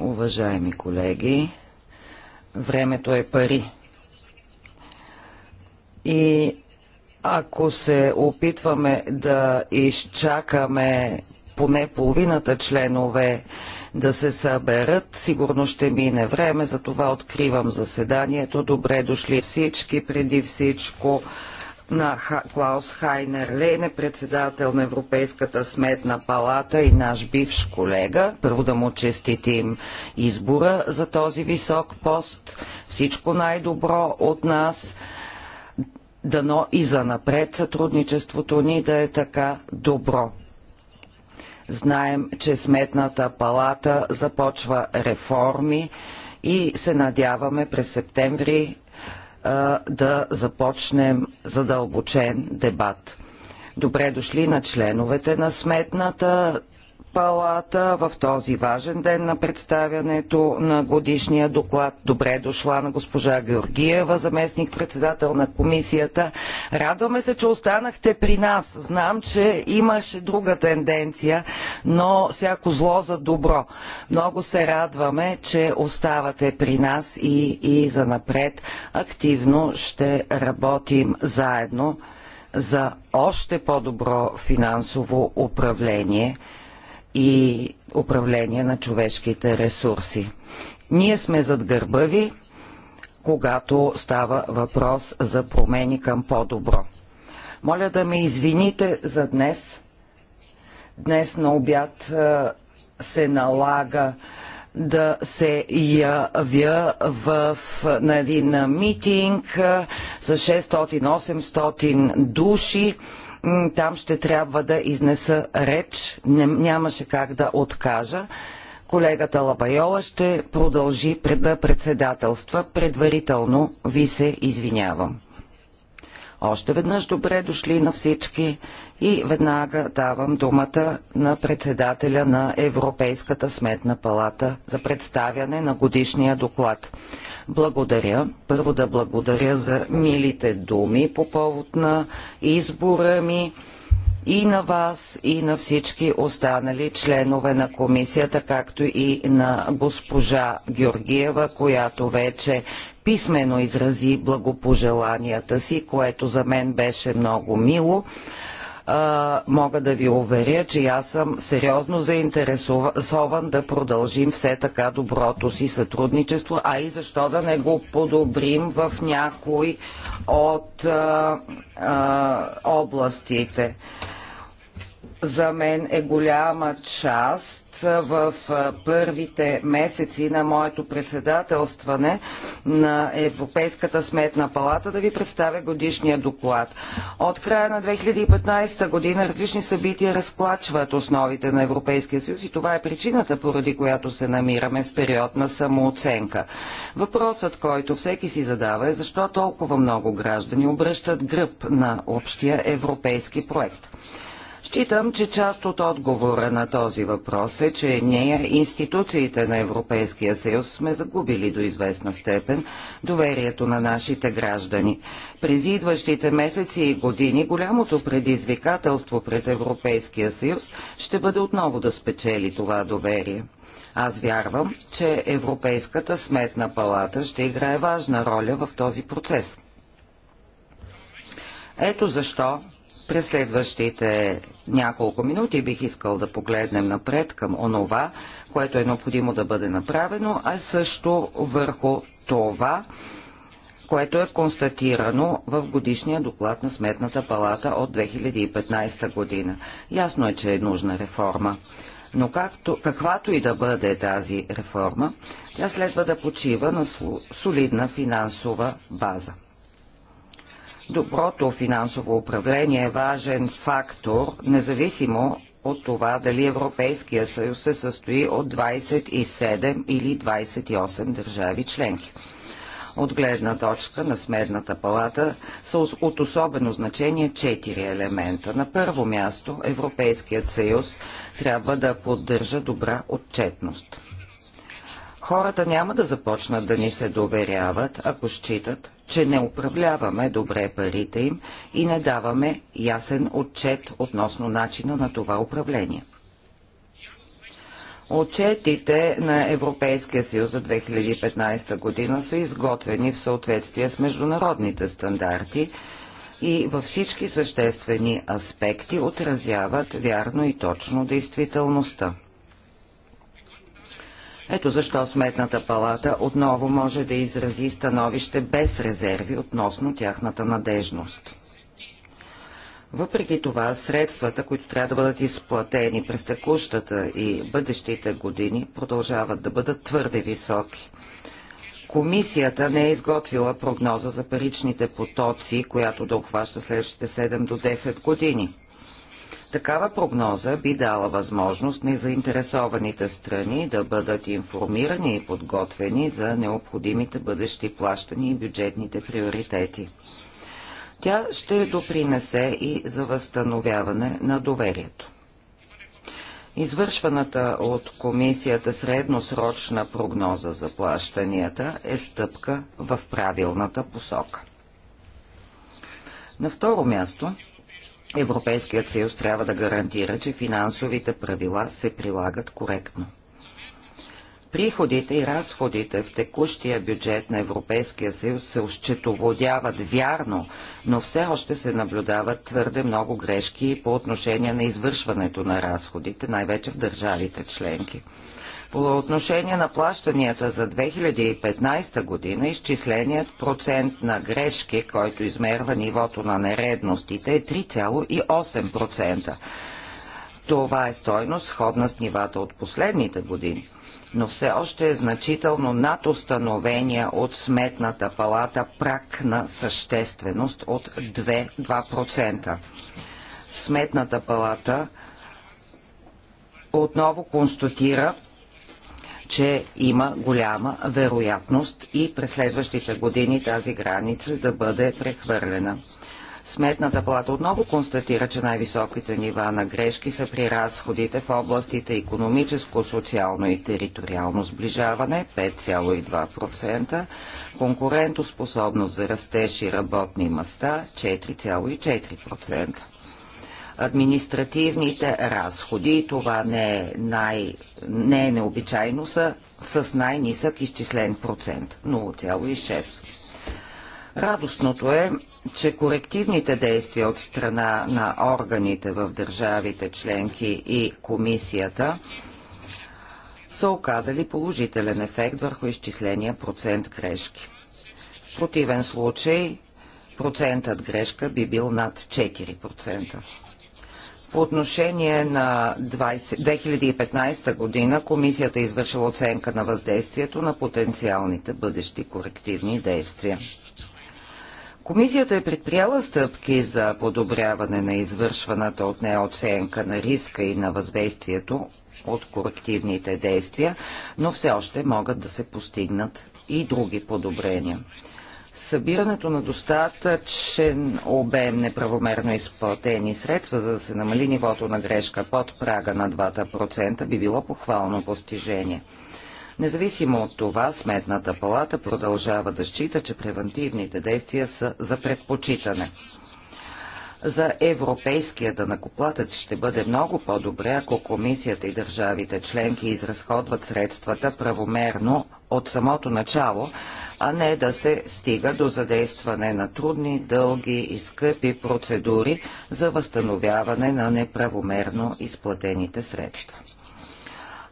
Уважаеми колеги, времето е пари. И ако се опитваме да изчакаме поне половината членове да се съберат. Сигурно ще мине време, затова откривам заседанието. Добре дошли всички, преди всичко на Клаус Хайнер Лейне, председател на Европейската сметна палата и наш бивш колега. Първо да му честитим избора за този висок пост. Всичко най-добро от нас. Дано и за напред сътрудничеството ни да е така добро. Знаем, че Сметната палата започва реформи и се надяваме през септември да започнем задълбочен дебат. Добре дошли на членовете на сметната палата в този важен ден на представянето на годишния доклад. Добре дошла на госпожа Георгиева, заместник председател на комисията. Радваме се, че останахте при нас. Знам, че имаше друга тенденция, но всяко зло за добро. Много се радваме, че оставате при нас и, и за напред активно ще работим заедно за още по-добро финансово управление – и управление на човешките ресурси. Ние сме зад гърба ви, когато става въпрос за промени към по-добро. Моля да ме извините за днес. Днес на обяд се налага да се явя в, на един митинг с 600-800 души там ще трябва да изнеса реч. Не, нямаше как да откажа. Колегата Лабайола ще продължи да председателства. Предварително ви се извинявам. Още веднъж добре дошли на всички и веднага давам думата на председателя на Европейската сметна палата за представяне на годишния доклад. Благодаря. Първо да благодаря за милите думи по повод на избора ми и на вас, и на всички останали членове на комисията, както и на госпожа Георгиева, която вече писмено изрази благопожеланията си, което за мен беше много мило мога да ви уверя, че аз съм сериозно заинтересован да продължим все така доброто си сътрудничество, а и защо да не го подобрим в някой от а, а, областите за мен е голяма част в първите месеци на моето председателстване на Европейската сметна палата да ви представя годишния доклад. От края на 2015 година различни събития разклачват основите на Европейския съюз и това е причината, поради която се намираме в период на самооценка. Въпросът, който всеки си задава е защо толкова много граждани обръщат гръб на общия европейски проект. Считам, че част от отговора на този въпрос е, че ние, институциите на Европейския съюз, сме загубили до известна степен доверието на нашите граждани. През идващите месеци и години голямото предизвикателство пред Европейския съюз ще бъде отново да спечели това доверие. Аз вярвам, че Европейската сметна палата ще играе важна роля в този процес. Ето защо през следващите няколко минути бих искал да погледнем напред към онова, което е необходимо да бъде направено, а също върху това, което е констатирано в годишния доклад на Сметната палата от 2015 година. Ясно е, че е нужна реформа. Но както, каквато и да бъде тази реформа, тя следва да почива на солидна финансова база. Доброто финансово управление е важен фактор, независимо от това дали Европейския съюз се състои от 27 или 28 държави членки. От гледна точка на Смедната палата са от особено значение четири елемента. На първо място Европейският съюз трябва да поддържа добра отчетност. Хората няма да започнат да ни се доверяват, ако считат, че не управляваме добре парите им и не даваме ясен отчет относно начина на това управление. Отчетите на Европейския съюз за 2015 година са изготвени в съответствие с международните стандарти и във всички съществени аспекти отразяват вярно и точно действителността. Ето защо Сметната палата отново може да изрази становище без резерви относно тяхната надежност. Въпреки това, средствата, които трябва да бъдат изплатени през текущата и бъдещите години, продължават да бъдат твърде високи. Комисията не е изготвила прогноза за паричните потоци, която да обхваща следващите 7 до 10 години. Такава прогноза би дала възможност на заинтересованите страни да бъдат информирани и подготвени за необходимите бъдещи плащани и бюджетните приоритети. Тя ще допринесе и за възстановяване на доверието. Извършваната от комисията средносрочна прогноза за плащанията е стъпка в правилната посока. На второ място – Европейският съюз трябва да гарантира, че финансовите правила се прилагат коректно. Приходите и разходите в текущия бюджет на Европейския съюз се ощетоводяват вярно, но все още се наблюдават твърде много грешки по отношение на извършването на разходите, най-вече в държавите членки. По отношение на плащанията за 2015 година, изчисленият процент на грешки, който измерва нивото на нередностите, е 3,8%. Това е стойност сходна с нивата от последните години но все още е значително над установения от Сметната палата прак на същественост от 2%. Сметната палата отново констатира, че има голяма вероятност и през следващите години тази граница да бъде прехвърлена. Сметната плата отново констатира, че най-високите нива на грешки са при разходите в областите економическо, социално и териториално сближаване 5,2%, конкурентоспособност за растеж и работни места 4,4% административните разходи, това не е, най, не е необичайно, са с най-нисък изчислен процент 0,6. Радостното е, че корективните действия от страна на органите в държавите членки и комисията са оказали положителен ефект върху изчисления процент грешки. В противен случай процентът грешка би бил над 4%. По отношение на 20, 2015 година комисията е извършила оценка на въздействието на потенциалните бъдещи корективни действия. Комисията е предприела стъпки за подобряване на извършваната от нея оценка на риска и на въздействието от корективните действия, но все още могат да се постигнат и други подобрения. Събирането на достатъчен обем неправомерно изплатени средства, за да се намали нивото на грешка под прага на 2%, би било похвално постижение. Независимо от това, Сметната палата продължава да счита, че превентивните действия са за предпочитане за европейския данакоплатец ще бъде много по-добре, ако комисията и държавите членки изразходват средствата правомерно от самото начало, а не да се стига до задействане на трудни, дълги и скъпи процедури за възстановяване на неправомерно изплатените средства.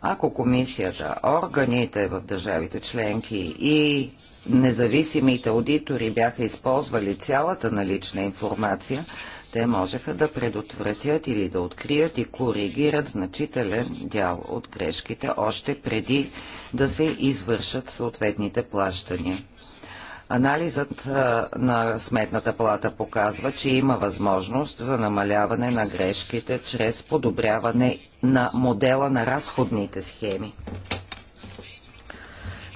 Ако комисията, органите в държавите членки и независимите аудитори бяха използвали цялата налична информация, те можеха да предотвратят или да открият и коригират значителен дял от грешките още преди да се извършат съответните плащания. Анализът на Сметната палата показва, че има възможност за намаляване на грешките чрез подобряване на модела на разходните схеми.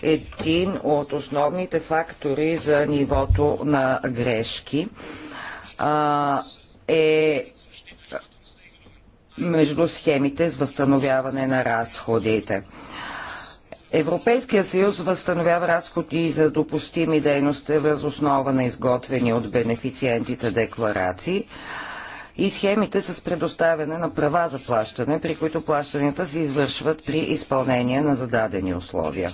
Един от основните фактори за нивото на грешки а, е между схемите с възстановяване на разходите. Европейския съюз възстановява разходи за допустими дейности въз основа на изготвени от бенефициентите декларации и схемите с предоставяне на права за плащане, при които плащанията се извършват при изпълнение на зададени условия.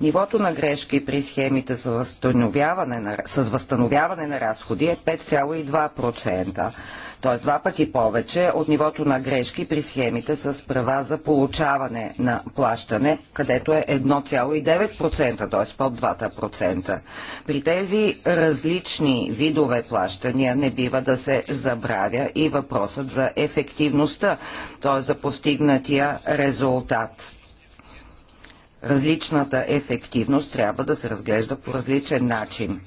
Нивото на грешки при схемите с възстановяване на, с възстановяване на разходи е 5,2%, т.е. два пъти повече от нивото на грешки при схемите с права за получаване на плащане, където е 1,9%, т.е. под 2%. При тези различни видове плащания не бива да се забравя и въпросът за ефективността, т.е. за постигнатия резултат различната ефективност трябва да се разглежда по различен начин.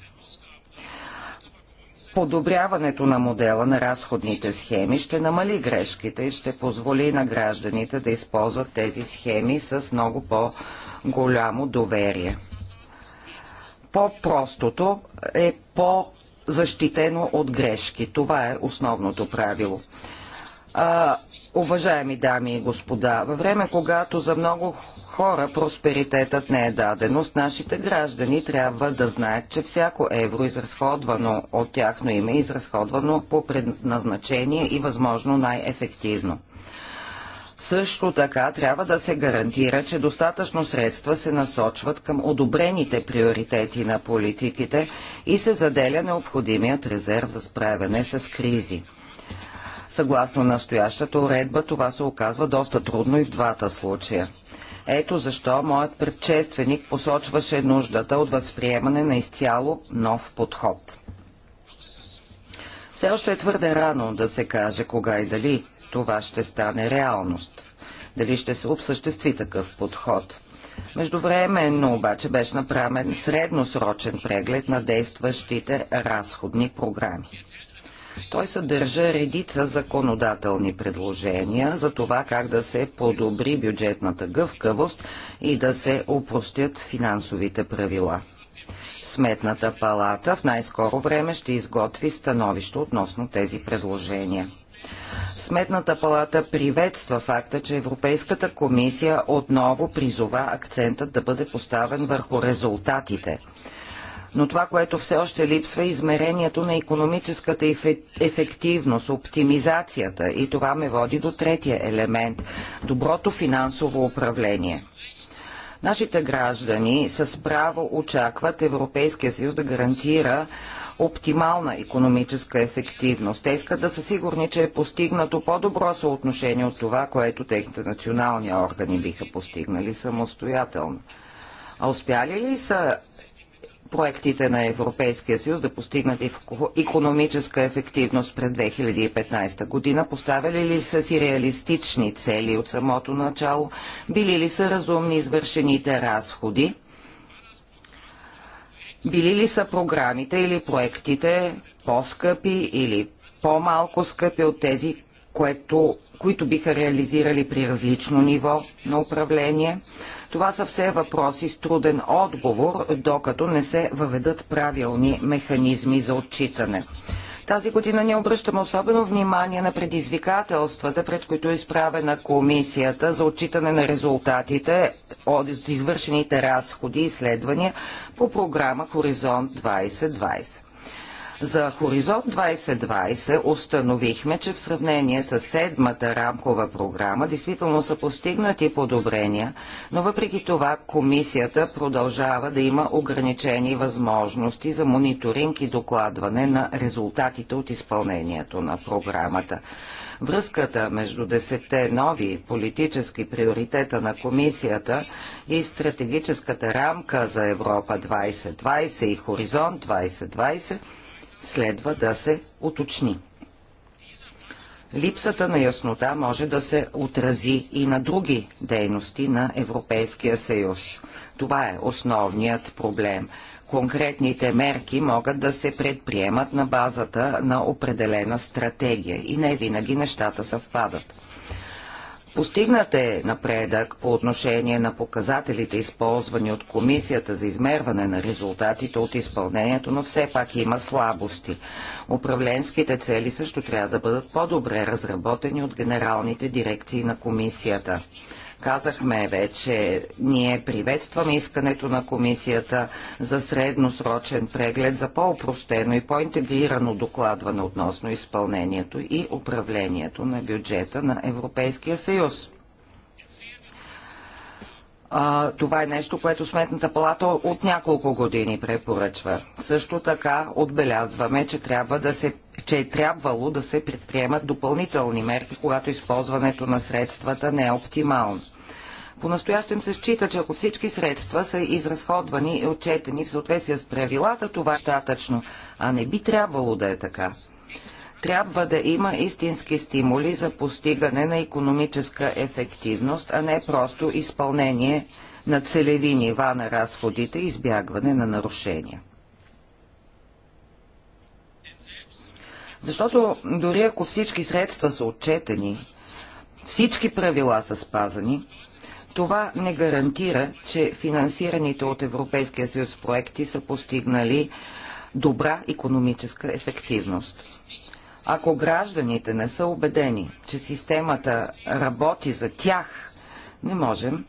Подобряването на модела на разходните схеми ще намали грешките и ще позволи на гражданите да използват тези схеми с много по-голямо доверие. По-простото е по-защитено от грешки. Това е основното правило. А, уважаеми дами и господа, във време, когато за много хора просперитетът не е даденост, нашите граждани трябва да знаят, че всяко евро, изразходвано от тяхно име, е изразходвано по предназначение и възможно най-ефективно. Също така трябва да се гарантира, че достатъчно средства се насочват към одобрените приоритети на политиките и се заделя необходимият резерв за справяне с кризи. Съгласно настоящата уредба, това се оказва доста трудно и в двата случая. Ето защо моят предшественик посочваше нуждата от възприемане на изцяло нов подход. Все още е твърде рано да се каже кога и дали това ще стане реалност. Дали ще се обсъществи такъв подход. Междувременно обаче беше направен средносрочен преглед на действащите разходни програми. Той съдържа редица законодателни предложения за това как да се подобри бюджетната гъвкавост и да се упростят финансовите правила. Сметната палата в най-скоро време ще изготви становище относно тези предложения. Сметната палата приветства факта, че Европейската комисия отново призова акцентът да бъде поставен върху резултатите – но това, което все още липсва е измерението на економическата ефективност, оптимизацията и това ме води до третия елемент – доброто финансово управление. Нашите граждани с право очакват Европейския съюз да гарантира оптимална економическа ефективност. Те искат да са сигурни, че е постигнато по-добро съотношение от това, което техните национални органи биха постигнали самостоятелно. А успяли ли са проектите на Европейския съюз да постигнат економическа ефективност през 2015 година? Поставили ли са си реалистични цели от самото начало? Били ли са разумни извършените разходи? Били ли са програмите или проектите по-скъпи или по-малко скъпи от тези, което, които биха реализирали при различно ниво на управление. Това са все въпроси с труден отговор, докато не се въведат правилни механизми за отчитане. Тази година не обръщаме особено внимание на предизвикателствата, пред които е изправена комисията за отчитане на резултатите от извършените разходи и изследвания по програма Хоризонт 2020. За Хоризонт 2020 установихме, че в сравнение с седмата рамкова програма действително са постигнати подобрения, но въпреки това комисията продължава да има ограничени възможности за мониторинг и докладване на резултатите от изпълнението на програмата. Връзката между десетте нови политически приоритета на комисията и стратегическата рамка за Европа 2020 и Хоризонт 2020 следва да се уточни. Липсата на яснота може да се отрази и на други дейности на Европейския съюз. Това е основният проблем. Конкретните мерки могат да се предприемат на базата на определена стратегия и не винаги нещата съвпадат. Постигнат е напредък по отношение на показателите, използвани от Комисията за измерване на резултатите от изпълнението, но все пак има слабости. Управленските цели също трябва да бъдат по-добре разработени от генералните дирекции на Комисията. Казахме вече, ние приветстваме искането на комисията за средносрочен преглед за по-опростено и по-интегрирано докладване относно изпълнението и управлението на бюджета на Европейския съюз. А, това е нещо, което Сметната палата от няколко години препоръчва. Също така отбелязваме, че, трябва да се, че е трябвало да се предприемат допълнителни мерки, когато използването на средствата не е оптимално. По-настоящем се счита, че ако всички средства са изразходвани и отчетени в съответствие с правилата, това е достатъчно, а не би трябвало да е така. Трябва да има истински стимули за постигане на економическа ефективност, а не просто изпълнение на целеви нива на разходите и избягване на нарушения. Защото дори ако всички средства са отчетени, всички правила са спазани, това не гарантира, че финансираните от Европейския съюз проекти са постигнали добра економическа ефективност. Ако гражданите не са убедени, че системата работи за тях, не можем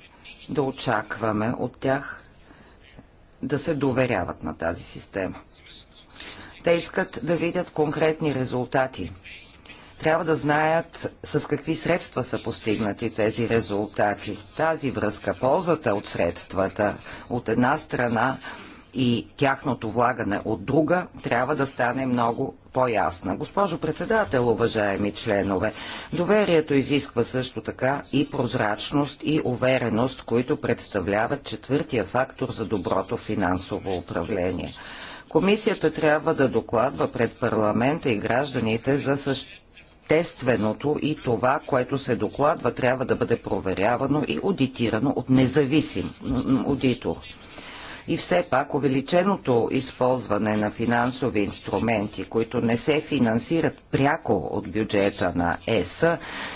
да очакваме от тях да се доверяват на тази система. Те искат да видят конкретни резултати. Трябва да знаят с какви средства са постигнати тези резултати. Тази връзка, ползата от средствата, от една страна, и тяхното влагане от друга трябва да стане много по-ясна. Госпожо председател, уважаеми членове, доверието изисква също така и прозрачност и увереност, които представляват четвъртия фактор за доброто финансово управление. Комисията трябва да докладва пред парламента и гражданите за същественото и това, което се докладва, трябва да бъде проверявано и аудитирано от независим аудитор. И все пак увеличеното използване на финансови инструменти, които не се финансират пряко от бюджета на ЕС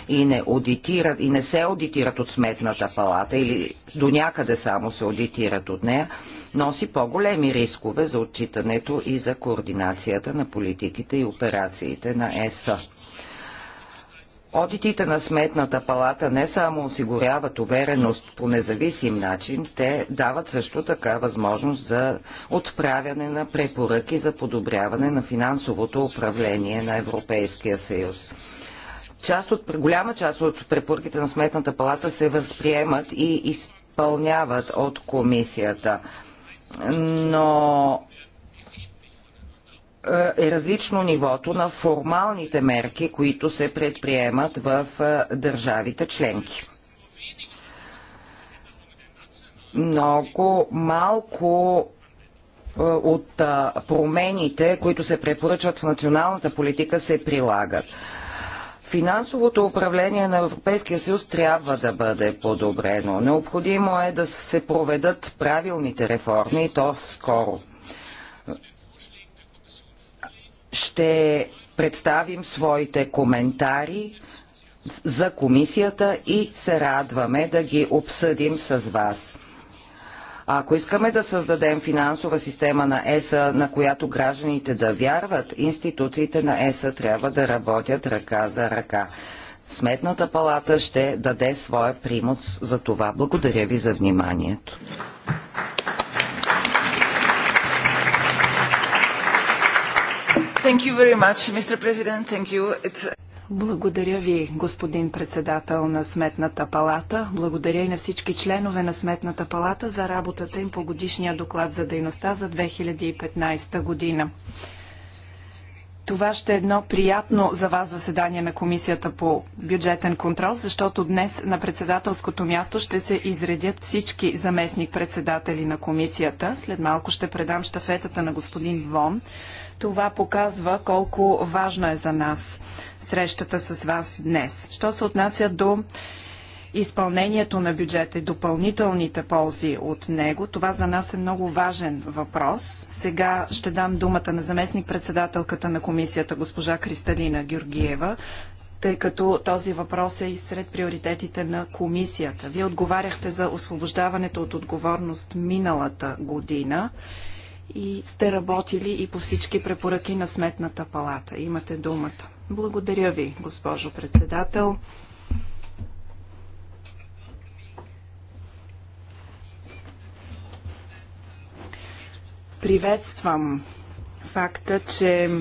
и не, аудитират, и не се аудитират от сметната палата или до някъде само се аудитират от нея, носи по-големи рискове за отчитането и за координацията на политиките и операциите на ЕС. Одитите на Сметната палата не само осигуряват увереност по независим начин, те дават също така възможност за отправяне на препоръки за подобряване на финансовото управление на Европейския съюз. Част от, голяма част от препоръките на Сметната палата се възприемат и изпълняват от комисията. Но е различно нивото на формалните мерки, които се предприемат в е, държавите членки. Много малко е, от е, промените, които се препоръчват в националната политика, се прилагат. Финансовото управление на Европейския съюз трябва да бъде подобрено. Необходимо е да се проведат правилните реформи и то скоро ще представим своите коментари за комисията и се радваме да ги обсъдим с вас. Ако искаме да създадем финансова система на ЕСА, на която гражданите да вярват, институциите на ЕСА трябва да работят ръка за ръка. Сметната палата ще даде своя примус за това. Благодаря ви за вниманието. Благодаря ви, господин председател на Сметната палата. Благодаря и на всички членове на Сметната палата за работата им по годишния доклад за дейността за 2015 година. Това ще е едно приятно за вас заседание на Комисията по бюджетен контрол, защото днес на председателското място ще се изредят всички заместник-председатели на Комисията. След малко ще предам штафетата на господин Вон, това показва колко важна е за нас срещата с вас днес. Що се отнася до изпълнението на бюджета и допълнителните ползи от него. Това за нас е много важен въпрос. Сега ще дам думата на заместник-председателката на комисията госпожа Кристалина Георгиева, тъй като този въпрос е и сред приоритетите на комисията. Вие отговаряхте за освобождаването от отговорност миналата година и сте работили и по всички препоръки на Сметната палата. Имате думата. Благодаря ви, госпожо председател. Приветствам факта, че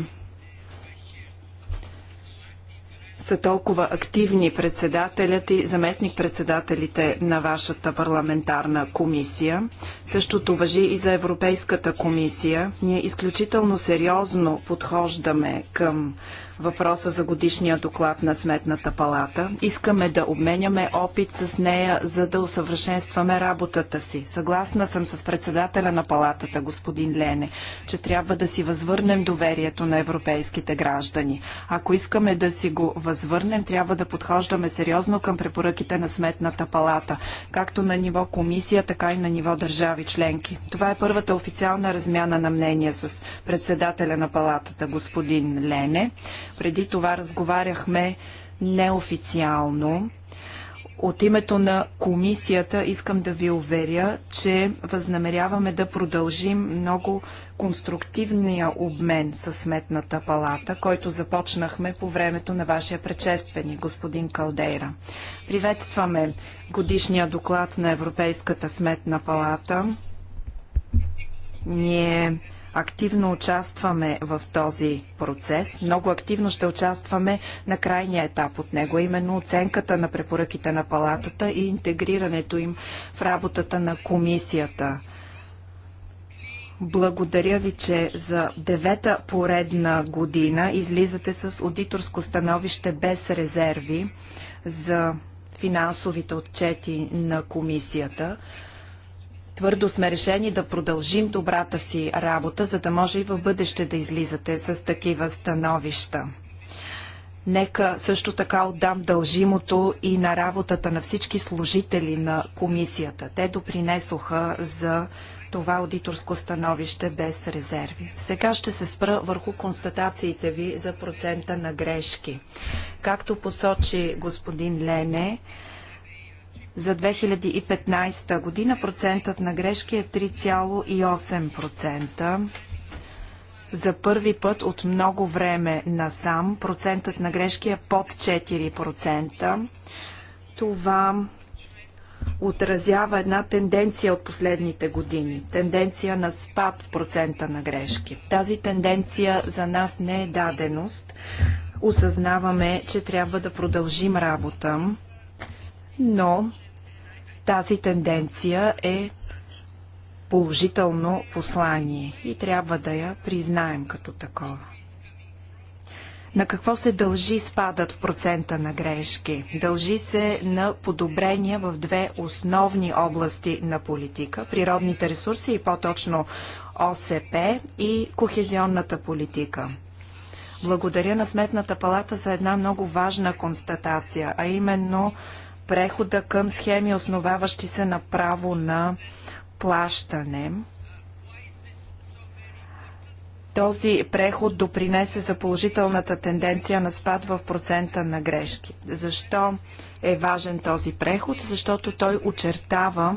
са толкова активни председателят и заместник-председателите на вашата парламентарна комисия. Същото въжи и за Европейската комисия. Ние изключително сериозно подхождаме към въпроса за годишния доклад на Сметната палата. Искаме да обменяме опит с нея, за да усъвършенстваме работата си. Съгласна съм с председателя на палатата, господин Лене, че трябва да си възвърнем доверието на европейските граждани. Ако искаме да си го възвърнем, трябва да подхождаме сериозно към препоръките на Сметната палата, както на ниво комисия, така и на ниво държави членки. Това е първата официална размяна на мнение с председателя на палатата, господин Лене. Преди това разговаряхме неофициално. От името на комисията искам да ви уверя, че възнамеряваме да продължим много конструктивния обмен с Сметната палата, който започнахме по времето на вашия предшественик, господин Калдейра. Приветстваме годишния доклад на Европейската Сметна палата. Ние активно участваме в този процес. Много активно ще участваме на крайния етап от него, именно оценката на препоръките на палатата и интегрирането им в работата на комисията. Благодаря ви, че за девета поредна година излизате с аудиторско становище без резерви за финансовите отчети на комисията. Твърдо сме решени да продължим добрата си работа, за да може и в бъдеще да излизате с такива становища. Нека също така отдам дължимото и на работата на всички служители на комисията. Те допринесоха за това аудиторско становище без резерви. Сега ще се спра върху констатациите ви за процента на грешки. Както посочи господин Лене, за 2015 година процентът на грешки е 3,8%. За първи път от много време насам процентът на грешки е под 4%. Това отразява една тенденция от последните години. Тенденция на спад в процента на грешки. Тази тенденция за нас не е даденост. Осъзнаваме, че трябва да продължим работа, но тази тенденция е положително послание и трябва да я признаем като такова. На какво се дължи спадът в процента на грешки? Дължи се на подобрения в две основни области на политика – природните ресурси и по-точно ОСП и кохезионната политика. Благодаря на Сметната палата за една много важна констатация, а именно – прехода към схеми, основаващи се на право на плащане. Този преход допринесе за положителната тенденция на спад в процента на грешки. Защо е важен този преход? Защото той очертава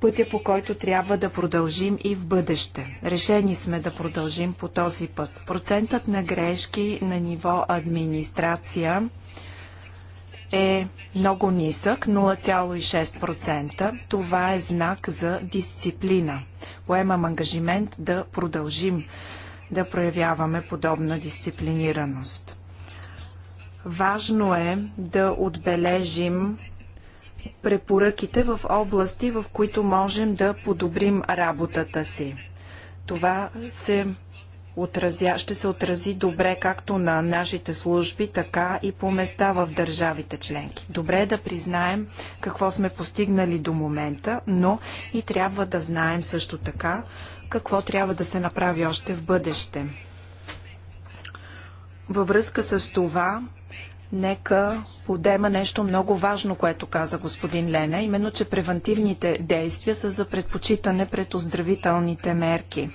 пътя, по който трябва да продължим и в бъдеще. Решени сме да продължим по този път. Процентът на грешки на ниво администрация е много нисък 0,6%. Това е знак за дисциплина. Поемам ангажимент да продължим да проявяваме подобна дисциплинираност. Важно е да отбележим препоръките в области, в които можем да подобрим работата си. Това се отразя, ще се отрази добре както на нашите служби, така и по места в държавите членки. Добре е да признаем какво сме постигнали до момента, но и трябва да знаем също така какво трябва да се направи още в бъдеще. Във връзка с това, нека подема нещо много важно, което каза господин Лена, именно, че превентивните действия са за предпочитане пред оздравителните мерки.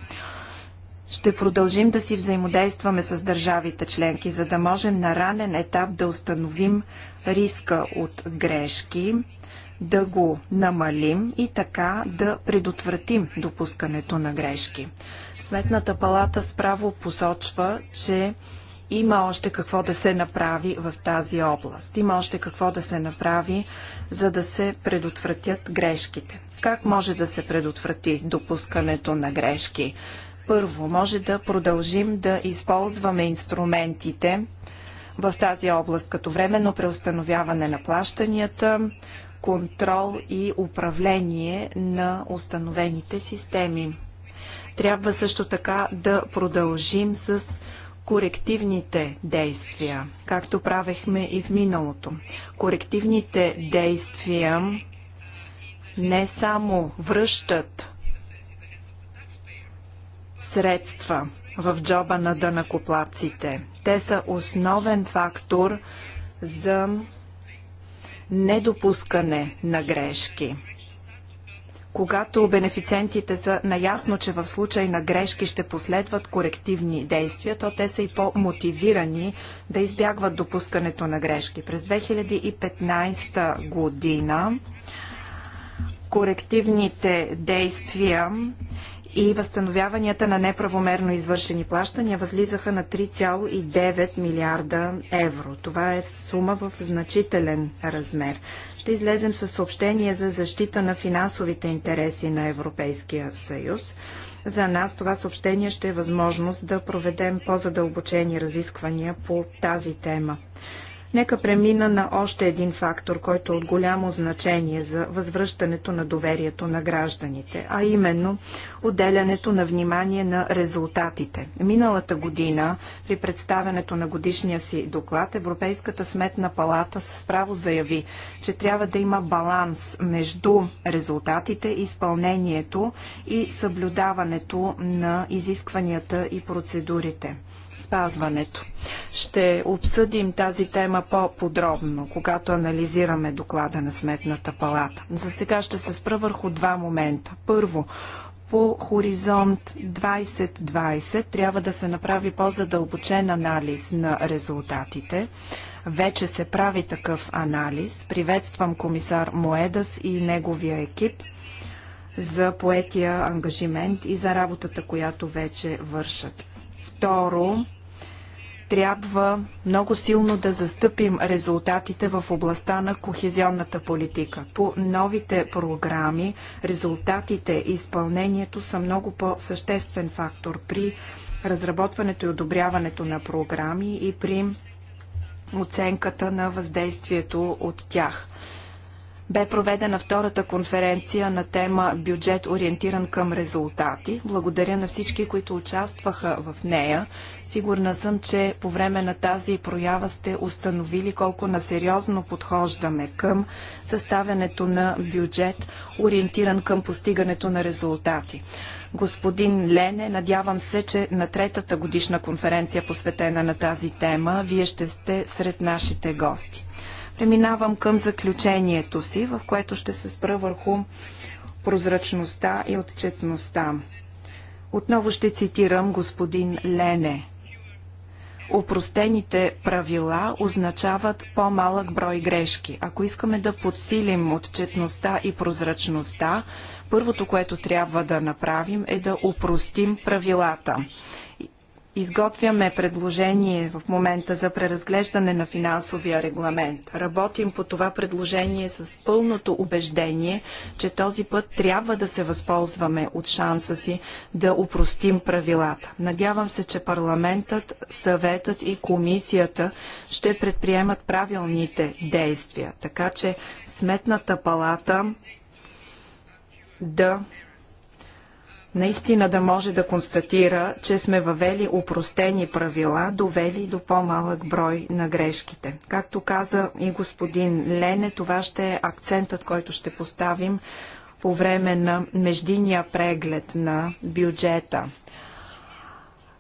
Ще продължим да си взаимодействаме с държавите членки, за да можем на ранен етап да установим риска от грешки, да го намалим и така да предотвратим допускането на грешки. Сметната палата справо посочва, че има още какво да се направи в тази област. Има още какво да се направи, за да се предотвратят грешките. Как може да се предотврати допускането на грешки? Първо, може да продължим да използваме инструментите в тази област, като временно преустановяване на плащанията, контрол и управление на установените системи. Трябва също така да продължим с корективните действия, както правехме и в миналото. Корективните действия не само връщат средства в джоба на дънакоплаците. Те са основен фактор за недопускане на грешки. Когато бенефициентите са наясно, че в случай на грешки ще последват корективни действия, то те са и по-мотивирани да избягват допускането на грешки. През 2015 година корективните действия и възстановяванията на неправомерно извършени плащания възлизаха на 3,9 милиарда евро. Това е сума в значителен размер. Ще излезем със съобщение за защита на финансовите интереси на Европейския съюз. За нас това съобщение ще е възможност да проведем по-задълбочени разисквания по тази тема. Нека премина на още един фактор, който е от голямо значение за възвръщането на доверието на гражданите, а именно отделянето на внимание на резултатите. Миналата година при представянето на годишния си доклад Европейската сметна палата с право заяви, че трябва да има баланс между резултатите, изпълнението и съблюдаването на изискванията и процедурите спазването. Ще обсъдим тази тема по-подробно, когато анализираме доклада на Сметната палата. За сега ще се спра върху два момента. Първо, по хоризонт 2020 трябва да се направи по-задълбочен анализ на резултатите. Вече се прави такъв анализ. Приветствам комисар Моедас и неговия екип за поетия ангажимент и за работата, която вече вършат. Второ, трябва много силно да застъпим резултатите в областта на кохезионната политика. По новите програми резултатите и изпълнението са много по-съществен фактор при разработването и одобряването на програми и при оценката на въздействието от тях бе проведена втората конференция на тема Бюджет ориентиран към резултати. Благодаря на всички, които участваха в нея. Сигурна съм, че по време на тази проява сте установили колко насериозно подхождаме към съставянето на бюджет ориентиран към постигането на резултати господин Лене. Надявам се, че на третата годишна конференция, посветена на тази тема, вие ще сте сред нашите гости. Преминавам към заключението си, в което ще се спра върху прозрачността и отчетността. Отново ще цитирам господин Лене. Опростените правила означават по-малък брой грешки. Ако искаме да подсилим отчетността и прозрачността, първото, което трябва да направим е да опростим правилата. Изготвяме предложение в момента за преразглеждане на финансовия регламент. Работим по това предложение с пълното убеждение, че този път трябва да се възползваме от шанса си да упростим правилата. Надявам се, че парламентът, съветът и комисията ще предприемат правилните действия, така че Сметната палата да наистина да може да констатира, че сме въвели упростени правила, довели до по-малък брой на грешките. Както каза и господин Лене, това ще е акцентът, който ще поставим по време на междиния преглед на бюджета.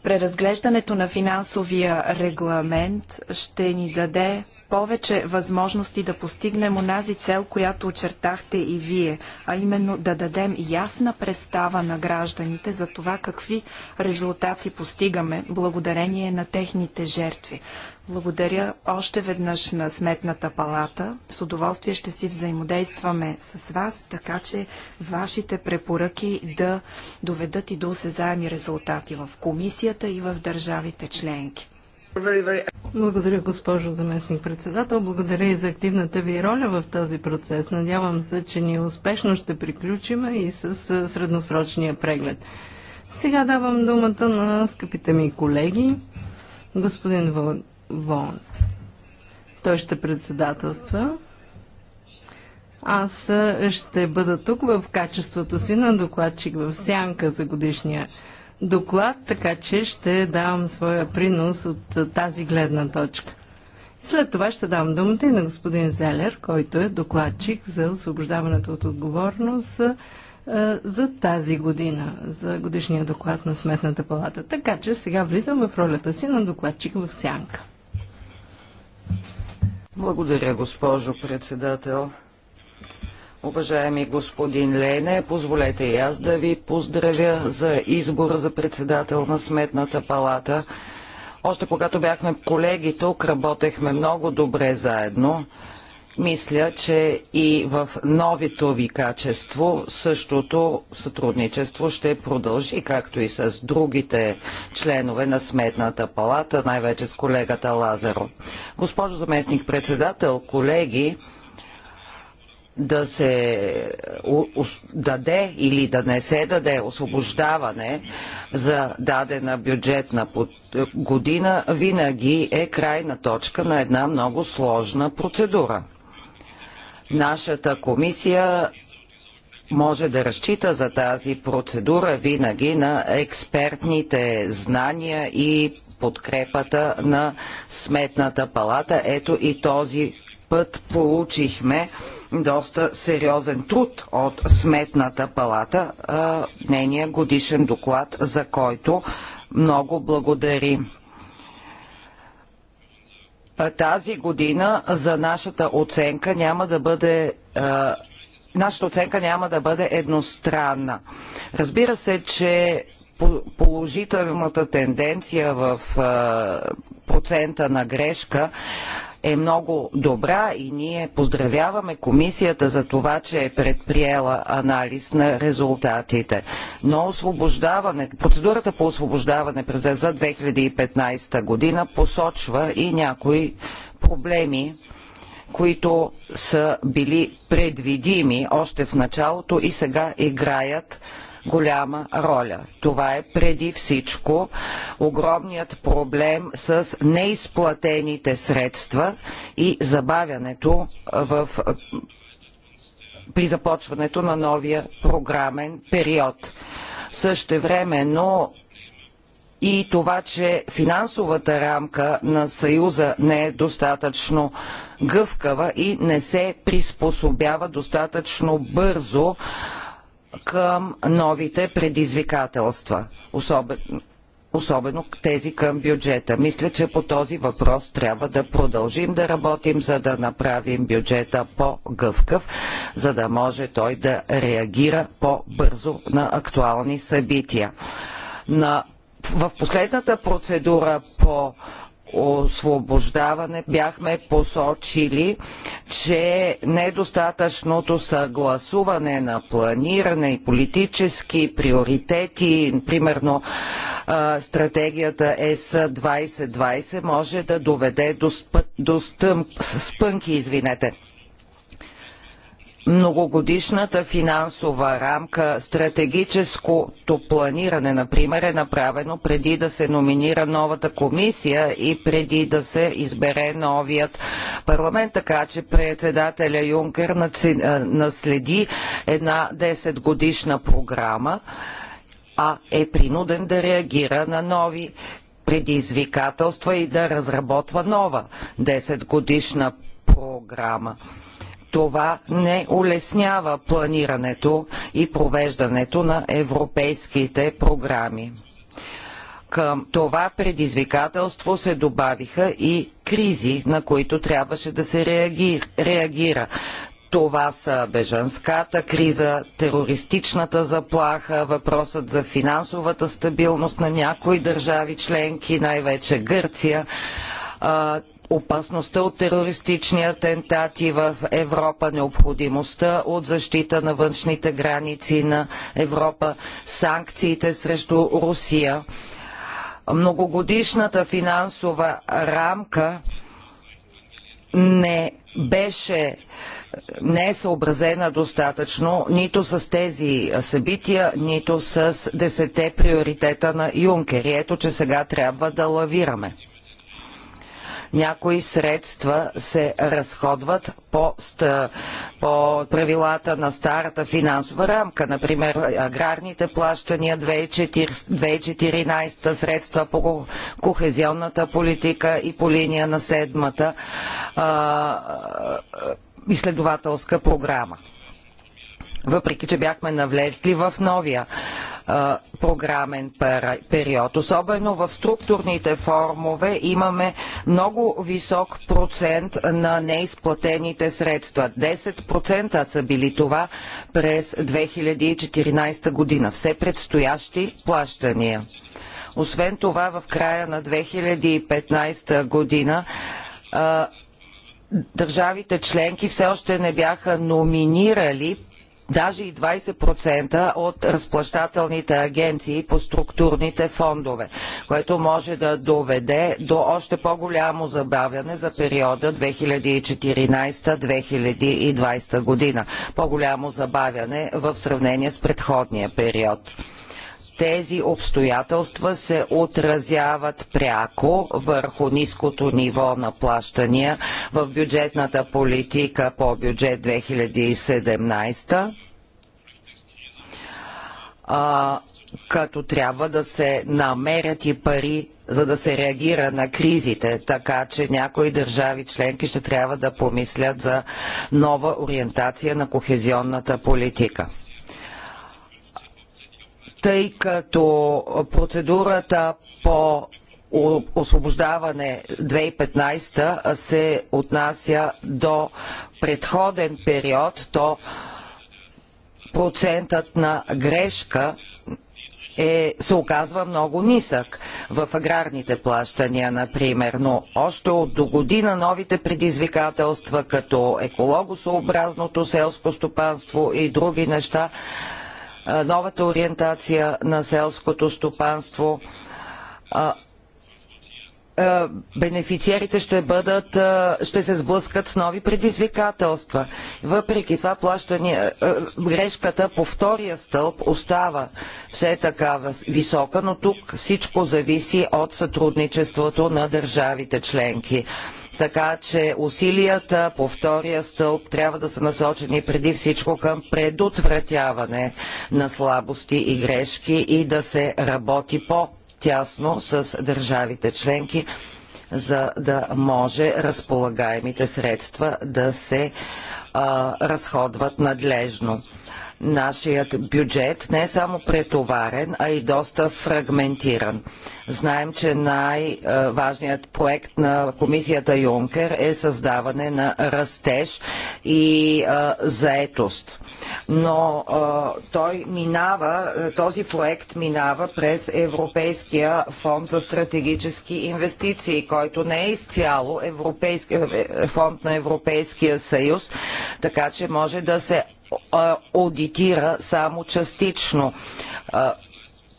Преразглеждането на финансовия регламент ще ни даде повече възможности да постигнем онази цел, която очертахте и вие, а именно да дадем ясна представа на гражданите за това какви резултати постигаме благодарение на техните жертви. Благодаря още веднъж на Сметната палата. С удоволствие ще си взаимодействаме с вас, така че вашите препоръки да доведат и до осезаеми резултати в комисията и в държавите членки. Благодаря, госпожо заместник председател. Благодаря и за активната ви роля в този процес. Надявам се, че ние успешно ще приключим и с средносрочния преглед. Сега давам думата на скъпите ми колеги, господин Вон. Той ще председателства. Аз ще бъда тук в качеството си на докладчик в Сянка за годишния доклад, така че ще давам своя принос от тази гледна точка. След това ще дам думата и на господин Зелер, който е докладчик за освобождаването от отговорност за тази година, за годишния доклад на Сметната палата. Така че сега влизам в ролята си на докладчик в Сянка. Благодаря, госпожо председател. Уважаеми господин Лене, позволете и аз да ви поздравя за избора за председател на Сметната палата. Още когато бяхме колеги тук, работехме много добре заедно. Мисля, че и в новито ви качество същото сътрудничество ще продължи, както и с другите членове на Сметната палата, най-вече с колегата Лазаро. Госпожо заместник председател, колеги, да се даде или да не се даде освобождаване за дадена бюджетна година, винаги е крайна точка на една много сложна процедура. Нашата комисия може да разчита за тази процедура винаги на експертните знания и подкрепата на Сметната палата. Ето и този път получихме доста сериозен труд от Сметната палата, нейния годишен доклад, за който много благодарим. Тази година за нашата оценка няма да бъде нашата оценка няма да бъде едностранна. Разбира се, че положителната тенденция в процента на грешка е много добра и ние поздравяваме комисията за това, че е предприела анализ на резултатите. Но освобождаване, процедурата по освобождаване за 2015 година посочва и някои проблеми, които са били предвидими още в началото и сега играят голяма роля. Това е преди всичко огромният проблем с неизплатените средства и забавянето в при започването на новия програмен период. Същевременно и това, че финансовата рамка на Съюза не е достатъчно гъвкава и не се приспособява достатъчно бързо към новите предизвикателства, особено особено тези към бюджета. Мисля, че по този въпрос трябва да продължим да работим, за да направим бюджета по-гъвкав, за да може той да реагира по-бързо на актуални събития. На, в последната процедура по освобождаване бяхме посочили, че недостатъчното съгласуване на планиране и политически приоритети, примерно стратегията ЕС 2020 може да доведе до, спънки, извинете многогодишната финансова рамка, стратегическото планиране, например, е направено преди да се номинира новата комисия и преди да се избере новият парламент, така че председателя Юнкер наследи една 10 годишна програма, а е принуден да реагира на нови предизвикателства и да разработва нова 10 годишна програма това не улеснява планирането и провеждането на европейските програми. Към това предизвикателство се добавиха и кризи, на които трябваше да се реагира. Това са бежанската криза, терористичната заплаха, въпросът за финансовата стабилност на някои държави членки, най-вече Гърция опасността от терористични атентати в Европа, необходимостта от защита на външните граници на Европа, санкциите срещу Русия, многогодишната финансова рамка не беше не е съобразена достатъчно нито с тези събития, нито с десете приоритета на Юнкер. И ето, че сега трябва да лавираме някои средства се разходват по, по правилата на старата финансова рамка. Например, аграрните плащания 2014 средства по кохезионната политика и по линия на седмата а, изследователска програма въпреки че бяхме навлезли в новия програмен период. Особено в структурните формове имаме много висок процент на неизплатените средства. 10% са били това през 2014 година. Все предстоящи плащания. Освен това, в края на 2015 година държавите членки все още не бяха номинирали даже и 20% от разплащателните агенции по структурните фондове, което може да доведе до още по-голямо забавяне за периода 2014-2020 година. По-голямо забавяне в сравнение с предходния период тези обстоятелства се отразяват пряко върху ниското ниво на плащания в бюджетната политика по бюджет 2017 а, като трябва да се намерят и пари, за да се реагира на кризите, така че някои държави членки ще трябва да помислят за нова ориентация на кохезионната политика тъй като процедурата по освобождаване 2015 се отнася до предходен период, то процентът на грешка е, се оказва много нисък в аграрните плащания, например, но още от до година новите предизвикателства, като екологосообразното селско стопанство и други неща, новата ориентация на селското стопанство. Бенефициерите ще, бъдат, ще се сблъскат с нови предизвикателства. Въпреки това плащане, грешката по втория стълб остава все такава висока, но тук всичко зависи от сътрудничеството на държавите членки. Така че усилията по втория стълб трябва да са насочени преди всичко към предотвратяване на слабости и грешки и да се работи по-тясно с държавите членки, за да може разполагаемите средства да се а, разходват надлежно. Нашият бюджет не е само претоварен, а и доста фрагментиран. Знаем, че най-важният проект на комисията Юнкер е създаване на растеж и а, заетост. Но а, той минава, този проект минава през Европейския фонд за стратегически инвестиции, който не е изцяло европейски, е, фонд на Европейския съюз, така че може да се аудитира само частично.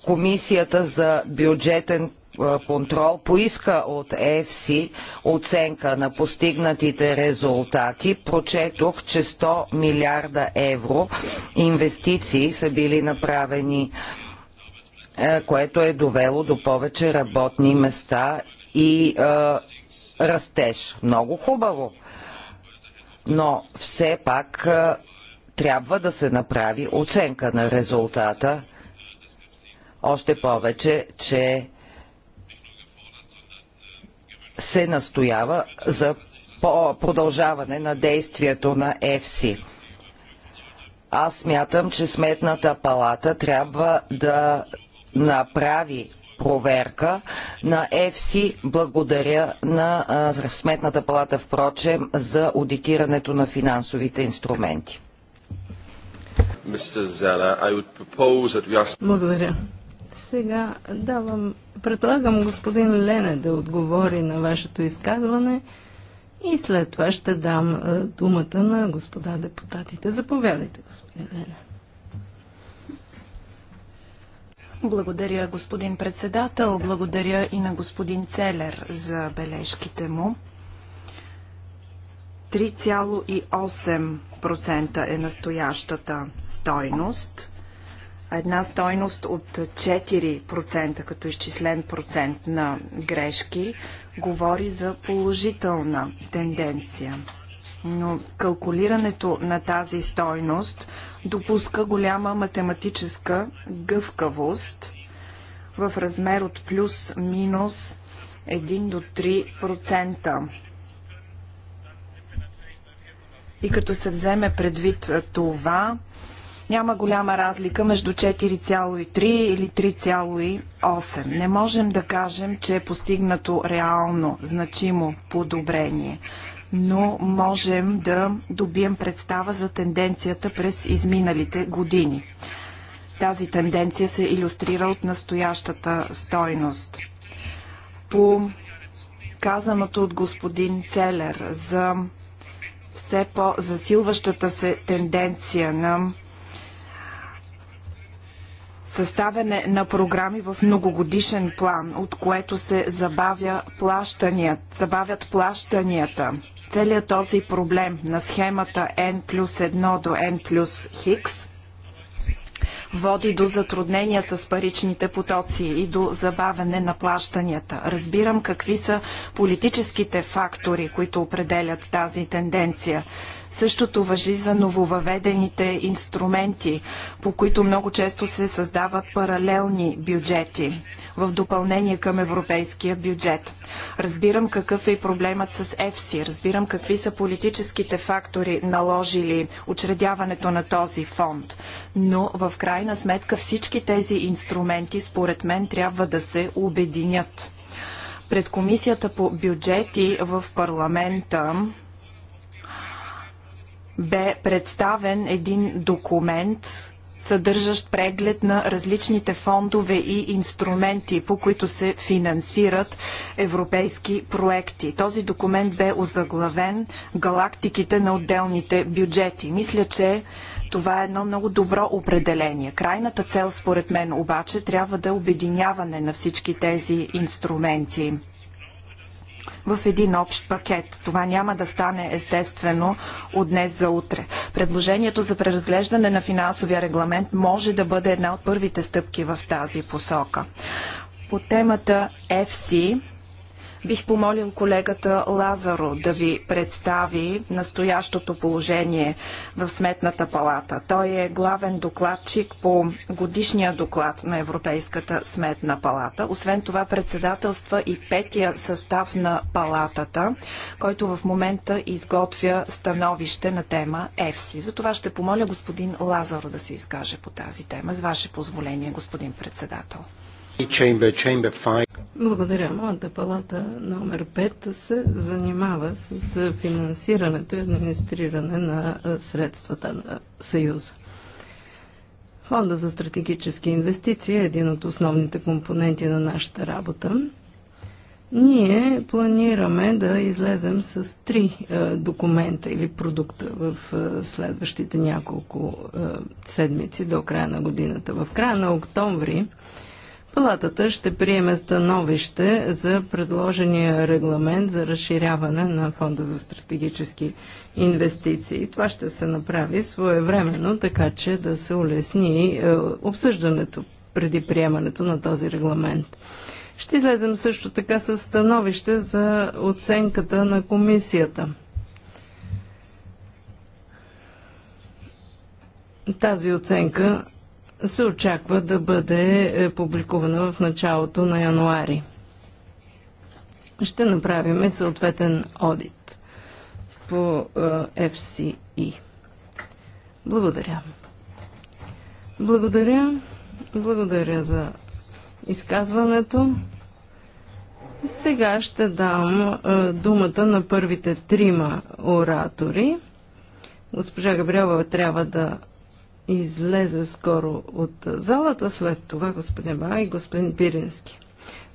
Комисията за бюджетен контрол поиска от ЕФСИ оценка на постигнатите резултати. Прочетох, че 100 милиарда евро инвестиции са били направени, което е довело до повече работни места и растеж. Много хубаво. Но все пак трябва да се направи оценка на резултата. Още повече, че се настоява за продължаване на действието на ЕФСИ. Аз смятам, че Сметната палата трябва да направи проверка на ЕФСИ. Благодаря на Сметната палата, впрочем, за аудитирането на финансовите инструменти. Благодаря. Сега давам, предлагам господин Лене да отговори на вашето изказване и след това ще дам е, думата на господа депутатите. Заповядайте, господин Лене. Благодаря, господин председател. Благодаря и на господин Целер за бележките му. 3,8% е настоящата стойност, една стойност от 4% като изчислен процент на грешки говори за положителна тенденция. Но калкулирането на тази стойност допуска голяма математическа гъвкавост в размер от плюс-минус 1 до 3%. И като се вземе предвид това, няма голяма разлика между 4,3 или 3,8. Не можем да кажем, че е постигнато реално значимо подобрение, но можем да добием представа за тенденцията през изминалите години. Тази тенденция се иллюстрира от настоящата стойност. По казаното от господин Целер за все по-засилващата се тенденция на съставяне на програми в многогодишен план, от което се забавя плащаният, забавят плащанията. Целият този проблем на схемата N плюс 1 до N плюс Хикс води до затруднения с паричните потоци и до забавене на плащанията. Разбирам какви са политическите фактори, които определят тази тенденция. Същото въжи за нововъведените инструменти, по които много често се създават паралелни бюджети в допълнение към европейския бюджет. Разбирам какъв е и проблемът с ЕФСИ, разбирам какви са политическите фактори наложили учредяването на този фонд, но в крайна сметка всички тези инструменти според мен трябва да се обединят пред комисията по бюджети в парламента бе представен един документ, съдържащ преглед на различните фондове и инструменти, по които се финансират европейски проекти. Този документ бе озаглавен Галактиките на отделните бюджети. Мисля, че това е едно много добро определение. Крайната цел, според мен, обаче, трябва да е обединяване на всички тези инструменти в един общ пакет. Това няма да стане естествено от днес за утре. Предложението за преразглеждане на финансовия регламент може да бъде една от първите стъпки в тази посока. По темата FC Бих помолил колегата Лазаро да ви представи настоящото положение в Сметната палата. Той е главен докладчик по годишния доклад на Европейската Сметна палата. Освен това председателства и петия състав на палатата, който в момента изготвя становище на тема ЕФСИ. За това ще помоля господин Лазаро да се изкаже по тази тема. С ваше позволение, господин председател. Благодаря. Моята палата номер 5 се занимава с финансирането и администриране на средствата на Съюза. Фонда за стратегически инвестиции е един от основните компоненти на нашата работа. Ние планираме да излезем с три е, документа или продукта в е, следващите няколко е, седмици до края на годината. В края на октомври Палатата ще приеме становище за предложения регламент за разширяване на Фонда за стратегически инвестиции. Това ще се направи своевременно, така че да се улесни е, обсъждането преди приемането на този регламент. Ще излезем също така с становище за оценката на комисията. Тази оценка се очаква да бъде е, публикувана в началото на януари. Ще направим съответен одит по е, FCE. Благодаря. Благодаря. Благодаря за изказването. Сега ще дам е, думата на първите трима оратори. Госпожа Габриова, трябва да излезе скоро от залата, след това господин Ба и господин Пирински.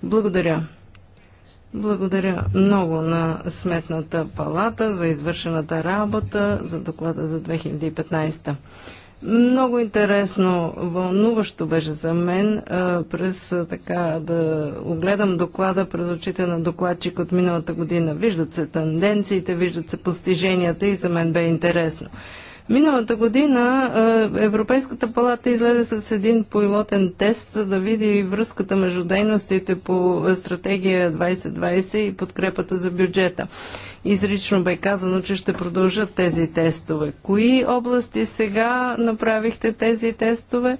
Благодаря. Благодаря много на Сметната палата за извършената работа, за доклада за 2015. Много интересно, вълнуващо беше за мен през така да огледам доклада през очите на докладчик от миналата година. Виждат се тенденциите, виждат се постиженията и за мен бе интересно. Миналата година Европейската палата излезе с един пилотен тест, за да види връзката между дейностите по стратегия 2020 и подкрепата за бюджета. Изрично бе казано, че ще продължат тези тестове. Кои области сега направихте тези тестове?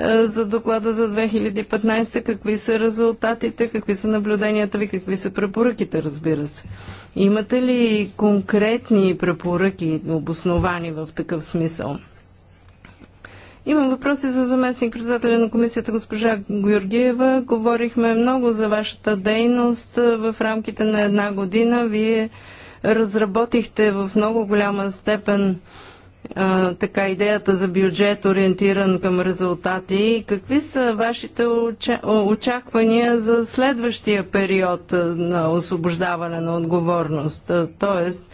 Е, за доклада за 2015, какви са резултатите, какви са наблюденията ви, какви са препоръките, разбира се. Имате ли конкретни препоръки, обосновани в такъв смисъл? Имам въпроси за заместник председателя на комисията госпожа Георгиева. Говорихме много за вашата дейност е, в рамките на една година. Вие разработихте в много голяма степен така идеята за бюджет ориентиран към резултати. Какви са вашите очаквания за следващия период на освобождаване на отговорност? Тоест,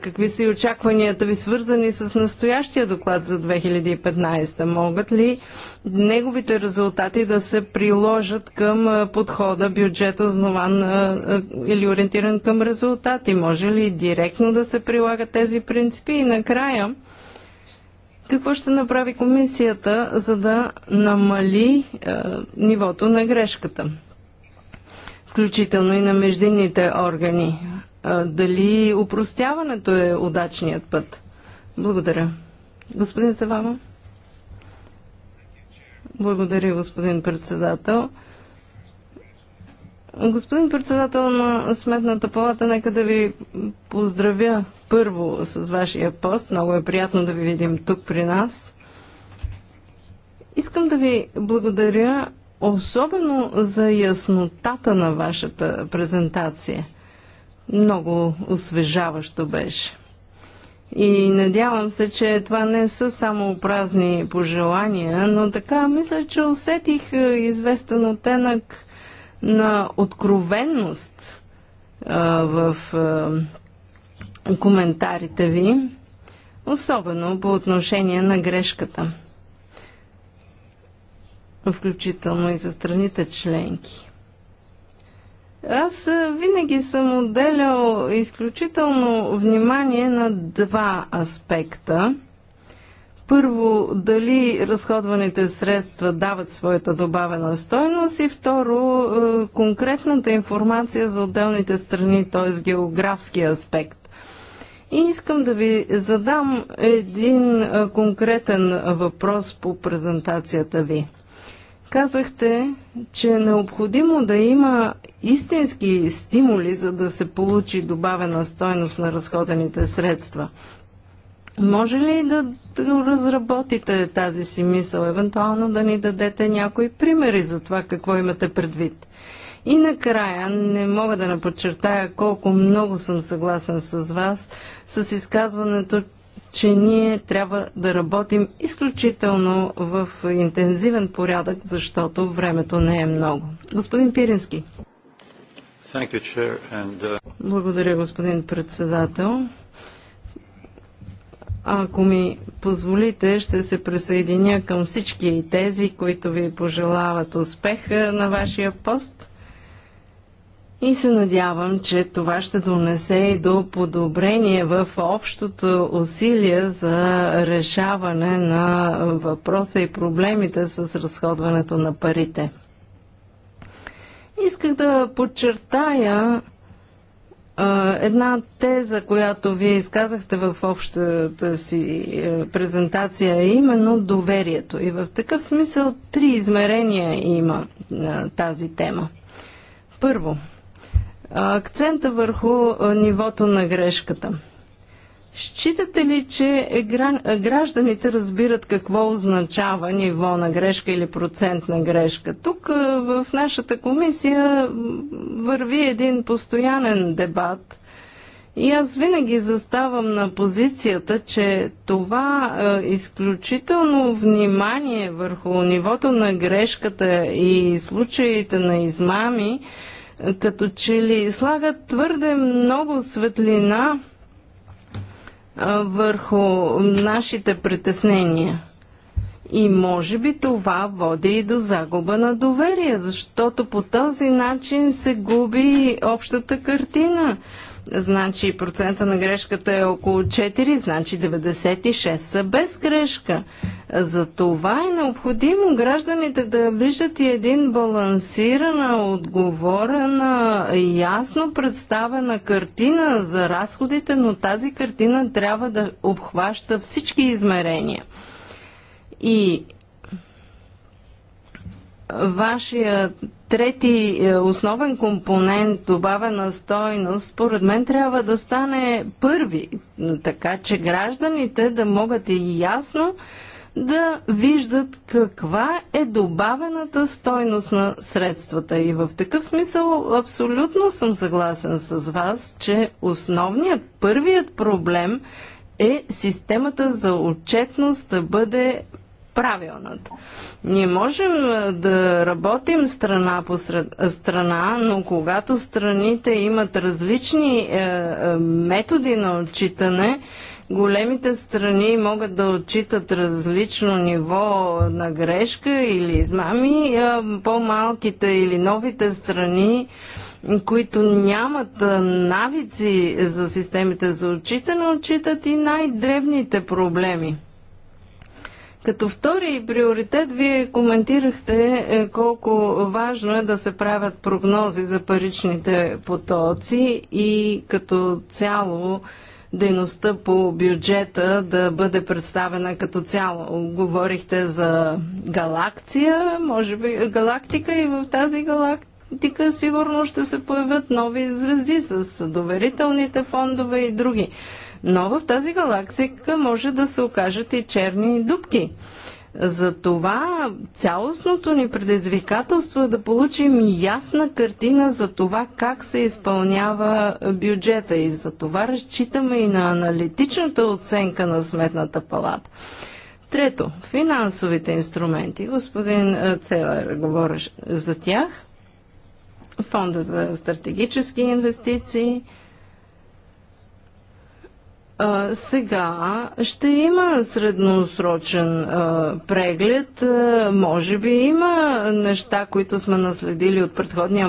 Какви са и очакванията ви свързани с настоящия доклад за 2015? Могат ли неговите резултати да се приложат към подхода бюджет основан или ориентиран към резултати? Може ли директно да се прилагат тези принципи? И накрая, какво ще направи комисията, за да намали е, нивото на грешката, включително и на междинните органи? дали упростяването е удачният път. Благодаря. Господин Савама? Благодаря, господин председател. Господин председател на Сметната палата, нека да ви поздравя първо с вашия пост. Много е приятно да ви видим тук при нас. Искам да ви благодаря особено за яснотата на вашата презентация – много освежаващо беше. И надявам се, че това не са само празни пожелания, но така мисля, че усетих е, известен оттенък на откровенност а, е, в а, е, коментарите ви, особено по отношение на грешката, включително и за страните членки. Аз винаги съм отделял изключително внимание на два аспекта. Първо, дали разходваните средства дават своята добавена стойност и второ, конкретната информация за отделните страни, т.е. географски аспект. И искам да ви задам един конкретен въпрос по презентацията ви. Казахте, че е необходимо да има истински стимули, за да се получи добавена стойност на разходените средства. Може ли да, разработите тази си мисъл, евентуално да ни дадете някои примери за това какво имате предвид? И накрая, не мога да не подчертая колко много съм съгласен с вас, с изказването, че ние трябва да работим изключително в интензивен порядък, защото времето не е много. Господин Пирински. You, And... Uh, Благодаря, господин председател. Ако ми позволите, ще се присъединя към всички тези, които ви пожелават успех на вашия пост и се надявам, че това ще донесе и до подобрение в общото усилие за решаване на въпроса и проблемите с разходването на парите. Исках да подчертая една теза, която вие изказахте в общата си е, презентация, е именно доверието. И в такъв смисъл три измерения има е, тази тема. Първо – акцента върху нивото на грешката. Считате ли, че гражданите разбират какво означава ниво на грешка или процент на грешка? Тук в нашата комисия върви един постоянен дебат и аз винаги заставам на позицията, че това изключително внимание върху нивото на грешката и случаите на измами – като че ли слагат твърде много светлина върху нашите притеснения. И може би това води и до загуба на доверие, защото по този начин се губи общата картина. Значи процента на грешката е около 4, значи 96 са без грешка. За това е необходимо гражданите да виждат и един балансирана, отговорена, ясно представена картина за разходите, но тази картина трябва да обхваща всички измерения. И вашият трети е, основен компонент, добавена стойност, според мен трябва да стане първи, така че гражданите да могат и ясно да виждат каква е добавената стойност на средствата. И в такъв смисъл абсолютно съм съгласен с вас, че основният, първият проблем е системата за отчетност да бъде правилната. Ние можем да работим страна по страна, но когато страните имат различни е, е, методи на отчитане, големите страни могат да отчитат различно ниво на грешка или измами, е, по-малките или новите страни, които нямат е, навици за системите за отчитане, отчитат и най-дребните проблеми. Като втори приоритет, вие коментирахте е, колко важно е да се правят прогнози за паричните потоци и като цяло дейността по бюджета да бъде представена като цяло. Говорихте за галакция, може би галактика и в тази галактика сигурно ще се появят нови звезди с доверителните фондове и други. Но в тази галактика може да се окажат и черни дубки. Затова цялостното ни предизвикателство е да получим ясна картина за това как се изпълнява бюджета и за това разчитаме и на аналитичната оценка на Сметната палата. Трето, финансовите инструменти. Господин е, Целер говореше за тях. Фонда за стратегически инвестиции – сега ще има средносрочен преглед. може би има неща, които сме наследили от предходния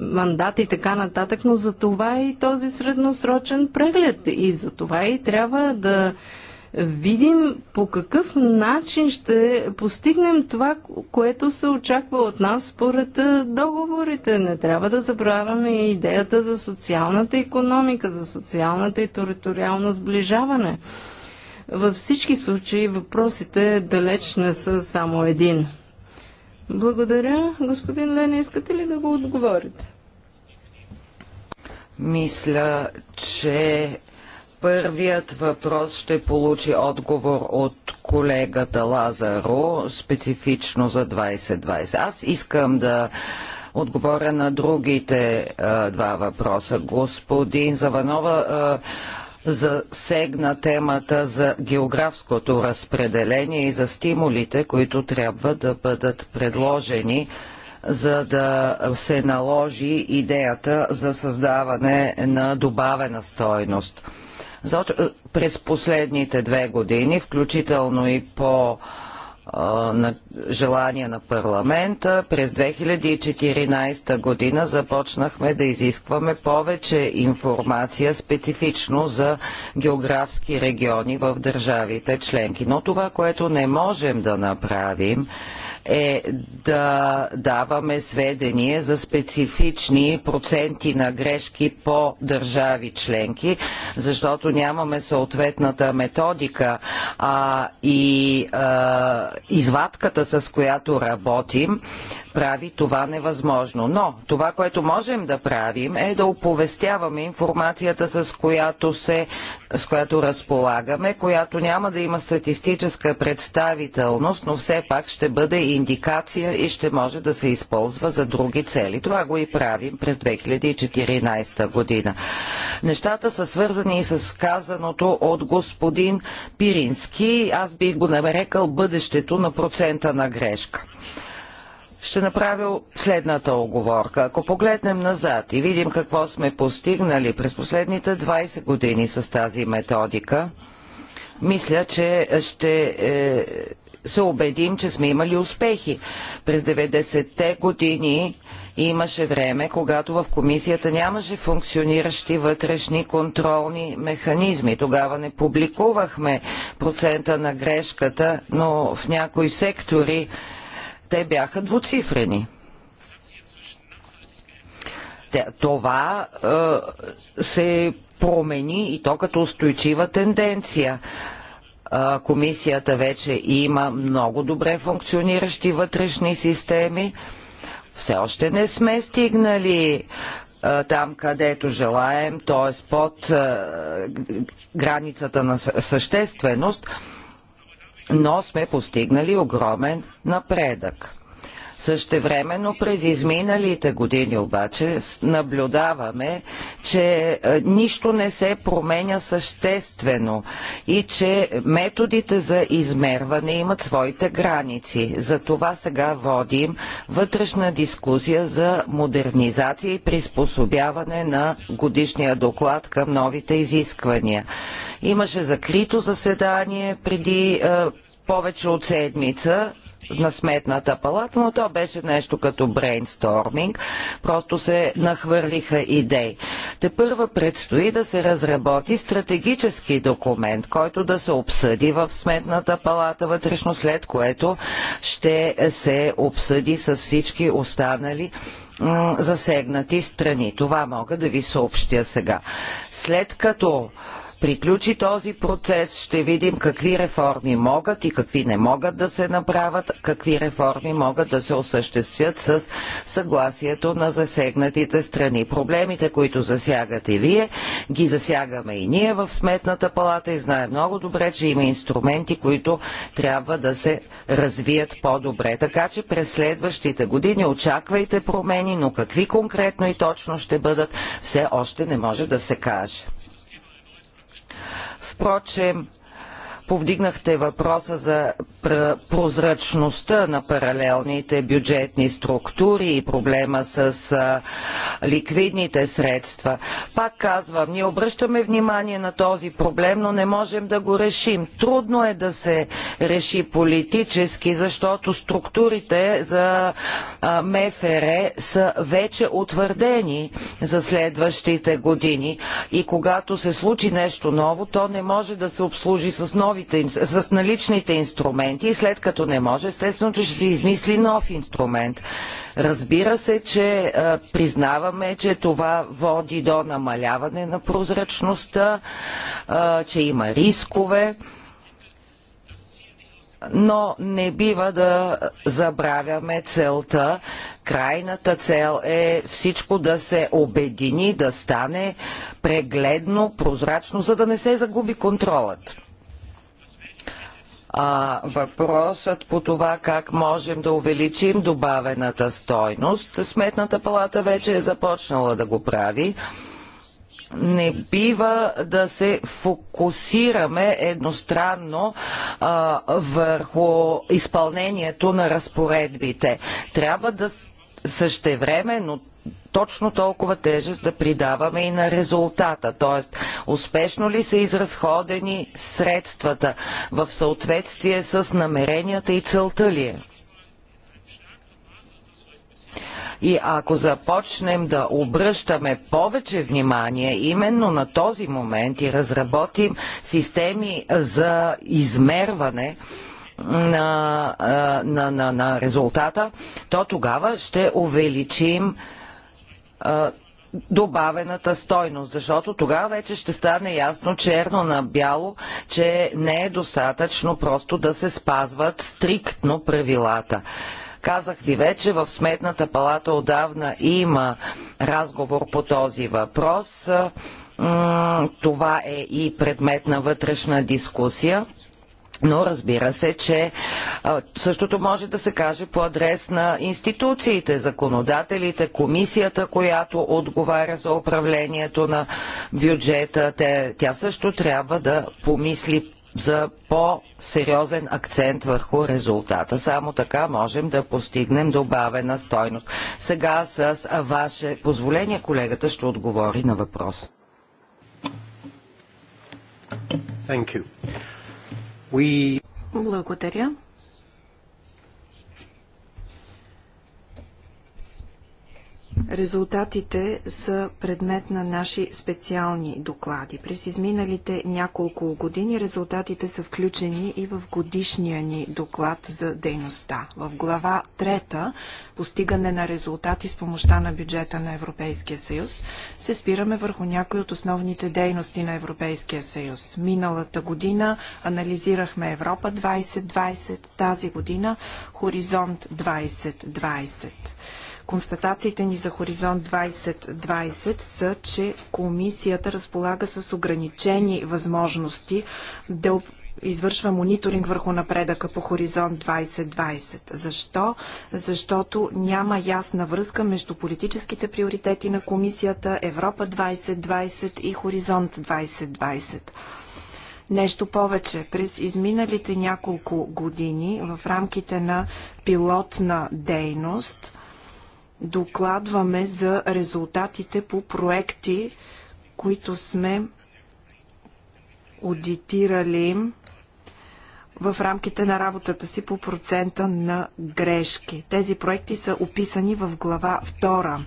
мандат и така нататък, но за това и този средносрочен преглед. И за това и трябва да видим по какъв начин ще постигнем това, което се очаква от нас според договорите. Не трябва да забравяме и идеята за социалната економика, за социалната и териториално сближаване. Във всички случаи въпросите далеч не са само един. Благодаря. Господин Лене, искате ли да го отговорите? Мисля, че Първият въпрос ще получи отговор от колегата Лазаро, специфично за 2020. Аз искам да отговоря на другите а, два въпроса. Господин Заванова а, засегна темата за географското разпределение и за стимулите, които трябва да бъдат предложени за да се наложи идеята за създаване на добавена стойност през последните две години, включително и по на желание на парламента. През 2014 година започнахме да изискваме повече информация специфично за географски региони в държавите членки. Но това, което не можем да направим е да даваме сведения за специфични проценти на грешки по държави членки, защото нямаме съответната методика а, и а, извадката, с която работим, прави това невъзможно. Но това, което можем да правим е да оповестяваме информацията, с която, се, с която разполагаме, която няма да има статистическа представителност, но все пак ще бъде и индикация и ще може да се използва за други цели. Това го и правим през 2014 година. Нещата са свързани и с казаното от господин Пирински. Аз бих го нарекал бъдещето на процента на грешка ще направя следната оговорка. Ако погледнем назад и видим какво сме постигнали през последните 20 години с тази методика, мисля, че ще е, се убедим, че сме имали успехи. През 90-те години имаше време, когато в комисията нямаше функциониращи вътрешни контролни механизми. Тогава не публикувахме процента на грешката, но в някои сектори те бяха двуцифрени това е, се промени и то като устойчива тенденция комисията вече има много добре функциониращи вътрешни системи. Все още не сме стигнали там, където желаем, т.е. под границата на същественост, но сме постигнали огромен напредък. Същевременно през изминалите години обаче наблюдаваме, че е, нищо не се променя съществено и че методите за измерване имат своите граници. За това сега водим вътрешна дискусия за модернизация и приспособяване на годишния доклад към новите изисквания. Имаше закрито заседание преди е, повече от седмица на сметната палата, но то беше нещо като брейнсторминг. Просто се нахвърлиха идеи. Те първа предстои да се разработи стратегически документ, който да се обсъди в сметната палата вътрешно, след което ще се обсъди с всички останали засегнати страни. Това мога да ви съобщя сега. След като приключи този процес, ще видим какви реформи могат и какви не могат да се направят, какви реформи могат да се осъществят с съгласието на засегнатите страни. Проблемите, които засягате вие, ги засягаме и ние в Сметната палата и знаем много добре, че има инструменти, които трябва да се развият по-добре. Така че през следващите години очаквайте промени, но какви конкретно и точно ще бъдат, все още не може да се каже. Впрочем, повдигнахте въпроса за прозрачността на паралелните бюджетни структури и проблема с ликвидните средства. Пак казвам, ние обръщаме внимание на този проблем, но не можем да го решим. Трудно е да се реши политически, защото структурите за МФР е са вече утвърдени за следващите години и когато се случи нещо ново, то не може да се обслужи с нови новите, с наличните инструменти и след като не може, естествено, че ще се измисли нов инструмент. Разбира се, че а, признаваме, че това води до намаляване на прозрачността, а, че има рискове но не бива да забравяме целта. Крайната цел е всичко да се обедини, да стане прегледно, прозрачно, за да не се загуби контролът. А, въпросът по това как можем да увеличим добавената стойност, Сметната палата вече е започнала да го прави не бива да се фокусираме едностранно а, върху изпълнението на разпоредбите. Трябва да същевременно точно толкова тежест да придаваме и на резултата, т.е. успешно ли са изразходени средствата в съответствие с намеренията и целта ли е. И ако започнем да обръщаме повече внимание именно на този момент и разработим системи за измерване, на, на, на, на резултата, то тогава ще увеличим добавената стойност, защото тогава вече ще стане ясно черно на бяло, че не е достатъчно просто да се спазват стриктно правилата. Казах ви вече, в Сметната палата отдавна има разговор по този въпрос. Това е и предмет на вътрешна дискусия. Но разбира се, че същото може да се каже по адрес на институциите, законодателите, комисията, която отговаря за управлението на бюджета. Те, тя също трябва да помисли за по-сериозен акцент върху резултата. Само така можем да постигнем добавена стойност. Сега с ваше позволение колегата ще отговори на въпрос. Thank you. Благодаря. Резултатите са предмет на наши специални доклади. През изминалите няколко години резултатите са включени и в годишния ни доклад за дейността. В глава 3 постигане на резултати с помощта на бюджета на Европейския съюз се спираме върху някои от основните дейности на Европейския съюз. Миналата година анализирахме Европа 2020, тази година Хоризонт 2020. Констатациите ни за Хоризонт 2020 са, че комисията разполага с ограничени възможности да извършва мониторинг върху напредъка по Хоризонт 2020. Защо? Защото няма ясна връзка между политическите приоритети на комисията Европа 2020 и Хоризонт 2020. Нещо повече, през изминалите няколко години в рамките на пилотна дейност докладваме за резултатите по проекти, които сме аудитирали в рамките на работата си по процента на грешки. Тези проекти са описани в глава 2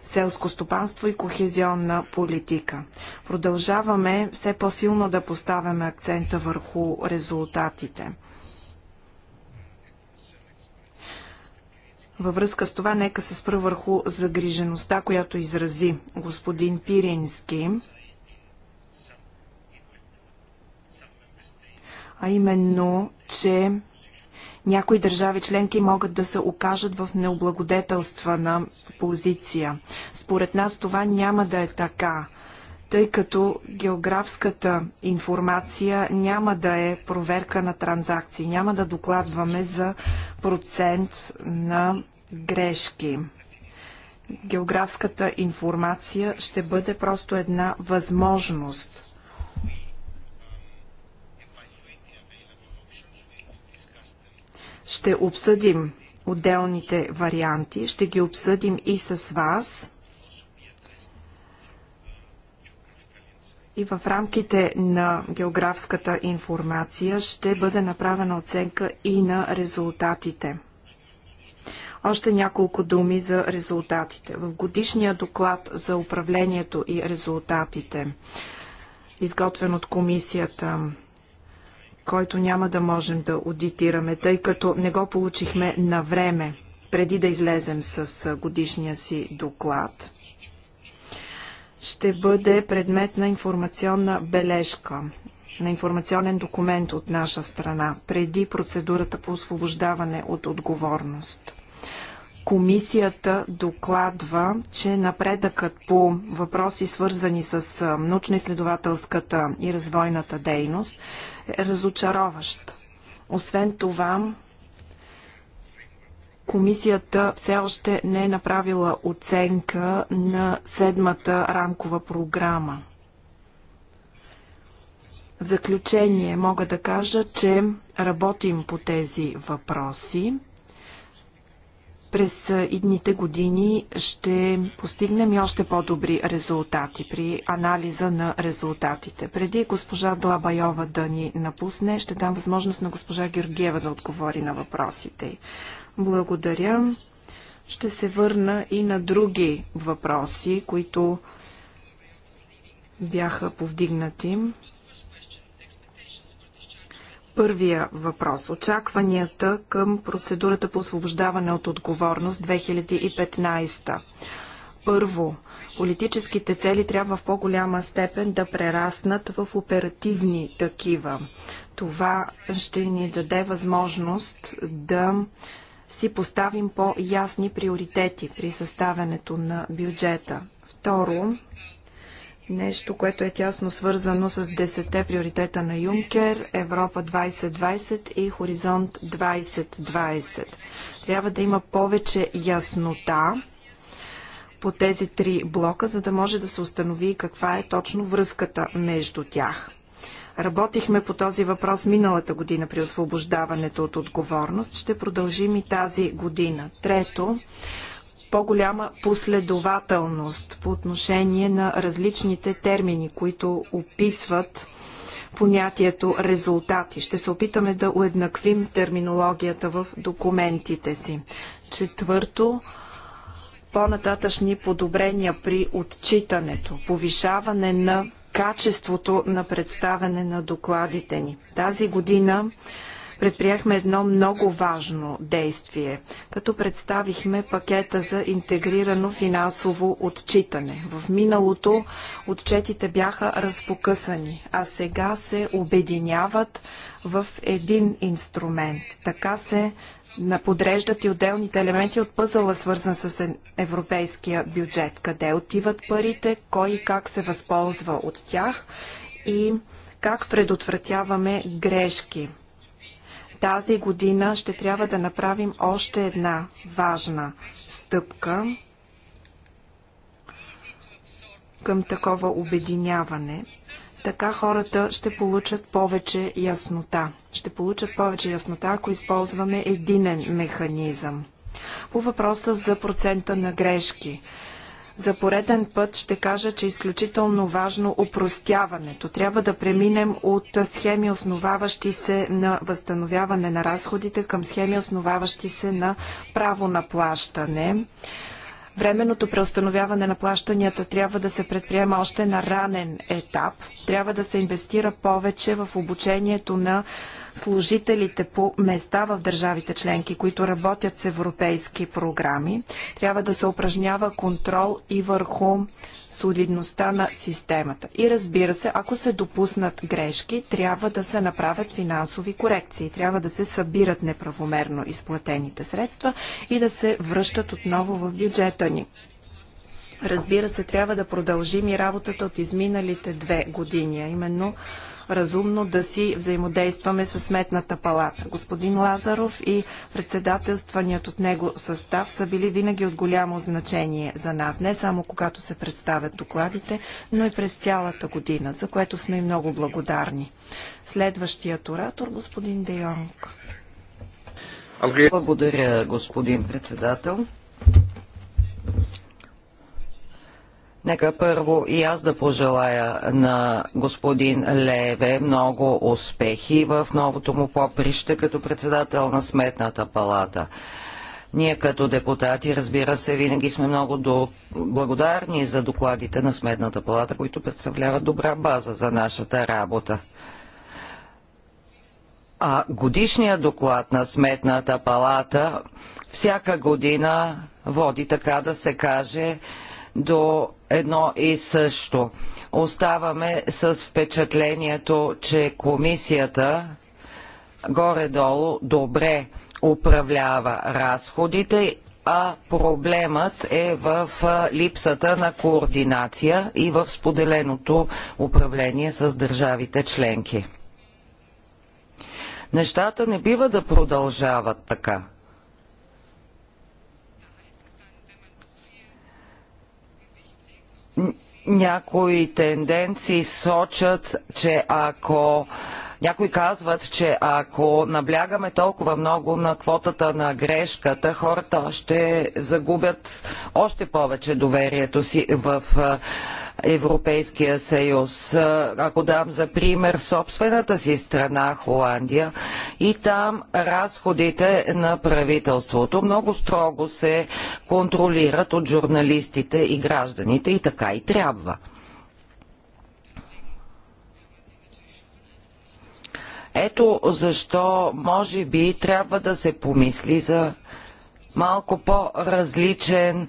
Селско стопанство и кохезионна политика. Продължаваме все по-силно да поставяме акцента върху резултатите. Във връзка с това, нека се спра върху загрижеността, която изрази господин Пирински, а именно, че някои държави членки могат да се окажат в необлагодетелствана позиция. Според нас това няма да е така тъй като географската информация няма да е проверка на транзакции, няма да докладваме за процент на грешки. Географската информация ще бъде просто една възможност ще обсъдим отделните варианти, ще ги обсъдим и с вас. и в рамките на географската информация ще бъде направена оценка и на резултатите. Още няколко думи за резултатите. В годишния доклад за управлението и резултатите, изготвен от комисията, който няма да можем да аудитираме, тъй като не го получихме на време, преди да излезем с годишния си доклад – ще бъде предмет на информационна бележка, на информационен документ от наша страна, преди процедурата по освобождаване от отговорност. Комисията докладва, че напредъкът по въпроси свързани с научно-изследователската и развойната дейност е разочароващ. Освен това, Комисията все още не е направила оценка на седмата рамкова програма. В заключение мога да кажа, че работим по тези въпроси. През идните години ще постигнем и още по-добри резултати при анализа на резултатите. Преди госпожа Длабайова да ни напусне, ще дам възможност на госпожа Георгиева да отговори на въпросите. Благодаря. Ще се върна и на други въпроси, които бяха повдигнати. Първия въпрос. Очакванията към процедурата по освобождаване от отговорност 2015. Първо, политическите цели трябва в по-голяма степен да прераснат в оперативни такива. Това ще ни даде възможност да си поставим по-ясни приоритети при съставянето на бюджета. Второ, нещо, което е тясно свързано с 10-те приоритета на Юнкер, Европа 2020 и Хоризонт 2020. Трябва да има повече яснота по тези три блока, за да може да се установи каква е точно връзката между тях. Работихме по този въпрос миналата година при освобождаването от отговорност. Ще продължим и тази година. Трето, по-голяма последователност по отношение на различните термини, които описват понятието резултати. Ще се опитаме да уеднаквим терминологията в документите си. Четвърто, по-нататъчни подобрения при отчитането, повишаване на качеството на представяне на докладите ни. Тази година предприехме едно много важно действие, като представихме пакета за интегрирано финансово отчитане. В миналото отчетите бяха разпокъсани, а сега се обединяват в един инструмент. Така се подреждат и отделните елементи от пъзъла, свързан с европейския бюджет. Къде отиват парите, кой и как се възползва от тях и как предотвратяваме грешки. Тази година ще трябва да направим още една важна стъпка към такова обединяване. Така хората ще получат повече яснота. Ще получат повече яснота, ако използваме единен механизъм. По въпроса за процента на грешки. За пореден път ще кажа, че е изключително важно упростяването. Трябва да преминем от схеми, основаващи се на възстановяване на разходите, към схеми, основаващи се на право на плащане. Временното преустановяване на плащанията трябва да се предприема още на ранен етап. Трябва да се инвестира повече в обучението на служителите по места в държавите членки, които работят с европейски програми. Трябва да се упражнява контрол и върху солидността на системата. И разбира се, ако се допуснат грешки, трябва да се направят финансови корекции. Трябва да се събират неправомерно изплатените средства и да се връщат отново в бюджета ни. Разбира се, трябва да продължим и работата от изминалите две години, а именно разумно да си взаимодействаме с Сметната палата. Господин Лазаров и председателстваният от него състав са били винаги от голямо значение за нас, не само когато се представят докладите, но и през цялата година, за което сме и много благодарни. Следващият оратор, господин Де Йонг. Благодаря, господин председател. Нека първо и аз да пожелая на господин Леве много успехи в новото му поприще като председател на Сметната палата. Ние като депутати, разбира се, винаги сме много до... благодарни за докладите на Сметната палата, които представляват добра база за нашата работа. А годишният доклад на Сметната палата всяка година води, така да се каже, до едно и също. Оставаме с впечатлението, че комисията горе-долу добре управлява разходите, а проблемът е в липсата на координация и в споделеното управление с държавите членки. Нещата не бива да продължават така. някои тенденции сочат, че ако някои казват, че ако наблягаме толкова много на квотата на грешката, хората ще загубят още повече доверието си в Европейския съюз. Ако дам за пример собствената си страна Холандия и там разходите на правителството много строго се контролират от журналистите и гражданите и така и трябва. Ето защо може би трябва да се помисли за малко по-различен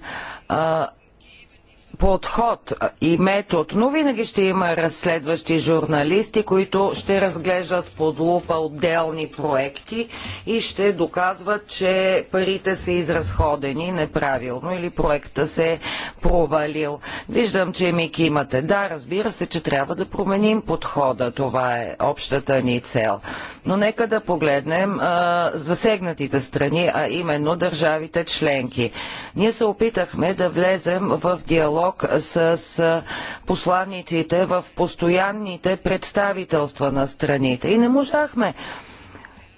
подход и метод, но винаги ще има разследващи журналисти, които ще разглеждат под лупа отделни проекти и ще доказват, че парите са изразходени неправилно или проекта се е провалил. Виждам, че ми кимате. Да, разбира се, че трябва да променим подхода. Това е общата ни цел. Но нека да погледнем а, засегнатите страни, а именно държавите членки. Ние се опитахме да влезем в диалог диалог с посланиците в постоянните представителства на страните. И не можахме.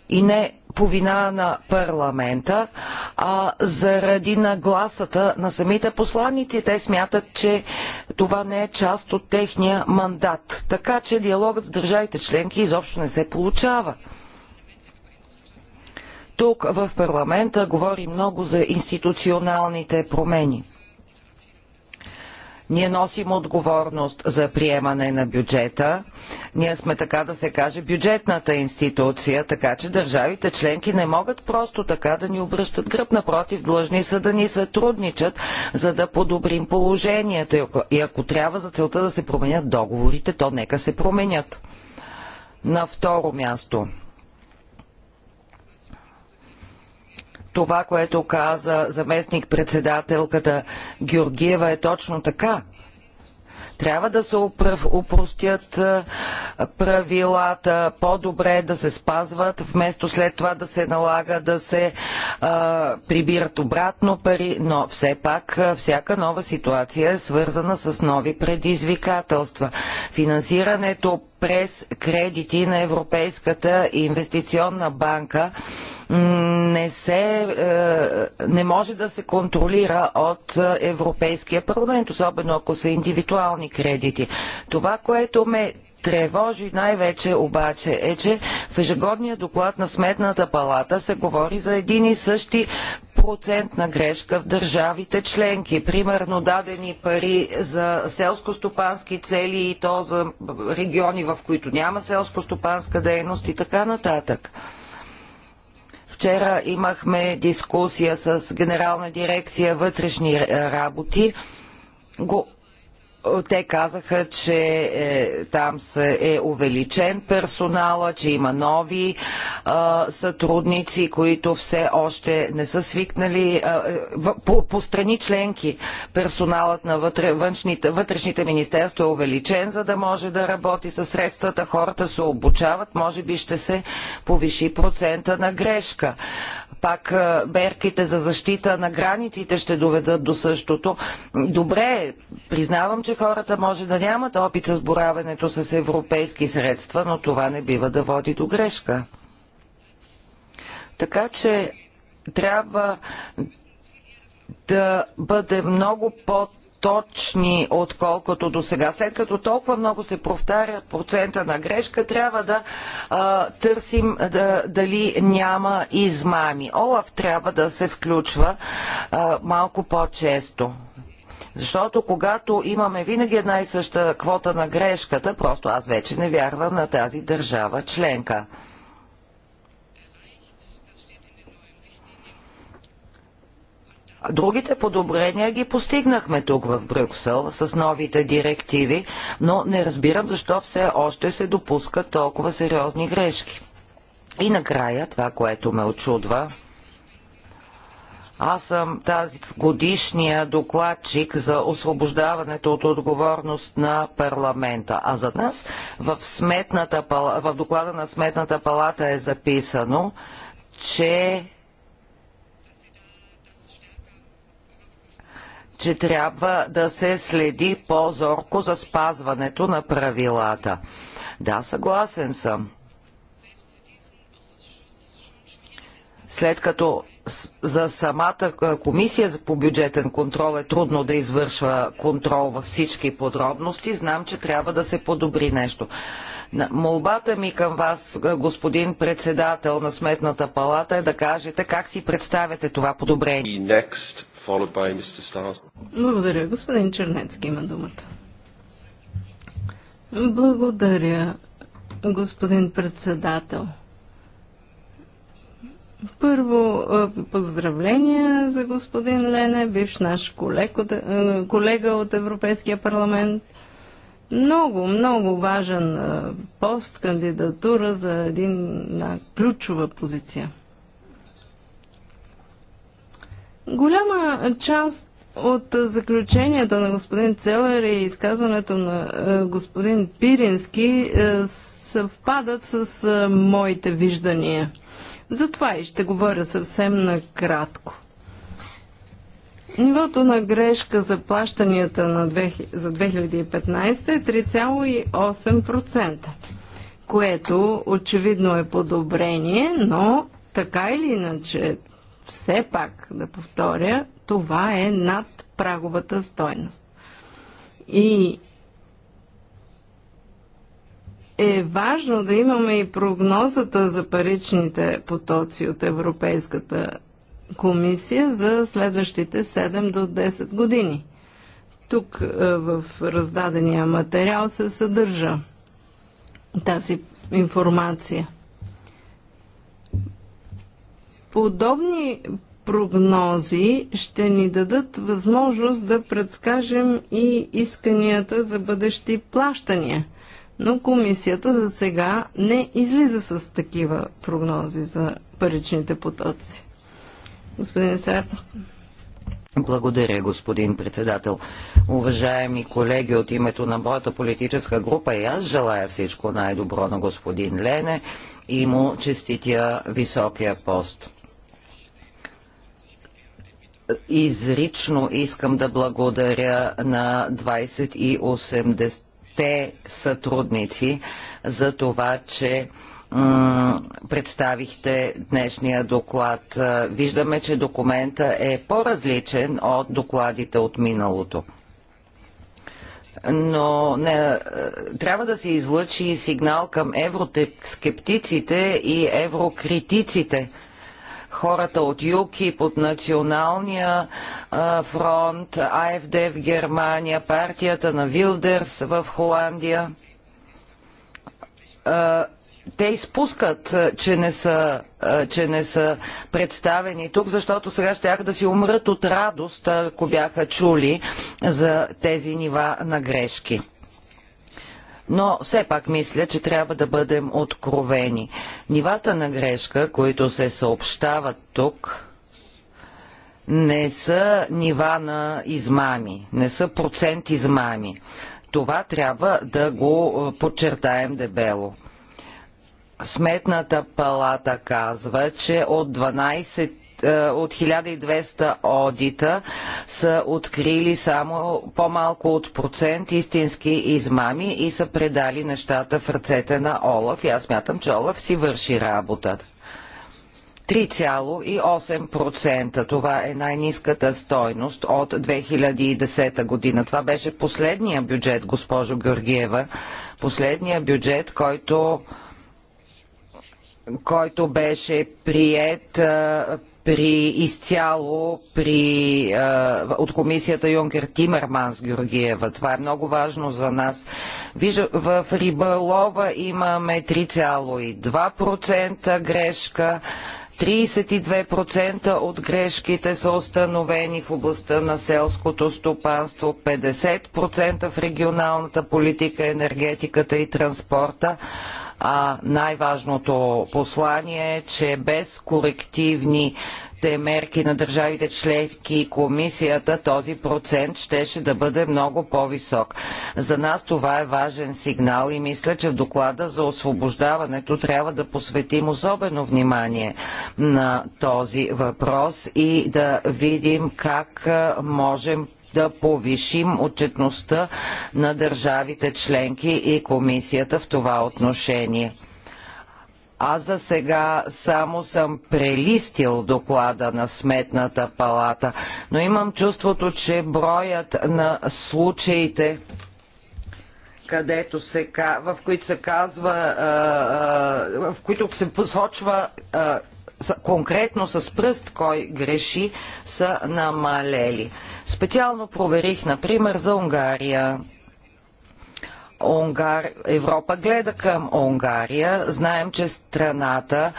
И не по вина на парламента, а заради нагласата на самите посланици. Те смятат, че това не е част от техния мандат. Така че диалогът с държавите членки изобщо не се получава. Тук в парламента говори много за институционалните промени. Ние носим отговорност за приемане на бюджета. Ние сме, така да се каже, бюджетната институция, така че държавите членки не могат просто така да ни обръщат гръб. Напротив, длъжни са да ни сътрудничат, за да подобрим положението. И ако трябва за целта да се променят договорите, то нека се променят. На второ място – това, което каза заместник-председателката Георгиева е точно така. Трябва да се упростят правилата, по-добре е да се спазват, вместо след това да се налага да се а, прибират обратно пари, но все пак всяка нова ситуация е свързана с нови предизвикателства. Финансирането през кредити на Европейската инвестиционна банка не, се, е, не може да се контролира от Европейския парламент, особено ако са индивидуални кредити. Това, което ме тревожи най-вече обаче е, че в ежегодния доклад на Сметната палата се говори за един и същи процентна грешка в държавите членки. Примерно дадени пари за селско-стопански цели и то за региони, в които няма селско-стопанска дейност и така нататък. Вчера имахме дискусия с Генерална дирекция вътрешни работи. Го те казаха, че е, там се е увеличен персонала, че има нови е, сътрудници, които все още не са свикнали. Е, по, по страни членки персоналът на вътре, външните, вътрешните министерства е увеличен, за да може да работи със средствата. Хората се обучават, може би ще се повиши процента на грешка. Пак берките е, за защита на границите ще доведат до същото. Добре, признавам, че че хората може да нямат опит с боравенето с европейски средства, но това не бива да води до грешка. Така че трябва да бъде много под точни, отколкото до сега. След като толкова много се повтаря процента на грешка, трябва да а, търсим да, дали няма измами. Олаф трябва да се включва а, малко по-често. Защото когато имаме винаги една и съща квота на грешката, просто аз вече не вярвам на тази държава членка. Другите подобрения ги постигнахме тук в Брюксел с новите директиви, но не разбирам защо все още се допускат толкова сериозни грешки. И накрая това, което ме очудва, аз съм тази годишния докладчик за освобождаването от отговорност на парламента. А за нас в, сметната, в доклада на Сметната палата е записано, че че трябва да се следи по-зорко за спазването на правилата. Да, съгласен съм. След като за самата комисия по бюджетен контрол е трудно да извършва контрол във всички подробности. Знам, че трябва да се подобри нещо. Молбата ми към вас, господин председател на Сметната палата, е да кажете как си представяте това подобрение. Благодаря. Господин Чернецки има думата. Благодаря, господин председател. Първо, е, поздравления за господин Лене, бивш наш колег от, е, колега от Европейския парламент. Много, много важен е, пост, кандидатура за една ключова позиция. Голяма част от заключенията на господин Целер и изказването на господин Пирински съвпадат с моите виждания – затова и ще говоря съвсем накратко. Нивото на грешка за плащанията на 2, за 2015 е 3,8%, което очевидно е подобрение, но така или иначе, все пак да повторя, това е над праговата стойност. И е важно да имаме и прогнозата за паричните потоци от Европейската комисия за следващите 7 до 10 години. Тук е, в раздадения материал се съдържа тази информация. Подобни прогнози ще ни дадат възможност да предскажем и исканията за бъдещи плащания – но комисията за сега не излиза с такива прогнози за паричните потоци. Господин Сарнов. Благодаря, господин председател. Уважаеми колеги, от името на моята политическа група и аз желая всичко най-добро на господин Лене и му честитя високия пост. Изрично искам да благодаря на 28 те сътрудници за това, че представихте днешния доклад. Виждаме, че документа е по-различен от докладите от миналото. Но не, трябва да се излъчи сигнал към евроскептиците и еврокритиците – хората от ЮКИП, от Националния фронт, АФД в Германия, партията на Вилдерс в Холандия. те изпускат, че не, са, че не са представени тук, защото сега ще да си умрат от радост, ако бяха чули за тези нива на грешки но все пак мисля, че трябва да бъдем откровени. Нивата на грешка, които се съобщават тук, не са нива на измами, не са процент измами. Това трябва да го е, подчертаем дебело. Сметната палата казва, че от 12 е, от 1200 одита са открили само по-малко от процент истински измами и са предали нещата в ръцете на Олаф. И аз мятам, че Олаф си върши работата. 3,8%. Това е най-низката стойност от 2010 година. Това беше последния бюджет, госпожо Георгиева. Последния бюджет, който който беше прият е, при изцяло при, е, от комисията Юнкер Тимерманс Георгиева. Това е много важно за нас. в Рибалова имаме 3,2% грешка. 32% от грешките са установени в областта на селското стопанство, 50% в регионалната политика, енергетиката и транспорта, а най-важното послание е, че без корективните мерки на държавите членки и комисията, този процент щеше да бъде много по-висок. За нас това е важен сигнал и мисля, че в доклада за освобождаването трябва да посветим особено внимание на този въпрос и да видим как можем да повишим отчетността на държавите членки и комисията в това отношение. Аз за сега само съм прелистил доклада на Сметната палата, но имам чувството, че броят на случаите, където се, в които се казва, в които се посочва конкретно с пръст кой греши, са намалели. Специално проверих, например, за Унгария. Унгар... Европа гледа към Унгария. Знаем, че страната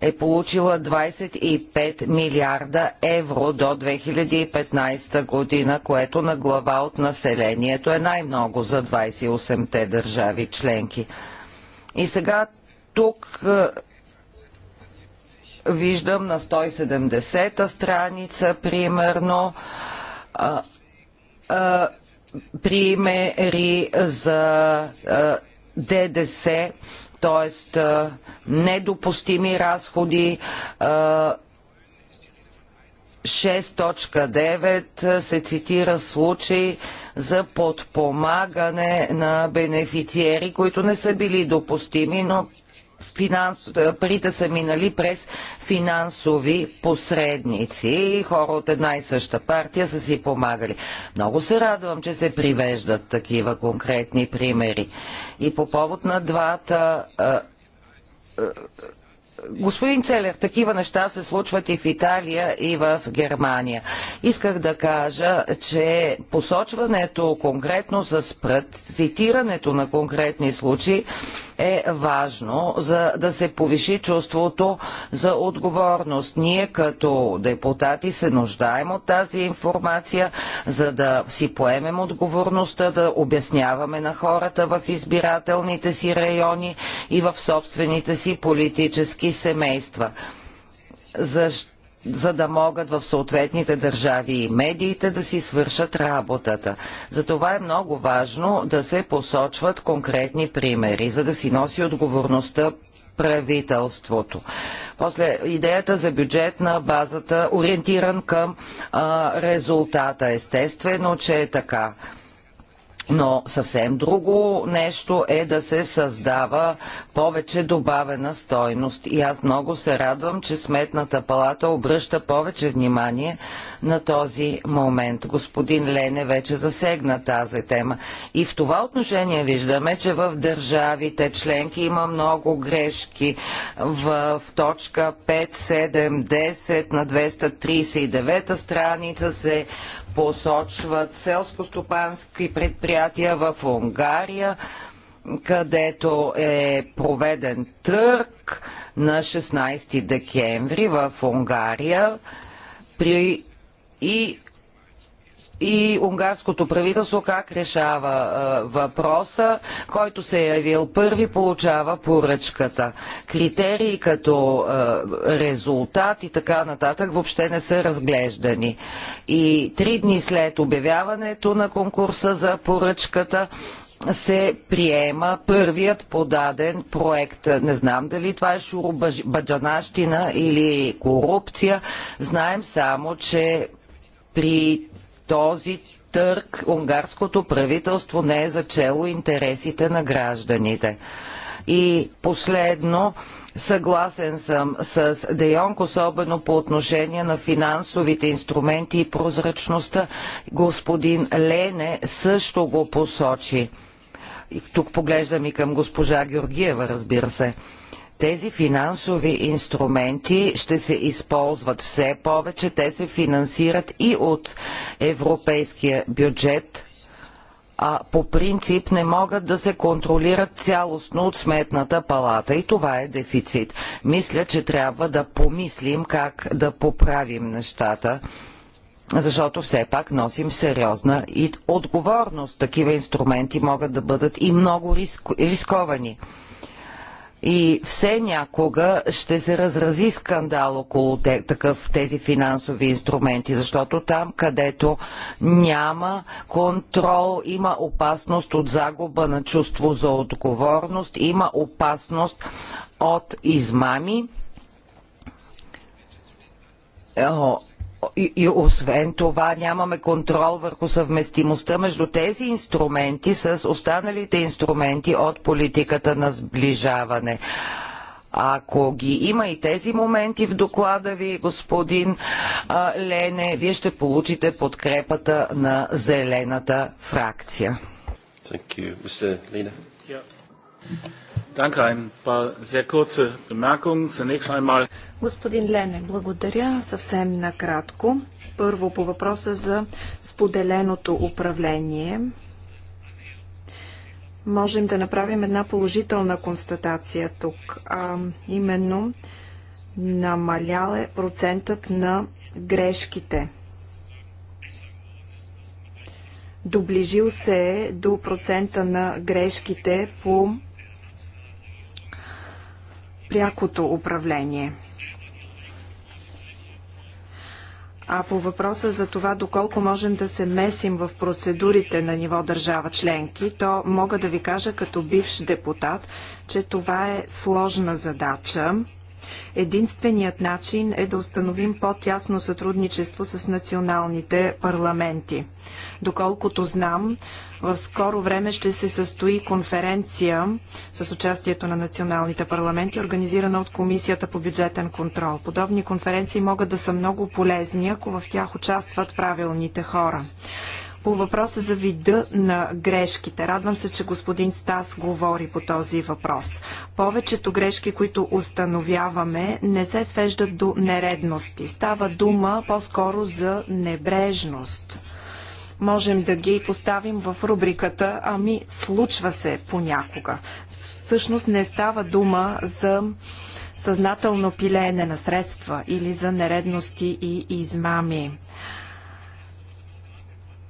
е получила 25 милиарда евро до 2015 година, което на глава от населението е най-много за 28-те държави членки. И сега тук е, виждам на 170-та страница, примерно, а, а, примери за а, ДДС, т.е. недопустими разходи, 6.9 се цитира случай за подпомагане на бенефициери, които не са били допустими, но финанс... Е, парите са минали през финансови посредници. Хора от една и съща партия са си помагали. Много се радвам, че се привеждат такива конкретни примери. И по повод на двата е, е, Господин Целер, такива неща се случват и в Италия, и в Германия. Исках да кажа, че посочването конкретно с прът, цитирането на конкретни случаи е важно, за да се повиши чувството за отговорност. Ние като депутати се нуждаем от тази информация, за да си поемем отговорността, да обясняваме на хората в избирателните си райони и в собствените си политически семейства. за, за да могат в съответните държави и медиите да си свършат работата. Затова е много важно да се посочват конкретни примери, за да си носи отговорността правителството. После идеята за бюджет на базата, ориентиран към а, резултата. Естествено, че е така. Но съвсем друго нещо е да се създава повече добавена стойност. И аз много се радвам, че Сметната палата обръща повече внимание на този момент. Господин Лене вече засегна тази тема. И в това отношение виждаме, че в държавите членки има много грешки. В, точка 5, 7, 10 на 239 страница се посочват селско-стопански предприятия в Унгария, където е проведен търг на 16 декември в Унгария при и и унгарското правителство как решава въпроса, който се е явил първи, получава поръчката. Критерии като резултат и така нататък въобще не са разглеждани. И три дни след обявяването на конкурса за поръчката, се приема първият подаден проект. Не знам дали това е шуробаджанащина или корупция. Знаем само, че при този търг унгарското правителство не е зачело интересите на гражданите. И последно, съгласен съм с Дейонг, особено по отношение на финансовите инструменти и прозрачността. Господин Лене също го посочи. тук поглеждам и към госпожа Георгиева, разбира се. Тези финансови инструменти ще се използват все повече. Те се финансират и от европейския бюджет, а по принцип не могат да се контролират цялостно от сметната палата и това е дефицит. Мисля, че трябва да помислим как да поправим нещата, защото все пак носим сериозна и отговорност. Такива инструменти могат да бъдат и много риск... рисковани и все някога ще се разрази скандал около те, такъв тези финансови инструменти, защото там, където няма контрол, има опасност от загуба на чувство за отговорност, има опасност от измами и, и освен това нямаме контрол върху съвместимостта между тези инструменти с останалите инструменти от политиката на сближаване. Ако ги има и тези моменти в доклада ви, господин а, Лене, вие ще получите подкрепата на зелената фракция. Thank you, Mr. Lina. Yeah. Danke, ein paar sehr kurze Bemerkungen. Zunächst einmal. Господин Лене, благодаря съвсем накратко. Първо по въпроса за споделеното управление. Можем да направим една положителна констатация тук, а именно намалял е процентът на грешките. Доближил се е до процента на грешките по прякото управление. А по въпроса за това доколко можем да се месим в процедурите на ниво държава членки, то мога да ви кажа като бивш депутат, че това е сложна задача. Единственият начин е да установим по-тясно сътрудничество с националните парламенти. Доколкото знам, в скоро време ще се състои конференция с участието на националните парламенти, организирана от Комисията по бюджетен контрол. Подобни конференции могат да са много полезни, ако в тях участват правилните хора по въпроса за вида на грешките. Радвам се, че господин Стас говори по този въпрос. Повечето грешки, които установяваме, не се свеждат до нередности. Става дума по-скоро за небрежност можем да ги поставим в рубриката Ами случва се понякога. Всъщност не става дума за съзнателно пилеене на средства или за нередности и измами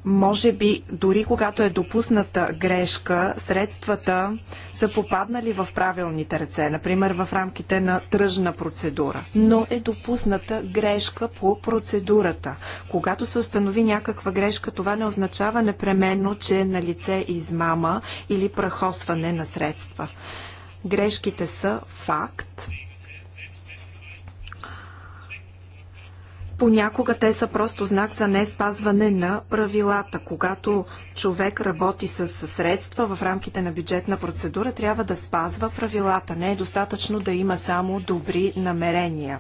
може би дори когато е допусната грешка, средствата са попаднали в правилните ръце, например в рамките на тръжна процедура. Но е допусната грешка по процедурата. Когато се установи някаква грешка, това не означава непременно, че е на лице измама или прахосване на средства. Грешките са факт Понякога те са просто знак за не спазване на правилата. Когато човек работи с средства в рамките на бюджетна процедура, трябва да спазва правилата. Не е достатъчно да има само добри намерения.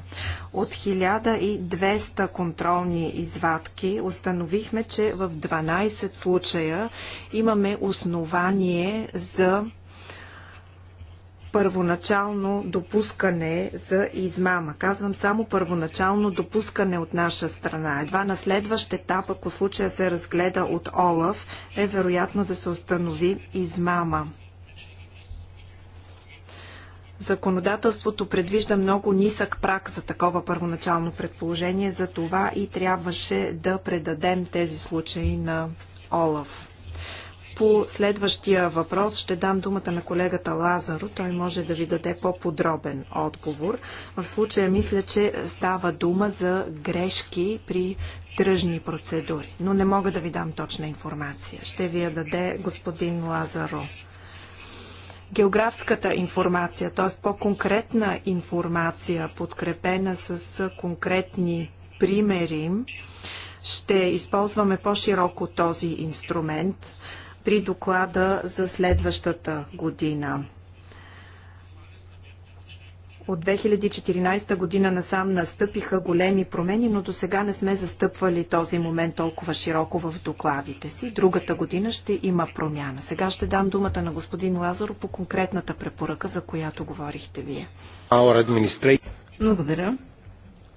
От 1200 контролни извадки установихме, че в 12 случая имаме основание за първоначално допускане за измама. Казвам само първоначално допускане от наша страна. Едва на следващ етап, ако случая се разгледа от Олаф, е вероятно да се установи измама. Законодателството предвижда много нисък прак за такова първоначално предположение, за това и трябваше да предадем тези случаи на Олаф. По следващия въпрос ще дам думата на колегата Лазаро. Той може да ви даде по-подробен отговор. В случая мисля, че става дума за грешки при тръжни процедури, но не мога да ви дам точна информация. Ще ви я даде господин Лазаро географската информация, т.е. по-конкретна информация, подкрепена с конкретни примери, ще използваме по-широко този инструмент при доклада за следващата година. От 2014 година насам настъпиха големи промени, но до сега не сме застъпвали този момент толкова широко в докладите си. Другата година ще има промяна. Сега ще дам думата на господин Лазаров по конкретната препоръка, за която говорихте вие. Благодаря.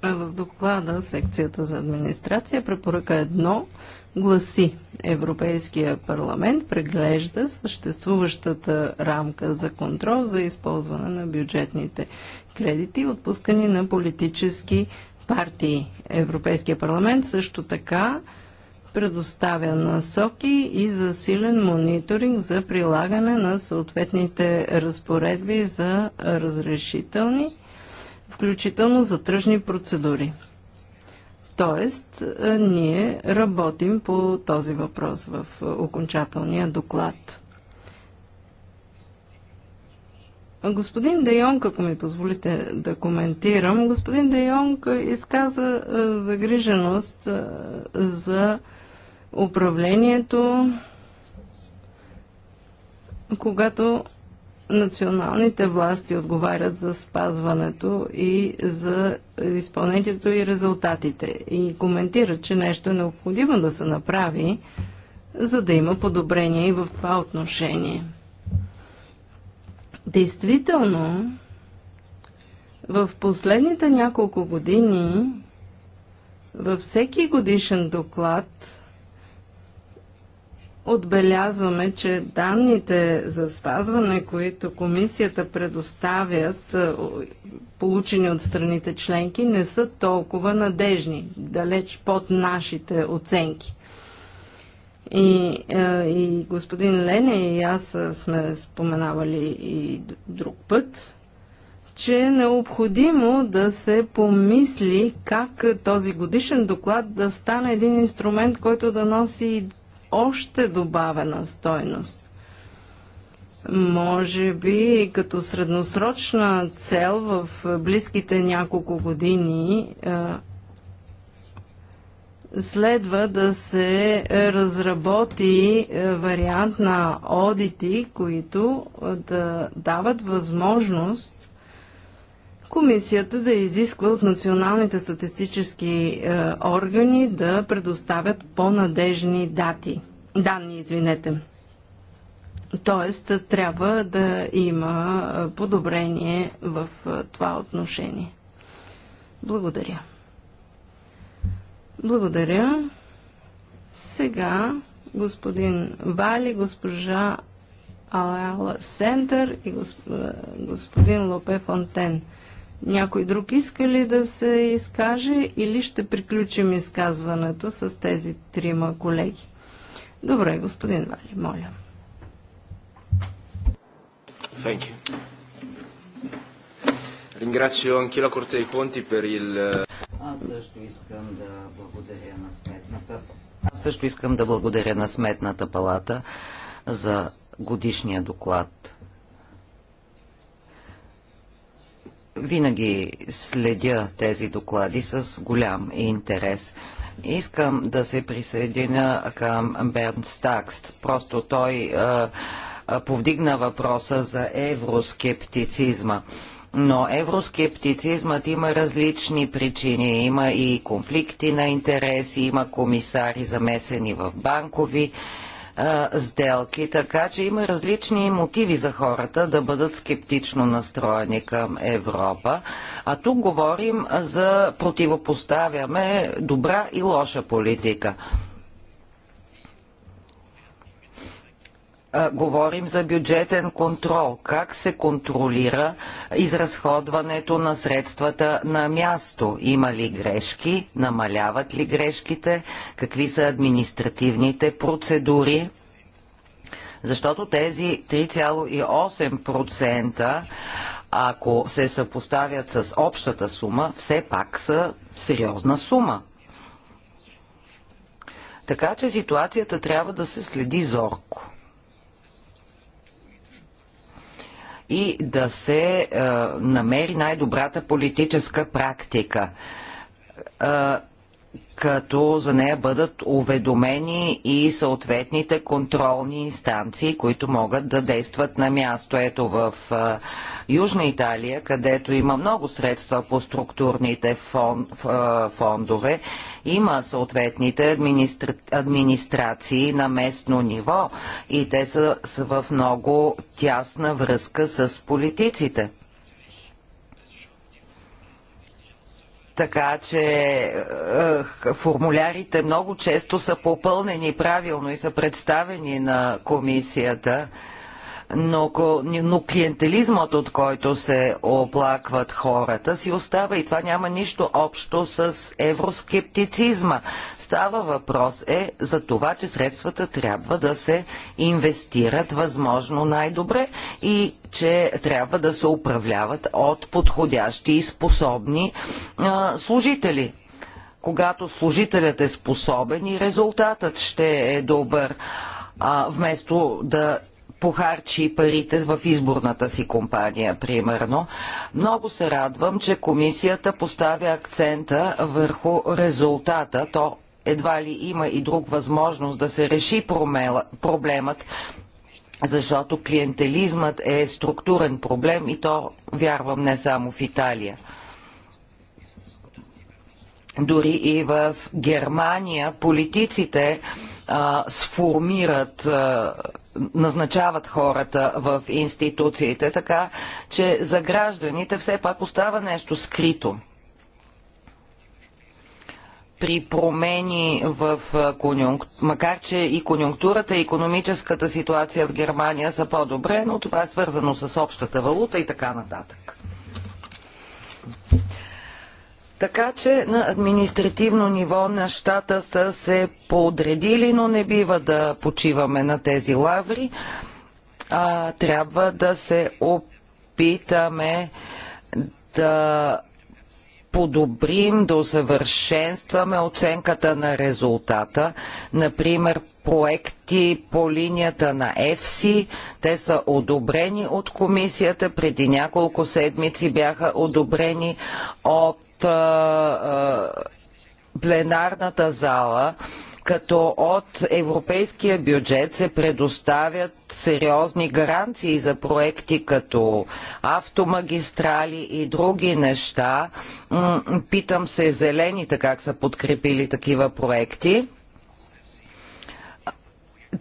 В доклада секцията за администрация препоръка едно гласи Европейския парламент преглежда съществуващата рамка за контрол за използване на бюджетните кредити, отпускани на политически партии. Европейския парламент също така предоставя насоки и за силен мониторинг за прилагане на съответните разпоредби за разрешителни, включително за тръжни процедури. Тоест, е, ние работим по този въпрос в е, окончателния доклад. Господин Дейонг, ако ми позволите да коментирам, господин Дейонг изказа е, загриженост за управлението, когато националните власти отговарят за спазването и за изпълнението и резултатите. И коментират, че нещо е необходимо да се направи, за да има подобрение и в това отношение. Действително, в последните няколко години във всеки годишен доклад отбелязваме, че данните за спазване, които комисията предоставят, е, получени от страните членки, не са толкова надежни, далеч под нашите оценки. И, е, и господин Лене и аз сме споменавали и друг път, че е необходимо да се помисли как този годишен доклад да стане един инструмент, който да носи още добавена стойност. Може би като средносрочна цел в близките няколко години следва да се разработи вариант на одити, които да дават възможност комисията да изисква от националните статистически е, органи да предоставят по-надежни дати, данни, извинете. Тоест, трябва да има е, подобрение в е, това отношение. Благодаря. Благодаря. Сега господин Вали, госпожа Алала Сентър и е, господин Лопе Фонтен. Някой друг иска ли да се изкаже или ще приключим изказването с тези трима колеги? Добре, господин Вали, моля. Thank you. Ringrazio anche la Corte dei Conti per il... Аз също искам да благодаря на сметната. Аз също искам да благодаря на сметната палата за годишния доклад Винаги следя тези доклади с голям интерес. Искам да се присъединя към Бернт Стакст. Просто той а, а, повдигна въпроса за евроскептицизма. Но евроскептицизмът има различни причини. Има и конфликти на интереси, има комисари замесени в банкови а, сделки, така че има различни мотиви за хората да бъдат скептично настроени към Европа. А тук говорим за противопоставяме добра и лоша политика. говорим за бюджетен контрол. Как се контролира изразходването на средствата на място? Има ли грешки? Намаляват ли грешките? Какви са административните процедури? Защото тези 3,8% ако се съпоставят с общата сума, все пак са сериозна сума. Така че ситуацията трябва да се следи зорко. и да се е, намери най-добрата политическа практика е, като за нея бъдат уведомени и съответните контролни инстанции, които могат да действат на място. Ето в Южна Италия, където има много средства по структурните фон, фондове, има съответните администра... администрации на местно ниво и те са, са в много тясна връзка с политиците. Така че е, е, формулярите много често са попълнени правилно и са представени на комисията но, но клиентелизмът, от който се оплакват хората, си остава и това няма нищо общо с евроскептицизма. Става въпрос е за това, че средствата трябва да се инвестират възможно най-добре и че трябва да се управляват от подходящи и способни а, служители когато служителят е способен и резултатът ще е добър, а, вместо да похарчи парите в изборната си компания, примерно. Много се радвам, че комисията поставя акцента върху резултата. То едва ли има и друг възможност да се реши промела, проблемът, защото клиентелизмът е структурен проблем и то, вярвам, не само в Италия. Дори и в Германия политиците а, сформират а, назначават хората в институциите, така че за гражданите все пак остава нещо скрито при промени в конюнктурата, макар че и конюнктурата, и економическата ситуация в Германия са по-добре, но това е свързано с общата валута и така нататък. Така че на административно ниво нещата са се подредили, но не бива да почиваме на тези лаври. А, трябва да се опитаме да подобрим, да усъвършенстваме оценката на резултата. Например, проекти по линията на ЕФСИ, те са одобрени от комисията, преди няколко седмици бяха одобрени от а, а, пленарната зала. А, като от европейския бюджет се предоставят сериозни гаранции за проекти като автомагистрали и други неща. Питам се зелените как са подкрепили такива проекти.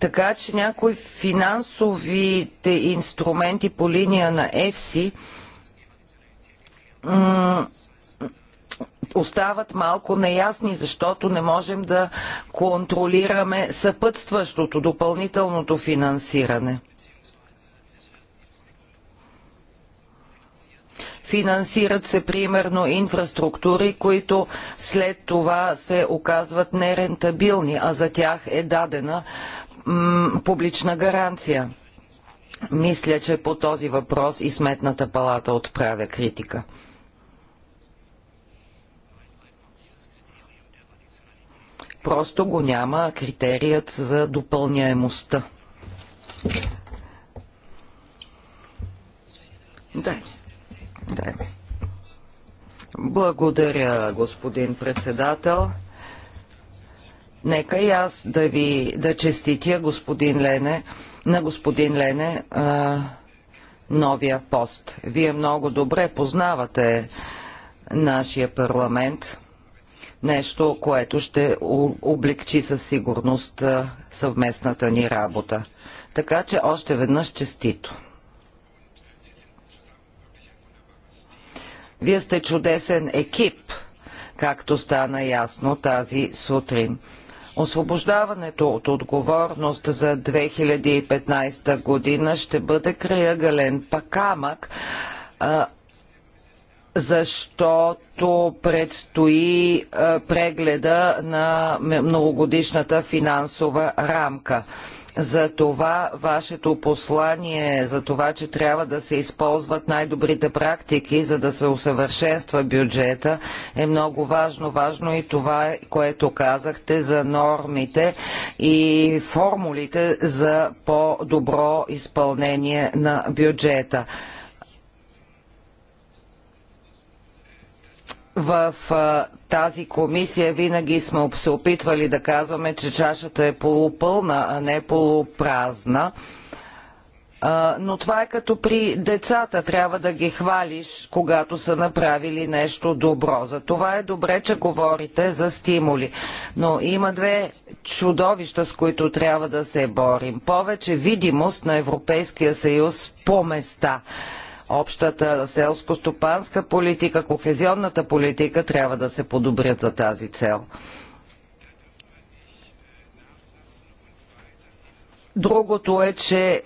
Така че някои финансовите инструменти по линия на ЕФСИ остават малко неясни, защото не можем да контролираме съпътстващото допълнителното финансиране. финансират се примерно инфраструктури, които след това се оказват нерентабилни, а за тях е дадена публична гаранция. Мисля, че по този въпрос и Сметната палата отправя критика. Просто го няма критерият за допълняемостта. Да. да. Благодаря, господин председател. Нека и аз да ви да честитя господин Лене, на господин Лене а, новия пост. Вие много добре познавате нашия парламент нещо, което ще облегчи със сигурност съвместната ни работа. Така че още веднъж честито. Вие сте чудесен екип, както стана ясно тази сутрин. Освобождаването от отговорност за 2015 година ще бъде краягален пакамък защото предстои прегледа на многогодишната финансова рамка. За това вашето послание, за това, че трябва да се използват най-добрите практики, за да се усъвършенства бюджета, е много важно. Важно е и това, което казахте за нормите и формулите за по-добро изпълнение на бюджета. в а, тази комисия винаги сме се опитвали да казваме, че чашата е полупълна, а не полупразна. А, но това е като при децата. Трябва да ги хвалиш, когато са направили нещо добро. За това е добре, че говорите за стимули. Но има две чудовища, с които трябва да се борим. Повече видимост на Европейския съюз по места – Общата селско-стопанска политика, кохезионната политика трябва да се подобрят за тази цел. Другото е, че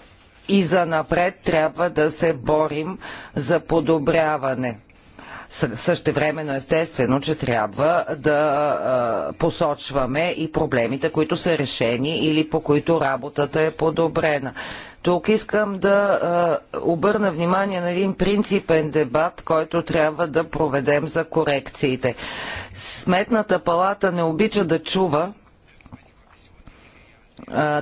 и за напред трябва да се борим за подобряване. Същевременно естествено, че трябва да посочваме и проблемите, които са решени или по които работата е подобрена. Тук искам да обърна внимание на един принципен дебат, който трябва да проведем за корекциите. Сметната палата не обича да чува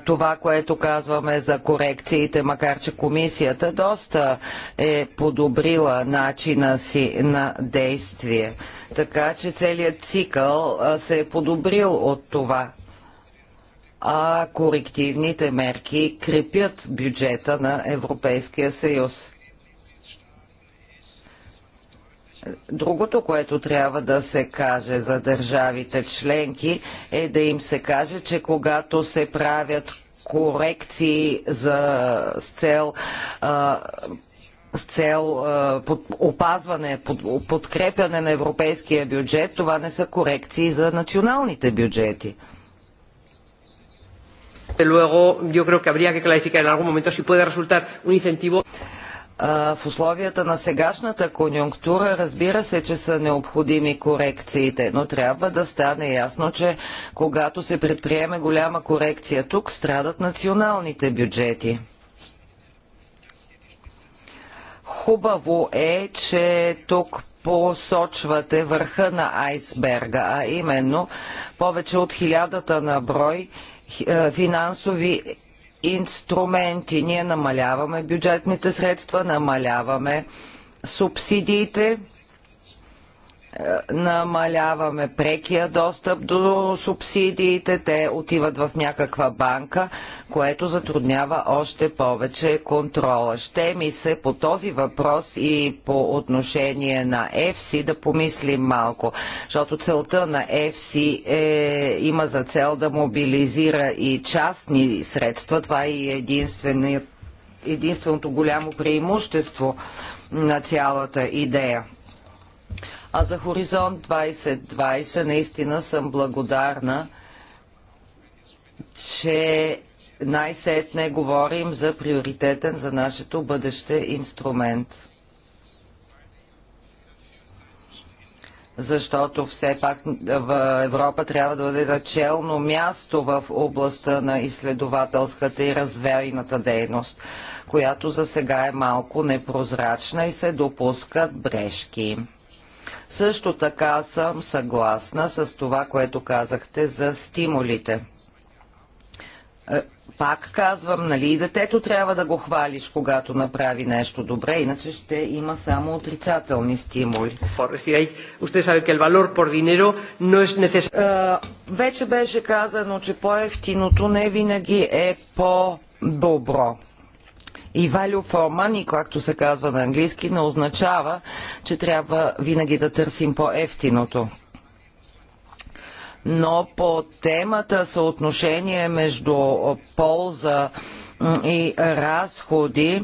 това, което казваме за корекциите, макар че комисията доста е подобрила начина си на действие. Така че целият цикъл се е подобрил от това а корективните мерки крепят бюджета на Европейския съюз. Другото, което трябва да се каже за държавите членки е да им се каже, че когато се правят корекции за, с цел а, с цел а, под, опазване, под, подкрепяне на европейския бюджет, това не са корекции за националните бюджети. Luego, yo creo que habría que clarificar en algún momento si puede resultar un incentivo в условията на сегашната конюнктура разбира се, че са необходими корекциите, но трябва да стане ясно, че когато се предприеме голяма корекция тук, страдат националните бюджети. Хубаво е, че тук посочвате върха на айсберга, а именно повече от хилядата на брой е, финансови инструменти. Ние намаляваме бюджетните средства, намаляваме субсидиите намаляваме прекия достъп до субсидиите, те отиват в някаква банка, което затруднява още повече контрола. Ще ми се по този въпрос и по отношение на ЕФСИ да помислим малко, защото целта на ЕФСИ е, има за цел да мобилизира и частни средства. Това е единственото голямо преимущество на цялата идея. А за Хоризонт 2020 наистина съм благодарна, че най-сетне говорим за приоритетен за нашето бъдеще инструмент. защото все пак в Европа трябва да бъде начално място в областта на изследователската и развейната дейност, която за сега е малко непрозрачна и се допускат брешки. Също така съм съгласна с това, което казахте за стимулите. Е, пак казвам, нали и детето трябва да го хвалиш, когато направи нещо добре, иначе ще има само отрицателни стимули. Е, вече беше казано, че по-ефтиното не винаги е по-добро. И value for money, както се казва на английски, не означава, че трябва винаги да търсим по-ефтиното. Но по темата съотношение между полза и разходи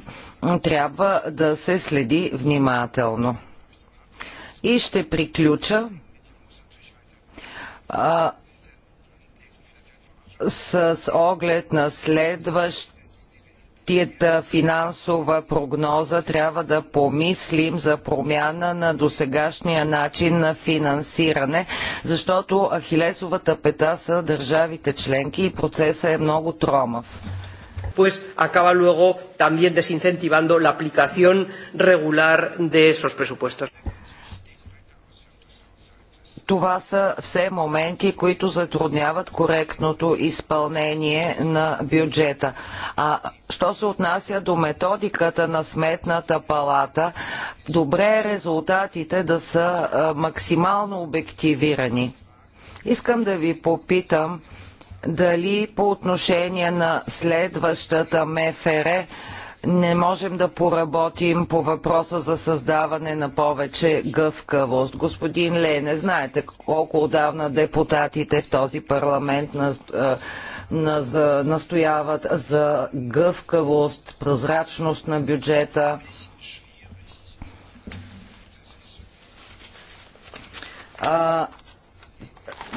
трябва да се следи внимателно. И ще приключа а, с оглед на следващ развитията, финансова прогноза, трябва да помислим за промяна на досегашния начин на финансиране, защото ахилесовата пета са държавите членки и процесът е много тромав pues acaba luego también desincentivando la aplicación regular de esos presupuestos. Това са все моменти, които затрудняват коректното изпълнение на бюджета. А що се отнася до методиката на сметната палата, добре е резултатите да са максимално обективирани. Искам да ви попитам дали по отношение на следващата МФР не можем да поработим по въпроса за създаване на повече гъвкавост. Господин Лене, знаете колко отдавна депутатите в този парламент на, е, на, за, настояват за гъвкавост, прозрачност на бюджета. А,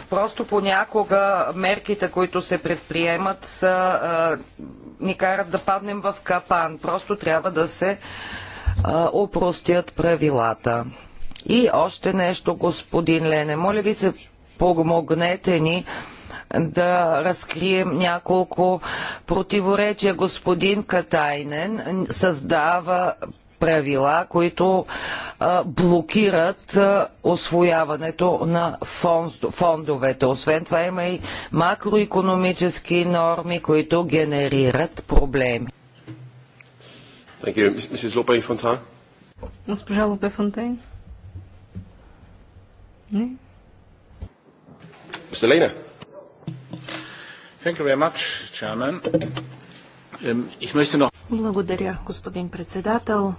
просто понякога мерките, които се предприемат, са а, е, ни карат да паднем в капан. Просто трябва да се а, упростят правилата. И още нещо, господин Лене. Моля ви се, помогнете ни да разкрием няколко противоречия. Господин Катайнен създава правила, които а, блокират а, освояването на фондовете. Освен това има и макроекономически норми, които генерират проблеми. Госпожа Лопе Фонтейн. Thank you very much, Chairman. Ich möchte noch... Благодаря, господин председател.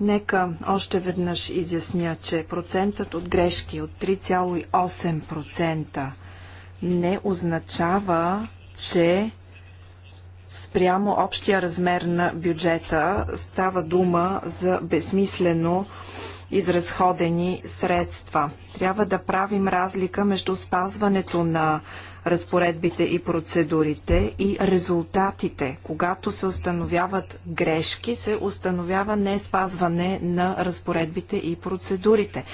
Нека още веднъж изясня, че процентът от грешки от 3,8% не означава, че спрямо общия размер на бюджета става дума за безсмислено изразходени средства. Трябва да правим разлика между спазването на разпоредбите и процедурите и резултатите. Когато се установяват грешки, се установява не спазване на разпоредбите и процедурите.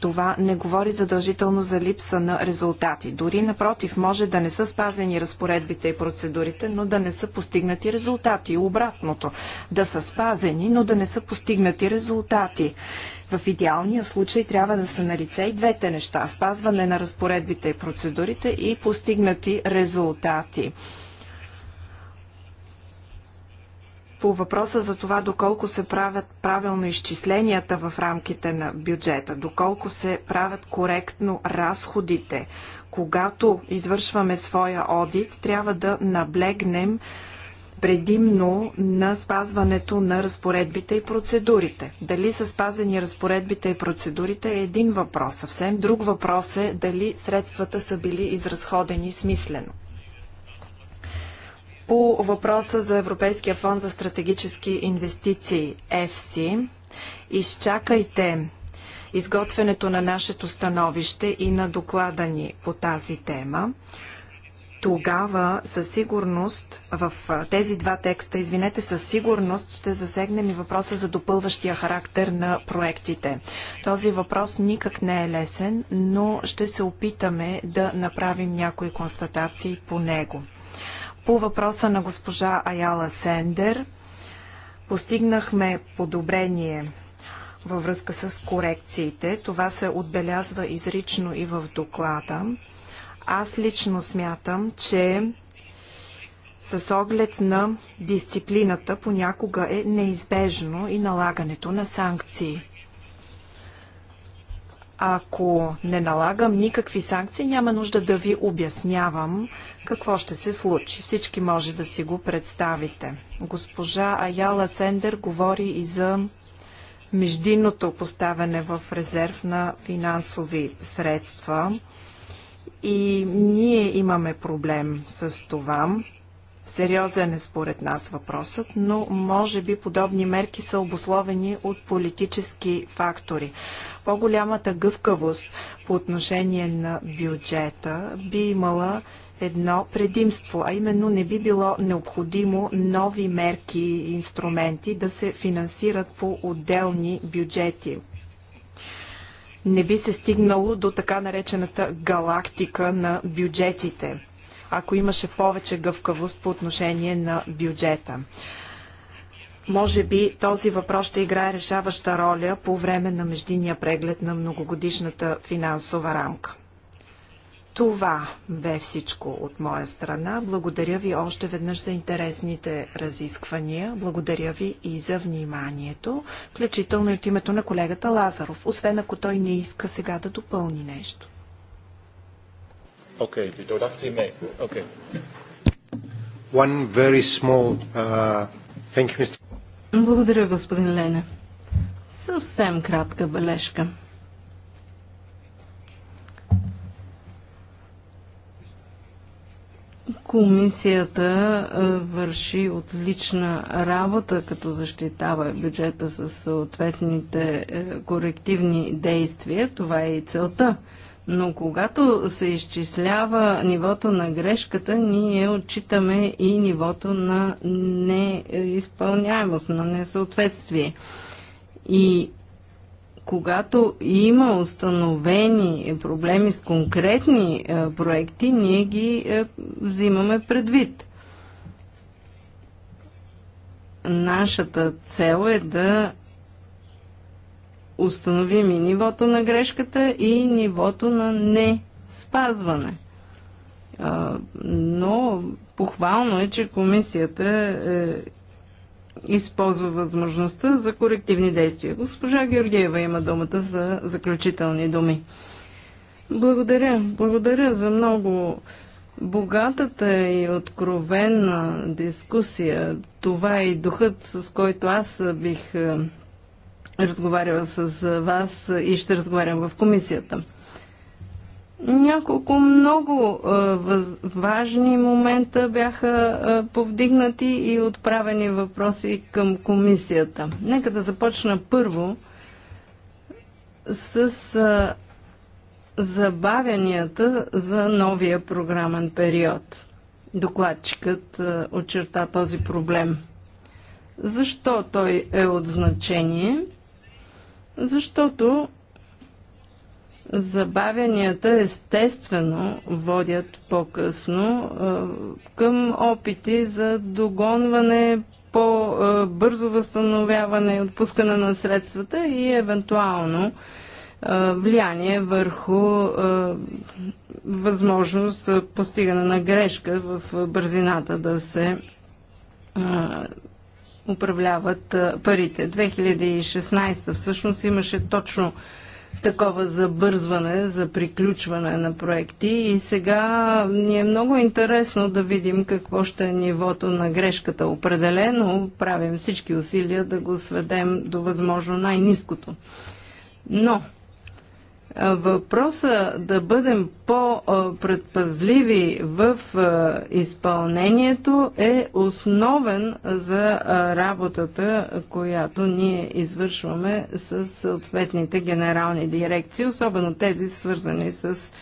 Това не говори задължително за липса на резултати. Дори напротив, може да не са спазени разпоредбите и процедурите, но да не са постигнати резултати. Обратното, да са спазени, но да не са постигнати резултати. В идеалния случай трябва да са на лице и двете неща – спазване на разпоредбите и процедурите и постигнати резултати. По въпроса за това доколко се правят правилно изчисленията в рамките на бюджета, доколко се правят коректно разходите, когато извършваме своя одит, трябва да наблегнем предимно на спазването на разпоредбите и процедурите. Дали са спазени разпоредбите и процедурите е един въпрос. Съвсем друг въпрос е дали средствата са били изразходени смислено. По въпроса за Европейския фонд за стратегически инвестиции ЕФСИ, изчакайте изготвянето на нашето становище и на доклада ни по тази тема тогава със сигурност в тези два текста, извинете, със сигурност ще засегнем и въпроса за допълващия характер на проектите. Този въпрос никак не е лесен, но ще се опитаме да направим някои констатации по него. По въпроса на госпожа Аяла Сендер, постигнахме подобрение във връзка с корекциите. Това се отбелязва изрично и в доклада. Аз лично смятам, че с оглед на дисциплината понякога е неизбежно и налагането на санкции. Ако не налагам никакви санкции, няма нужда да ви обяснявам какво ще се случи. Всички може да си го представите. Госпожа Аяла Сендер говори и за междинното поставяне в резерв на финансови средства. И ние имаме проблем с това. Сериозен е според нас въпросът, но може би подобни мерки са обусловени от политически фактори. По-голямата гъвкавост по отношение на бюджета би имала едно предимство, а именно не би било необходимо нови мерки и инструменти да се финансират по отделни бюджети не би се стигнало до така наречената галактика на бюджетите, ако имаше повече гъвкавост по отношение на бюджета. Може би този въпрос ще играе решаваща роля по време на междинния преглед на многогодишната финансова рамка. Това бе всичко от моя страна. Благодаря ви още веднъж за интересните разисквания. Благодаря ви и за вниманието, включително и от името на колегата Лазаров, освен ако той не иска сега да допълни нещо. Okay, vi dovreste me. Okay. One very small uh, thank you, Mr. Благодаря, господин Лене. Съвсем кратка бележка. Комисията върши отлична работа, като защитава бюджета с съответните е, корективни действия. Това е и целта. Но когато се изчислява нивото на грешката, ние отчитаме и нивото на неизпълняемост, на несъответствие. И когато има установени проблеми с конкретни е, проекти, ние ги е, взимаме предвид. Нашата цел е да установим и нивото на грешката и нивото на не спазване. Е, но похвално е, че комисията използва възможността за корективни действия. Госпожа Георгиева има думата за заключителни думи. Благодаря. Благодаря за много богатата и откровена дискусия. Това е и духът, с който аз бих е, разговаряла с вас и ще разговарям в комисията. Няколко много важни момента бяха повдигнати и отправени въпроси към комисията. Нека да започна първо с забавянията за новия програмен период. Докладчикът очерта този проблем. Защо той е от значение? Защото Забавянията естествено водят по-късно към опити за догонване, по-бързо възстановяване, отпускане на средствата и евентуално влияние върху възможност за постигане на грешка в бързината да се управляват парите. 2016 всъщност имаше точно такова забързване, за приключване на проекти. И сега ни е много интересно да видим какво ще е нивото на грешката. Определено правим всички усилия да го сведем до възможно най-низкото. Но Въпроса да бъдем по-предпазливи в изпълнението е основен за работата, която ние извършваме с съответните генерални дирекции, особено тези свързани с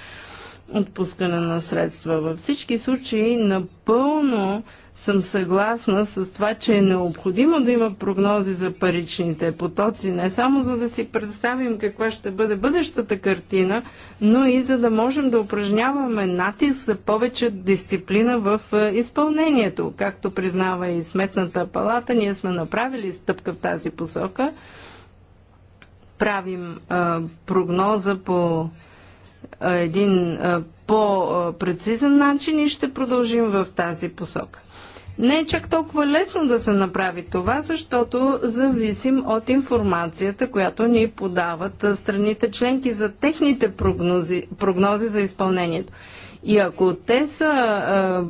отпускане на средства. Във всички случаи напълно съм съгласна с това, че е необходимо да има прогнози за паричните потоци, не само за да си представим каква ще бъде бъдещата картина, но и за да можем да упражняваме натиск за повече дисциплина в е, изпълнението. Както признава и Сметната палата, ние сме направили стъпка в тази посока. Правим а, е, прогноза по е, един по-прецизен начин и ще продължим в тази посока. Не е чак толкова лесно да се направи това, защото зависим от информацията, която ни подават страните членки за техните прогнози, прогнози за изпълнението. И ако те са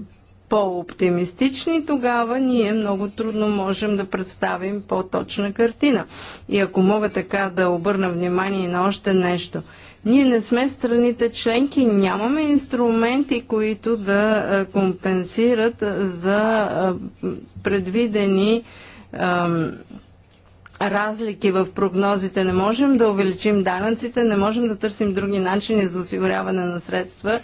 по-оптимистични, тогава ние много трудно можем да представим по-точна картина. И ако мога така да обърна внимание на още нещо – ние не сме страните членки, нямаме инструменти, които да компенсират за предвидени разлики в прогнозите. Не можем да увеличим данъците, не можем да търсим други начини за осигуряване на средства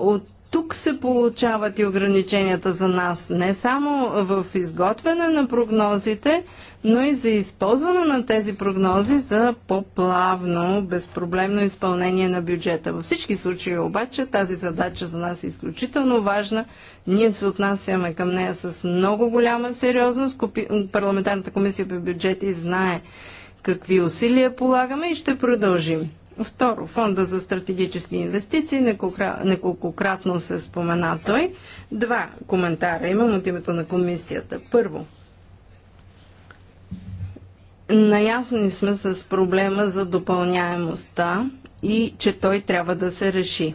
от тук се получават и ограниченията за нас не само в изготвяне на прогнозите, но и за използване на тези прогнози за по-плавно, безпроблемно изпълнение на бюджета. Във всички случаи обаче тази задача за нас е изключително важна. Ние се отнасяме към нея с много голяма сериозност. Парламентарната комисия по бюджети знае какви усилия полагаме и ще продължим. Второ, фонда за стратегически инвестиции, неколкократно се спомена той. Два коментара имам от името на комисията. Първо, наясни сме с проблема за допълняемостта и че той трябва да се реши.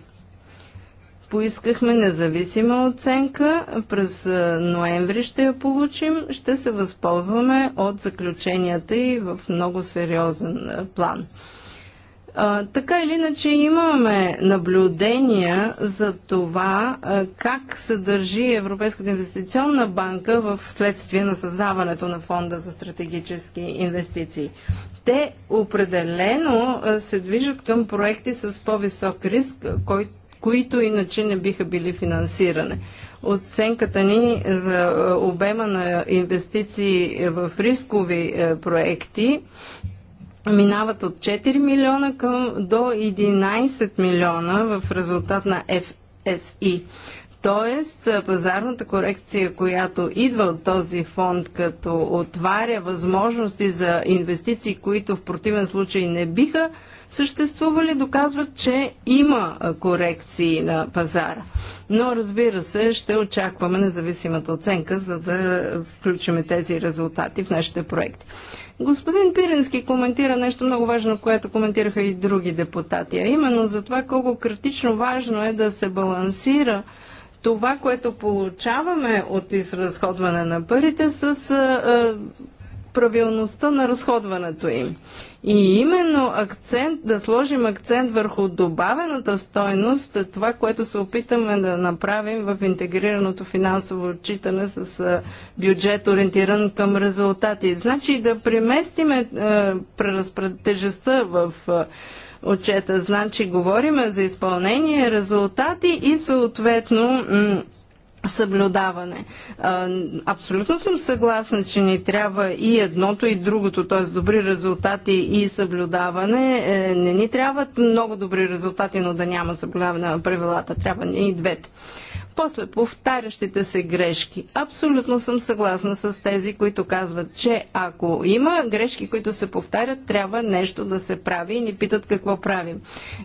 Поискахме независима оценка, през ноември ще я получим, ще се възползваме от заключенията и в много сериозен план. А, така или иначе имаме наблюдения за това а, как се държи Европейската инвестиционна банка в следствие на създаването на фонда за стратегически инвестиции. Те определено а, се движат към проекти с по-висок риск, кой, които иначе не биха били финансиране. Оценката ни за обема на инвестиции в рискови проекти минават от 4 милиона към до 11 милиона в резултат на FSI. Тоест, пазарната корекция, която идва от този фонд, като отваря възможности за инвестиции, които в противен случай не биха съществували, доказват, че има корекции на пазара. Но, разбира се, ще очакваме независимата оценка, за да включим тези резултати в нашите проекти. Господин Пирински коментира нещо много важно, което коментираха и други депутати, а именно за това колко критично важно е да се балансира това, което получаваме от изразходване на парите с правилността на разходването им. И именно акцент, да сложим акцент върху добавената стойност, това, което се опитаме да направим в интегрираното финансово отчитане с бюджет ориентиран към резултати. Значи да преместиме е, тежестта в отчета. Значи говориме за изпълнение, резултати и съответно съблюдаване. Абсолютно съм съгласна, че ни трябва и едното и другото, т.е. добри резултати и съблюдаване. Е, не ни трябват много добри резултати, но да няма съблюдаване на правилата. Трябва ни и двете. После повтарящите се грешки. Абсолютно съм съгласна с тези, които казват, че ако има грешки, които се повтарят, трябва нещо да се прави и ни питат какво правим.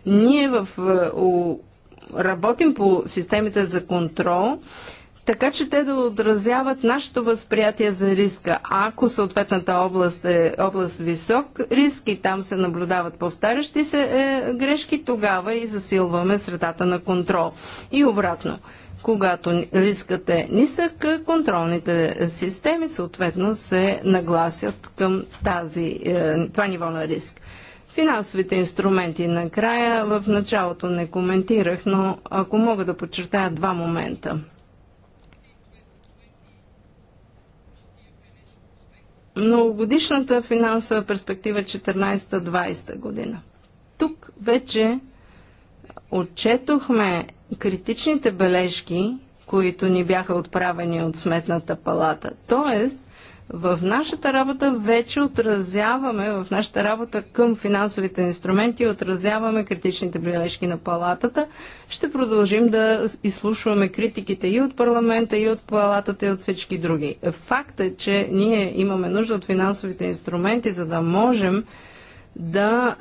Ние в е, работим по системите за контрол, така че те да отразяват нашето възприятие за риска. ако съответната област е област висок риск и там се наблюдават повтарящи се е, грешки, тогава и засилваме средата на контрол. И обратно, когато рискът е нисък, контролните системи съответно се нагласят към тази, е, това ниво на риск. Финансовите инструменти накрая в началото не коментирах, но ако мога да подчертая два момента. Многогодишната финансова перспектива 14-20 е година. Тук вече отчетохме критичните бележки, които ни бяха отправени от Сметната палата. Тоест, в нашата работа вече отразяваме, в нашата работа към финансовите инструменти отразяваме критичните бележки на палатата. Ще продължим да изслушваме критиките и от парламента, и от палатата, и от всички други. Факт е, че ние имаме нужда от финансовите инструменти, за да можем да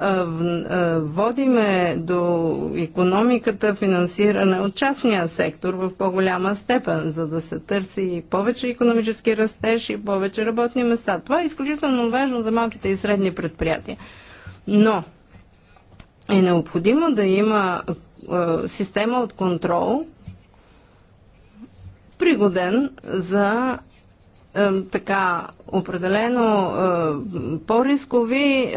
водиме до економиката финансиране от частния сектор в по-голяма степен, за да се търси повече економически растеж и повече работни места. Това е изключително важно за малките и средни предприятия. Но е необходимо да има система от контрол, пригоден за така определено по-рискови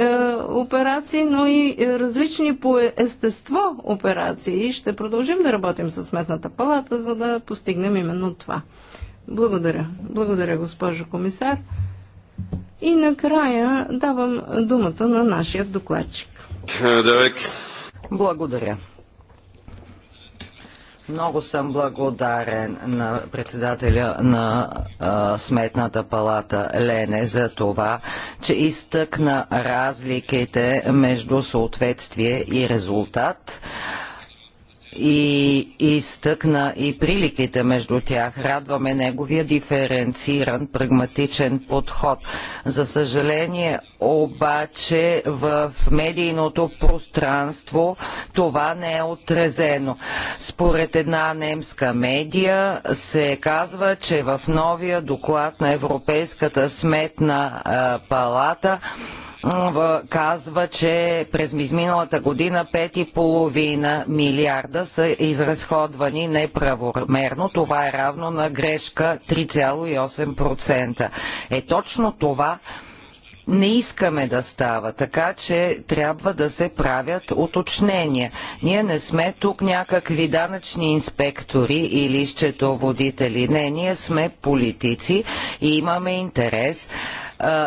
операции, но и различни по естество операции. И ще продължим да работим с Сметната палата, за да постигнем именно това. Благодаря. Благодаря, госпожо комисар. И накрая давам думата на нашия докладчик. Благодаря. Много съм благодарен на председателя на а, Сметната палата Лене за това, че изтъкна разликите между съответствие и резултат. А, и изтъкна и приликите между тях. Радваме неговия диференциран, прагматичен подход. За съжаление, обаче в медийното пространство това не е отразено. Според една немска медия се казва, че в новия доклад на Европейската сметна палата казва, че през изминалата година 5,5 милиарда са изразходвани неправомерно. Това е равно на грешка 3,8%. Е точно това не искаме да става, така че трябва да се правят уточнения. Ние не сме тук някакви данъчни инспектори или счетоводители. Не, ние сме политици и имаме интерес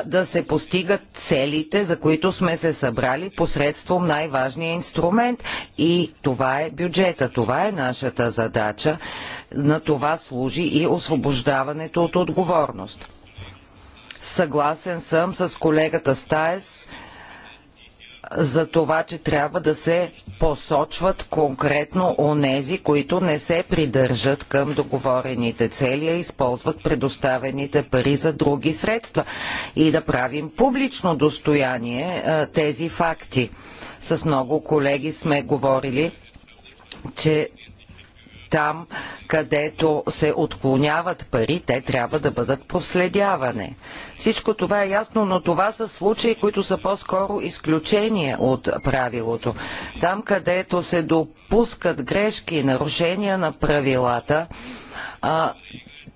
да се постигат целите, за които сме се събрали посредством най-важния инструмент и това е бюджета. Това е нашата задача. На това служи и освобождаването от отговорност. Съгласен съм с колегата Стаес, за това, че трябва да се посочват конкретно онези, които не се придържат към договорените цели, а използват предоставените пари за други средства и да правим публично достояние тези факти. С много колеги сме говорили че там, където се отклоняват пари, те трябва да бъдат проследяване. Всичко това е ясно, но това са случаи, които са по-скоро изключение от правилото. Там, където се допускат грешки и нарушения на правилата, а,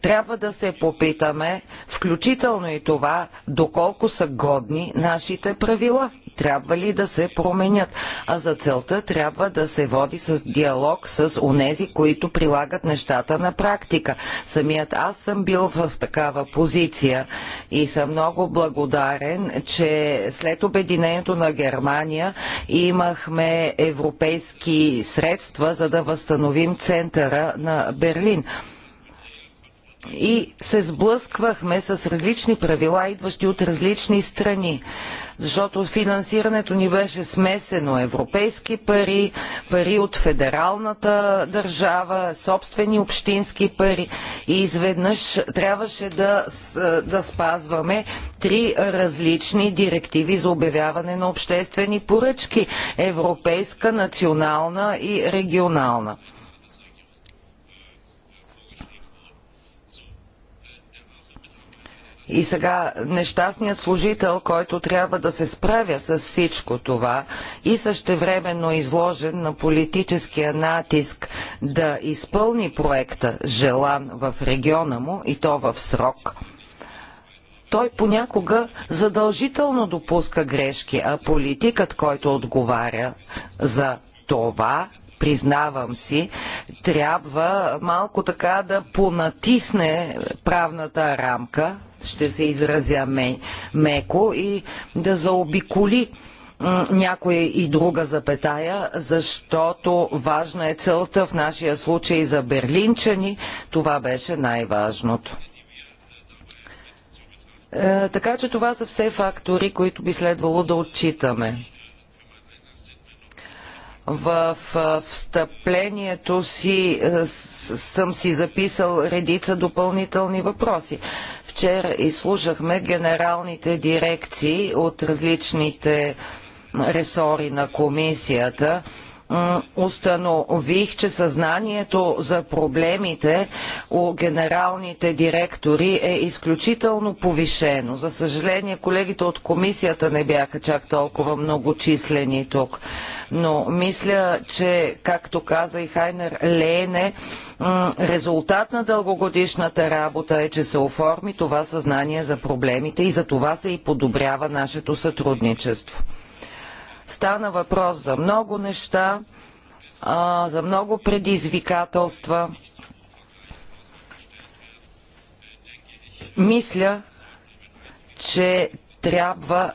трябва да се попитаме, включително и това, доколко са годни нашите правила трябва ли да се променят. А за целта трябва да се води с диалог с онези, които прилагат нещата на практика. Самият аз съм бил в такава позиция и съм много благодарен, че след обединението на Германия имахме европейски средства, за да възстановим центъра на Берлин и се сблъсквахме с различни правила, идващи от различни страни. Защото финансирането ни беше смесено европейски пари, пари от федералната държава, собствени общински пари и изведнъж трябваше да, да спазваме три различни директиви за обявяване на обществени поръчки – европейска, национална и регионална. И сега нещастният служител, който трябва да се справя с всичко това и същевременно изложен на политическия натиск да изпълни проекта, желан в региона му и то в срок, той понякога задължително допуска грешки, а политикът, който отговаря за това, признавам си, трябва малко така да понатисне правната рамка, ще се изразя меко, и да заобиколи някоя и друга запетая, защото важна е целта в нашия случай за берлинчани. Това беше най-важното. Е, така че това са все фактори, които би следвало да отчитаме. В встъплението си е, съм си записал редица допълнителни въпроси. Вчера изслушахме генералните дирекции от различните ресори на комисията установих, че съзнанието за проблемите у генералните директори е изключително повишено. За съжаление, колегите от комисията не бяха чак толкова многочислени тук. Но мисля, че, както каза и Хайнер Лейне, резултат на дългогодишната работа е, че се оформи това съзнание за проблемите и за това се и подобрява нашето сътрудничество. Стана въпрос за много неща, а, за много предизвикателства. Мисля, че трябва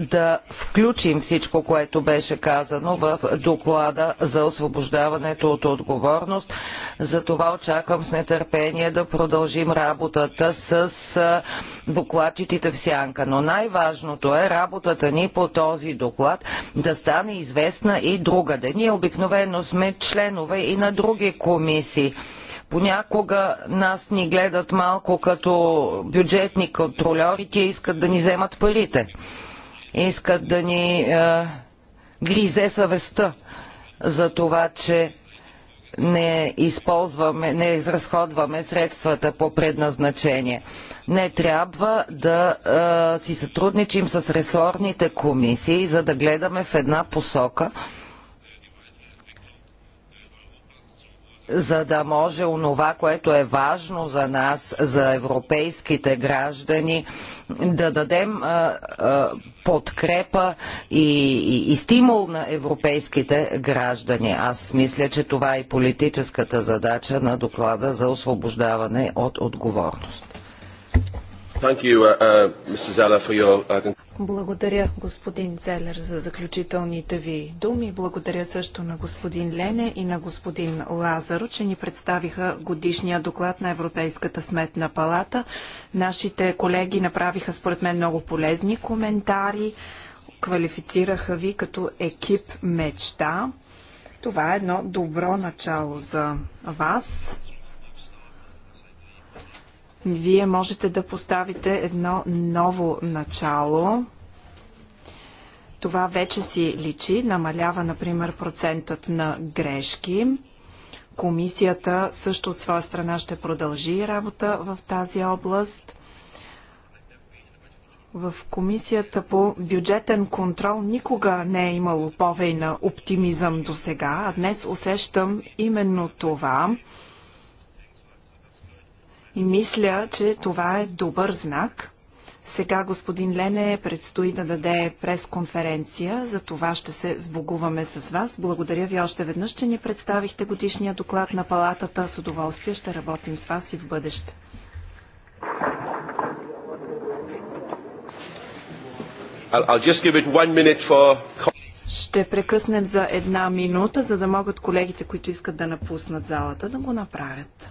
да включим всичко, което беше казано в доклада за освобождаването от отговорност. Затова очаквам с нетърпение да продължим работата с докладчиците в сянка. Но най-важното е работата ни по този доклад да стане известна и другаде. Ние обикновено сме членове и на други комисии. Понякога нас ни гледат малко като бюджетни контролери, те искат да ни вземат парите искат да ни а, е, гризе съвестта за това, че не използваме, не изразходваме средствата по предназначение. Не трябва да а, е, си сътрудничим с ресорните комисии, за да гледаме в една посока, за да може онова, което е важно за нас, за европейските граждани, да дадем подкрепа и, и, и стимул на европейските граждани. Аз мисля, че това е политическата задача на доклада за освобождаване от отговорност. You, uh, uh Ella, your... Uh, благодаря, господин Целер, за заключителните ви думи. Благодаря също на господин Лене и на господин Лазаро, че ни представиха годишния доклад на Европейската сметна палата. Нашите колеги направиха, според мен, много полезни коментари, квалифицираха ви като екип мечта. Това е едно добро начало за вас вие можете да поставите едно ново начало. Това вече си личи, намалява, например, процентът на грешки. Комисията също от своя страна ще продължи работа в тази област. В комисията по бюджетен контрол никога не е имало повей на оптимизъм до сега, а днес усещам именно това – и мисля, че това е добър знак. Сега господин Лене предстои да даде пресконференция, за това ще се сбогуваме с вас. Благодаря ви още веднъж, че ни представихте годишния доклад на палатата. С удоволствие ще работим с вас и в бъдеще. For... Ще прекъснем за една минута, за да могат колегите, които искат да напуснат залата, да го направят.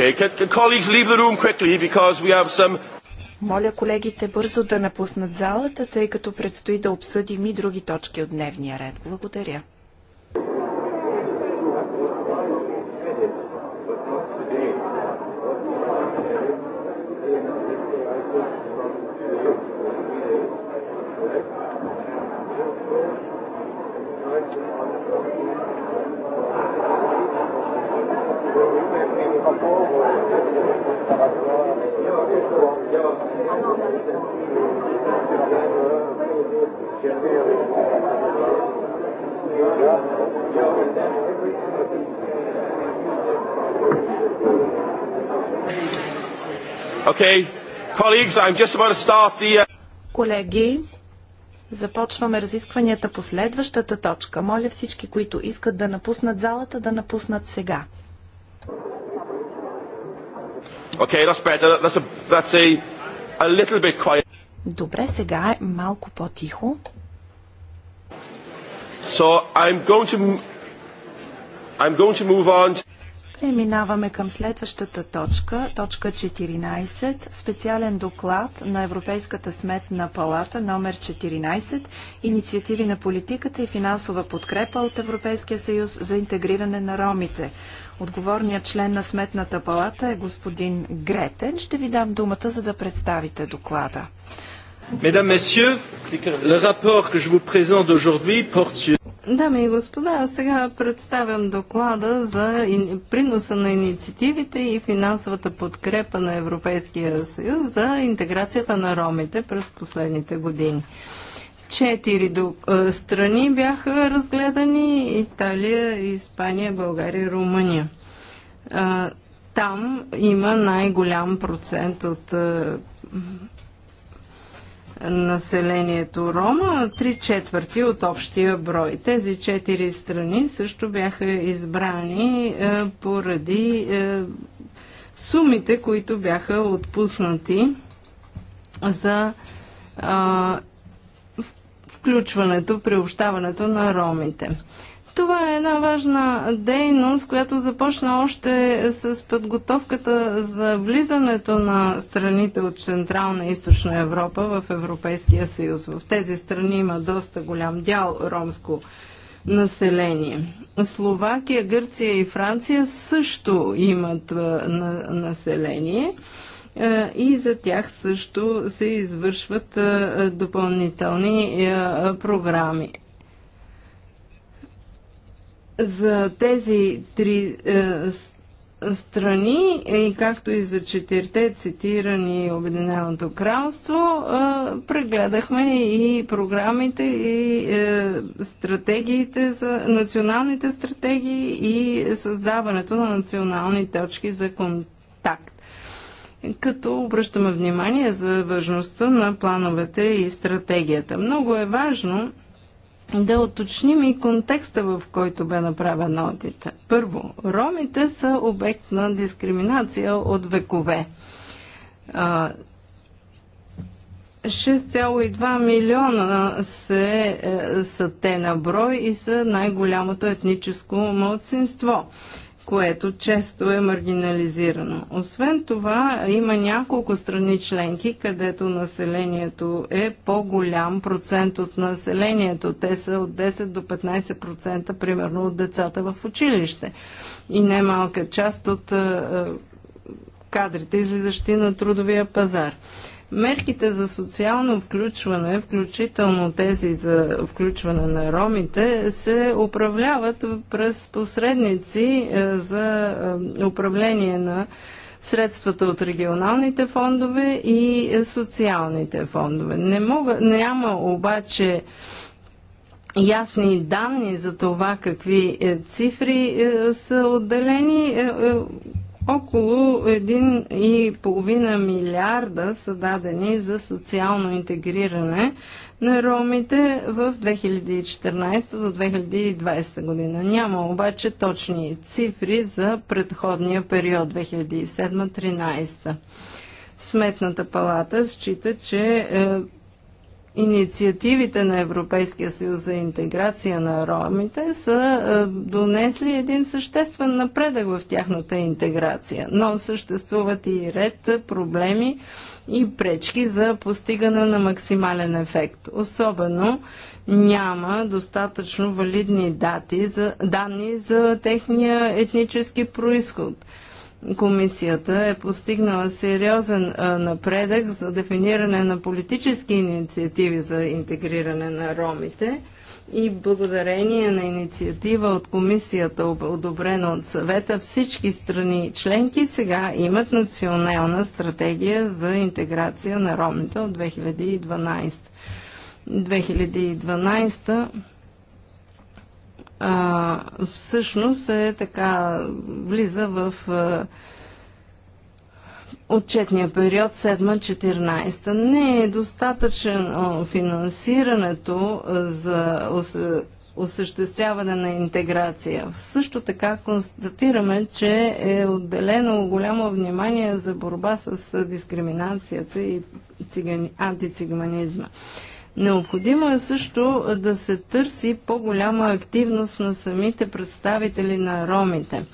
Okay, can, colleagues leave the room quickly because we have some моля колегите бързо да напуснат залата, тъй като предстои да обсъдим и други точки от дневния ред. Благодаря. Uh, Колеги, започваме разискванията по следващата точка. Моля всички, които искат да напуснат залата, да напуснат сега. Добре, сега е малко по-тихо. So I'm going to I'm going to move on. Преминаваме към следващата точка, точка 14, специален доклад на Европейската сметна палата номер 14, инициативи на политиката и финансова подкрепа от Европейския съюз за интегриране на ромите. Отговорният член на сметната палата е господин Гретен. Ще ви дам думата, за да представите доклада. Mesdames, Messieurs, le rapport que je vous présente aujourd'hui porte sur... Дами и господа, сега представям доклада за приноса на инициативите и финансовата подкрепа на Европейския съюз за интеграцията на ромите през последните години. Четири е, страни бяха разгледани Италия, Испания, България, Румъния. Е, там има най-голям процент от е, населението Рома, три четвърти от общия брой. Тези четири страни също бяха избрани е, поради е, сумите, които бяха отпуснати за е, включването, приобщаването на ромите. Това е една важна дейност, която започна още с подготовката за влизането на страните от Централна и Източна Европа в Европейския съюз. В тези страни има доста голям дял ромско население. Словакия, Гърция и Франция също имат население и за тях също се извършват допълнителни програми за тези три е, страни, и както и за четирте цитирани Обединеното кралство, е, прегледахме и програмите, и е, стратегиите за националните стратегии и създаването на национални точки за контакт като обръщаме внимание за важността на плановете и стратегията. Много е важно да уточним и контекста, в който бе направен одита. Първо, ромите са обект на дискриминация от векове. 6,2 милиона се, е, са те на брой и са най-голямото етническо младсинство което често е маргинализирано. Освен това, има няколко страни членки, където населението е по-голям процент от населението. Те са от 10 до 15% примерно от децата в училище. И немалка част от кадрите, излизащи на трудовия пазар. Мерките за социално включване, включително тези за включване на ромите, се управляват през посредници е, за е, управление на средствата от регионалните фондове и социалните фондове. Не мога, няма обаче ясни данни за това какви е, цифри са отделени. Около 1,5 милиарда са дадени за социално интегриране на ромите в 2014 до 2020 година. Няма обаче точни цифри за предходния период 2007-2013. Сметната палата счита, че е, инициативите на Европейския съюз за интеграция на ромите са е, донесли един съществен напредък в тяхната интеграция, но съществуват и ред проблеми и пречки за постигане на максимален ефект. Особено няма достатъчно валидни дати за, данни за техния етнически происход – Комисията е постигнала сериозен напредък за дефиниране на политически инициативи за интегриране на ромите и благодарение на инициатива от комисията, одобрена от съвета, всички страни членки сега имат национална стратегия за интеграция на ромите от 2012. 2012 а, всъщност е така, влиза в а, отчетния период 7-14. Не е достатъчен финансирането за осъществяване на интеграция. Също така констатираме, че е отделено голямо внимание за борба с дискриминацията и цигани... антициганизма. Необходимо е също да се търси по-голяма активност на самите представители на ромите.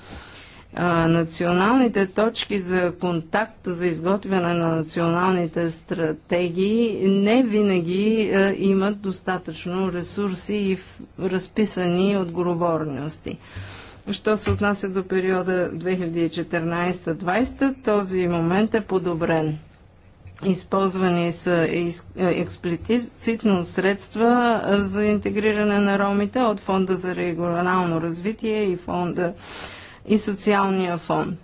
националните точки за контакт за изготвяне на националните стратегии не винаги имат достатъчно ресурси и разписани отговорности. Що се отнася до периода 2014-2020, този момент е подобрен. Използвани са е, експлицитно средства е, за интегриране на ромите от Фонда за регионално развитие и, фонда, и социалния фонд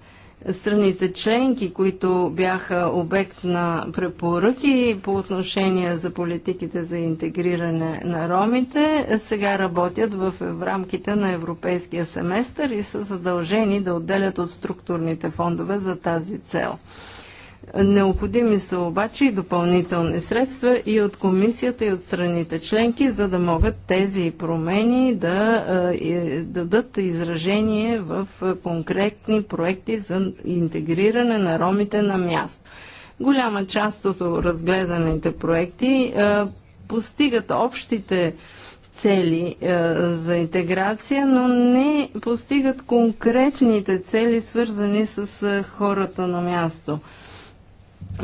страните членки, които бяха обект на препоръки по отношение за политиките за интегриране на ромите, сега работят в е, рамките на европейския семестър и са задължени да отделят от структурните фондове за тази цел. Необходими са обаче и допълнителни средства и от комисията, и от страните членки, за да могат тези промени да дадат изражение в конкретни проекти за интегриране на ромите на място. Голяма част от разгледаните проекти постигат общите цели за интеграция, но не постигат конкретните цели, свързани с хората на място.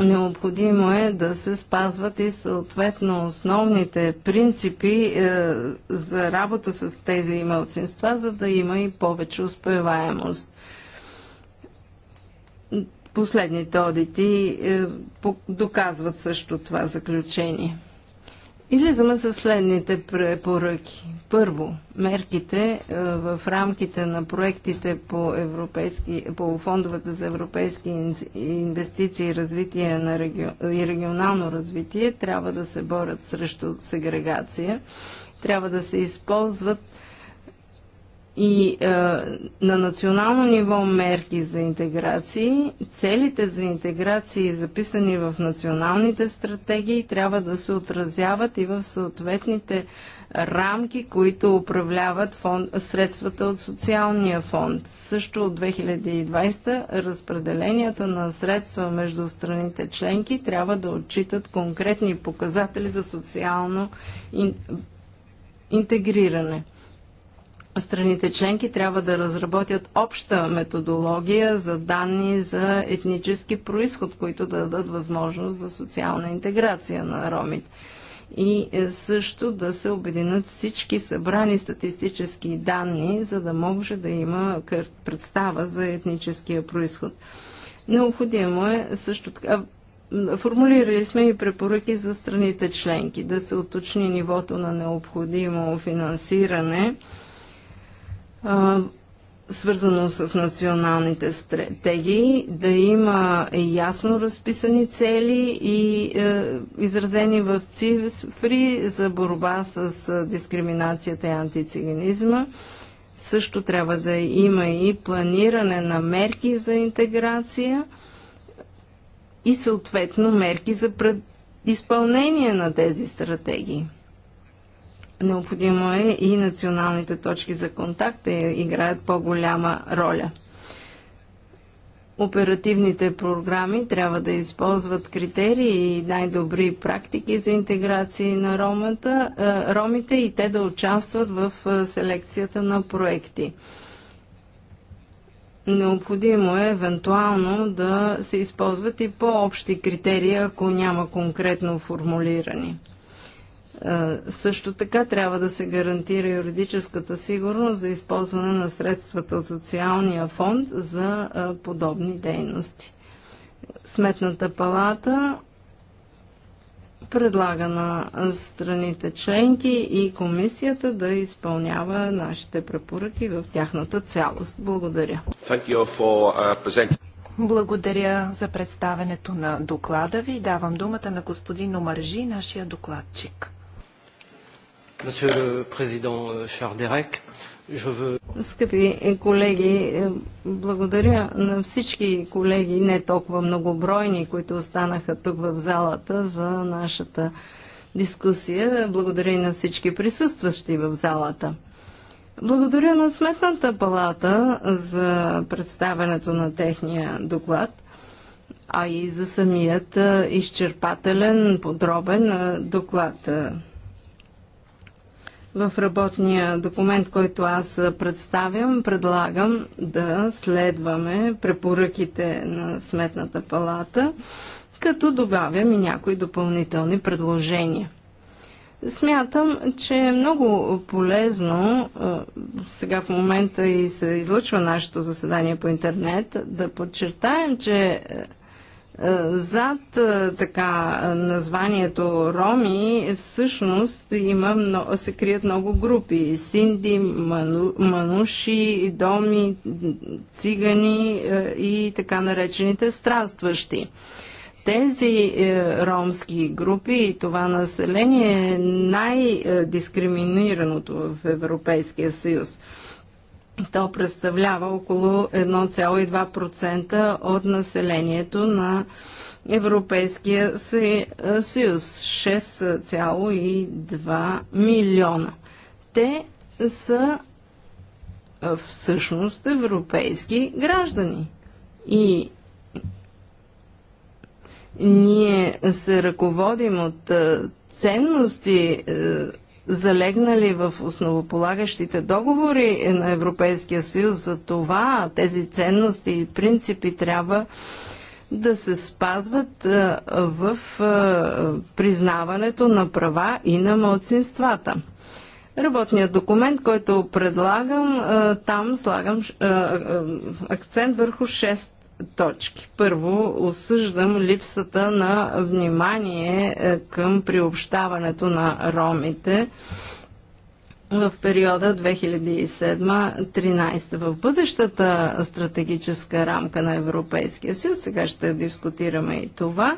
Необходимо е да се спазват и съответно основните принципи е, за работа с тези малцинства, за да има и повече успеваемост. Последните одити е, доказват също това заключение. Излизаме с следните препоръки. Първо, мерките е, в рамките на проектите по, европейски, по фондовете за европейски инвестиции и развитие на регион, и регионално развитие трябва да се борят срещу сегрегация, трябва да се използват и е, на национално ниво мерки за интеграции, целите за интеграции, записани в националните стратегии, трябва да се отразяват и в съответните рамки, които управляват фонд, средствата от социалния фонд. Също от 2020 разпределенията на средства между страните членки трябва да отчитат конкретни показатели за социално ин, интегриране страните членки трябва да разработят обща методология за данни за етнически происход, които да дадат възможност за социална интеграция на ромите. И е, също да се обединят всички събрани статистически данни, за да може да има представа за етническия происход. Необходимо е също така Формулирали сме и препоръки за страните членки да се уточни нивото на необходимо финансиране свързано с националните стратегии, да има ясно разписани цели и е, изразени в цифри за борба с е, дискриминацията и антициганизма. Също трябва да има и планиране на мерки за интеграция и съответно мерки за изпълнение на тези стратегии. Необходимо е и националните точки за контакт да играят по-голяма роля. Оперативните програми трябва да използват критерии и най-добри практики за интеграции на ромата, е, ромите и те да участват в е, селекцията на проекти. Необходимо е евентуално да се използват и по-общи критерии, ако няма конкретно формулирани. Също така трябва да се гарантира юридическата сигурност за използване на средствата от социалния фонд за подобни дейности. Сметната палата предлага на страните членки и комисията да изпълнява нашите препоръки в тяхната цялост. Благодаря. Uh, Благодаря за представенето на доклада ви. Давам думата на господин Омаржи, нашия докладчик. Monsieur le Président euh, Charles Дерек, je veux... Скъпи колеги, е, благодаря на всички колеги, не толкова многобройни, които останаха тук в залата за нашата дискусия. Благодаря и на всички присъстващи в залата. Благодаря на Сметната палата за представянето на техния доклад – а и за самият е, изчерпателен, подробен е, доклад. В работния документ, който аз представям, предлагам да следваме препоръките на Сметната палата, като добавям и някои допълнителни предложения. Смятам, че е много полезно, сега в момента и се излъчва нашето заседание по интернет, да подчертаем, че е, зад е, така названието Роми всъщност има много, се крият много групи. Синди, ману, мануши, доми, цигани е, и така наречените странстващи. Тези ромски групи и това население е най-дискриминираното в Европейския съюз. То представлява около 1,2% от населението на Европейския е, съюз 6,2 милиона. Те са е, всъщност европейски граждани. И ние се ръководим от е, ценности залегнали в основополагащите договори на Европейския съюз. За това тези ценности и принципи трябва да се спазват в признаването на права и на младсинствата. Работният документ, който предлагам, там слагам акцент върху шест точки. Първо, осъждам липсата на внимание е, към приобщаването на ромите в периода 2007-2013. В бъдещата стратегическа рамка на Европейския съюз, сега ще дискутираме и това,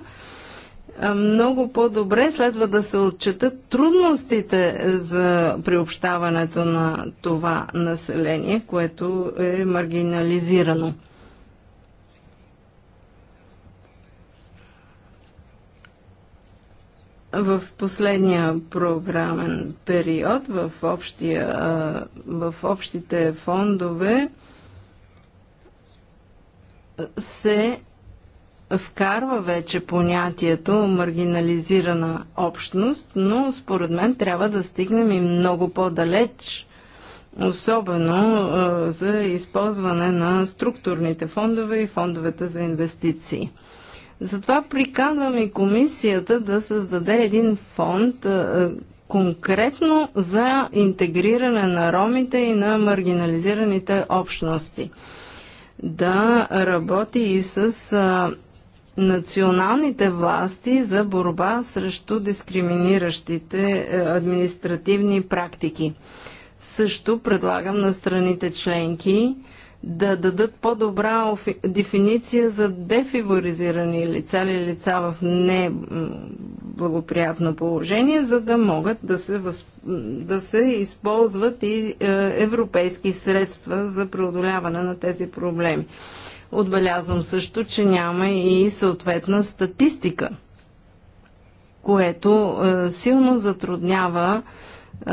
е, много по-добре следва да се отчетат трудностите за приобщаването на това население, което е маргинализирано. в последния програмен период в, общия, в общите фондове се вкарва вече понятието маргинализирана общност, но според мен трябва да стигнем и много по-далеч, особено за използване на структурните фондове и фондовете за инвестиции. Затова приканваме и комисията да създаде един фонд конкретно за интегриране на ромите и на маргинализираните общности. Да работи и с националните власти за борба срещу дискриминиращите е, административни практики. Също предлагам на страните членки да дадат по-добра дефиниция за дефиворизирани лица или лица в неблагоприятно положение, за да могат да се, възп... да се използват и е, европейски средства за преодоляване на тези проблеми. Отбелязвам също, че няма и съответна статистика, което е, силно затруднява е,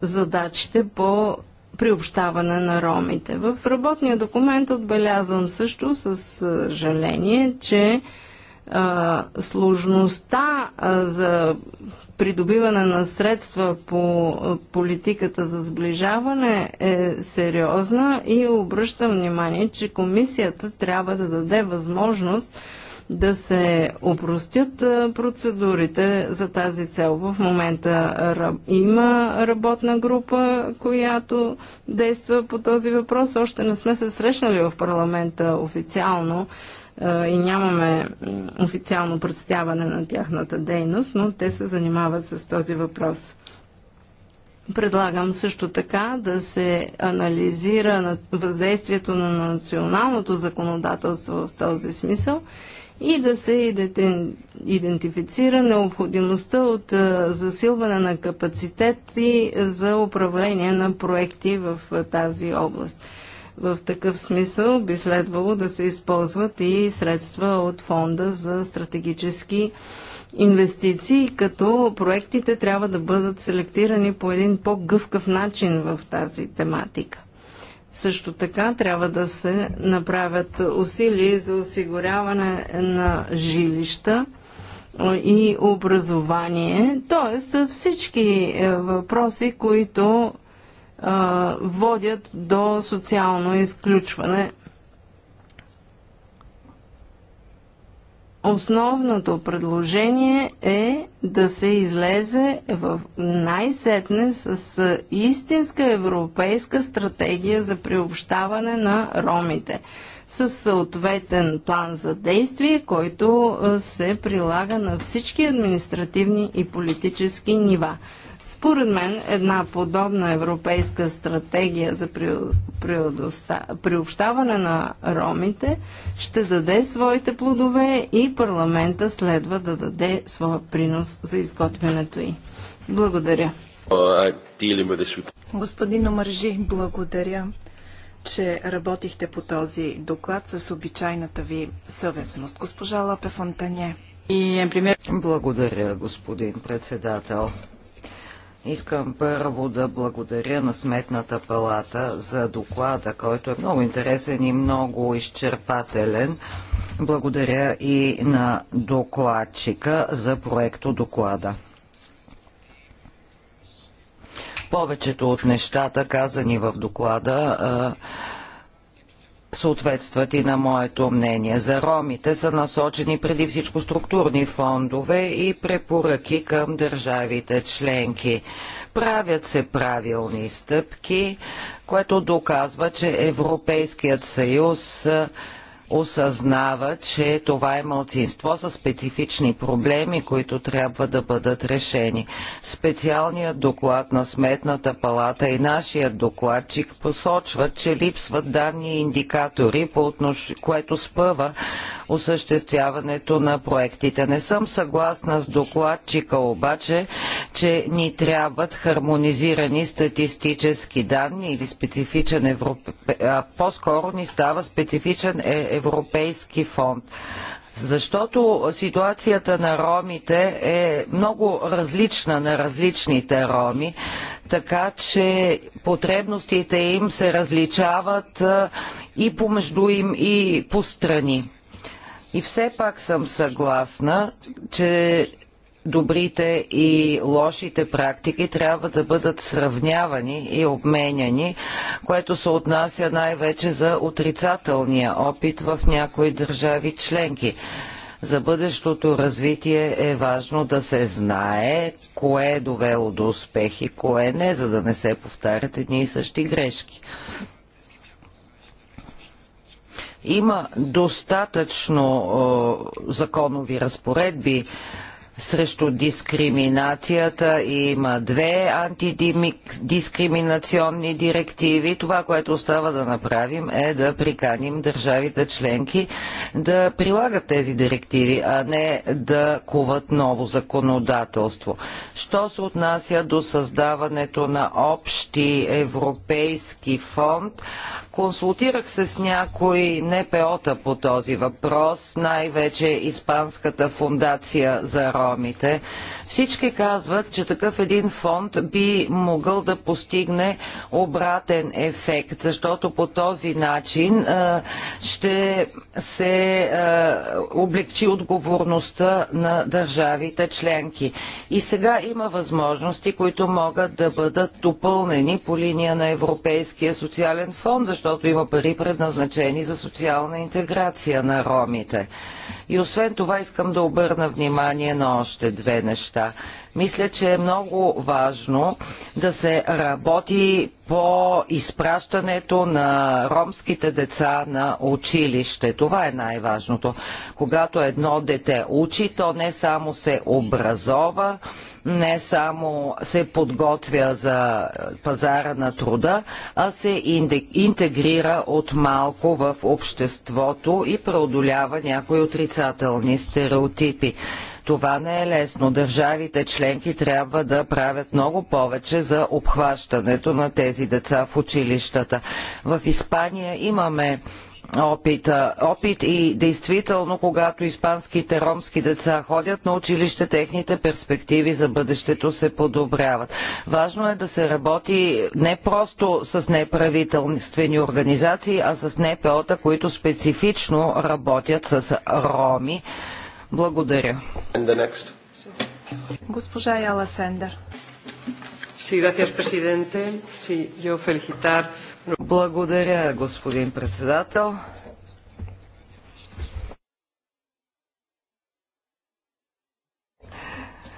задачите по приобщаване на ромите. В работния документ отбелязвам също с съжаление, че а, сложността а, за придобиване на средства по политиката за сближаване е сериозна и обръщам внимание, че комисията трябва да даде възможност да се опростят процедурите за тази цел. В момента има работна група, която действа по този въпрос. Още не сме се срещнали в парламента официално и нямаме официално представяне на тяхната дейност, но те се занимават с този въпрос. Предлагам също така да се анализира въздействието на националното законодателство в този смисъл и да се идентифицира необходимостта от засилване на капацитет и за управление на проекти в тази област. В такъв смисъл би следвало да се използват и средства от фонда за стратегически инвестиции, като проектите трябва да бъдат селектирани по един по-гъвкав начин в тази тематика. Също така трябва да се направят усилия за осигуряване на жилища и образование, т.е. всички е, въпроси, които водят до социално изключване Основното предложение е да се излезе в най-сетне с истинска европейска стратегия за приобщаване на ромите, с съответен план за действие, който се прилага на всички административни и политически нива. Според мен една подобна европейска стратегия за приобщаване на ромите ще даде своите плодове и парламента следва да даде своя принос за изготвянето й. Благодаря. Господин Омържи, благодаря, че работихте по този доклад с обичайната ви съвестност. Госпожа Лапе Фонтане. Благодаря, господин председател. Искам първо да благодаря на Сметната палата за доклада, който е много интересен и много изчерпателен. Благодаря и на докладчика за проекто доклада. Повечето от нещата, казани в доклада, съответстват и на моето мнение. За ромите са насочени преди всичко структурни фондове и препоръки към държавите членки. Правят се правилни стъпки, което доказва, че Европейският съюз осъзнава, че това е мълцинство с специфични проблеми, които трябва да бъдат решени. Специалният доклад на Сметната палата и нашият докладчик посочват, че липсват данни и индикатори, по отнош... което спъва осъществяването на проектите. Не съм съгласна с докладчика обаче, че ни трябват хармонизирани статистически данни или специфичен европе... по-скоро ни става специфичен е Европейски фонд. Защото ситуацията на ромите е много различна на различните роми, така че потребностите им се различават и помежду им, и по страни. И все пак съм съгласна, че добрите и лошите практики трябва да бъдат сравнявани и обменяни, което се отнася най-вече за отрицателния опит в някои държави членки. За бъдещото развитие е важно да се знае кое е довело до успех и кое не, за да не се повтарят едни и същи грешки има достатъчно законови разпоредби срещу дискриминацията има две антидискриминационни директиви. Това, което остава да направим е да приканим държавите членки да прилагат тези директиви, а не да куват ново законодателство. Що се отнася до създаването на общи европейски фонд, Консултирах се с някои НПО-та по този въпрос, най-вече Испанската фундация за ромите. Всички казват, че такъв един фонд би могъл да постигне обратен ефект, защото по този начин а, ще се а, облегчи отговорността на държавите членки. И сега има възможности, които могат да бъдат допълнени по линия на Европейския социален фонд, защото защото има пари предназначени за социална интеграция на ромите. И освен това искам да обърна внимание на още две неща. Мисля, че е много важно да се работи по изпращането на ромските деца на училище. Това е най-важното. Когато едно дете учи, то не само се образова, не само се подготвя за пазара на труда, а се интегрира от малко в обществото и преодолява някои отрицателни стереотипи. Това не е лесно. Държавите членки трябва да правят много повече за обхващането на тези деца в училищата. В Испания имаме опит. опит и действително, когато испанските ромски деца ходят на училище, техните перспективи за бъдещето се подобряват. Важно е да се работи не просто с неправителствени организации, а с НПО-та, които специфично работят с роми благодаря. Госпожа Яла Сендер. Благодаря, господин председател.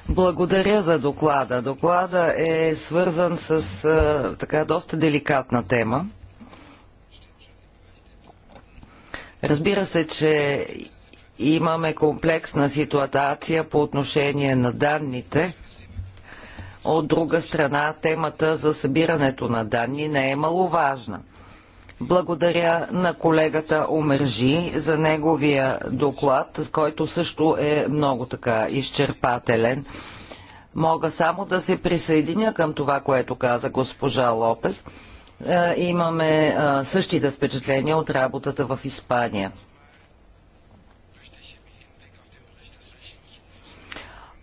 Благодаря за доклада. Доклада е свързан с а, така доста деликатна тема. Разбира се, че имаме комплексна ситуация по отношение на данните. От друга страна, темата за събирането на данни не е маловажна. Благодаря на колегата Омержи за неговия доклад, който също е много така изчерпателен. Мога само да се присъединя към това, което каза госпожа Лопес. Е, имаме е, същите впечатления от работата в Испания.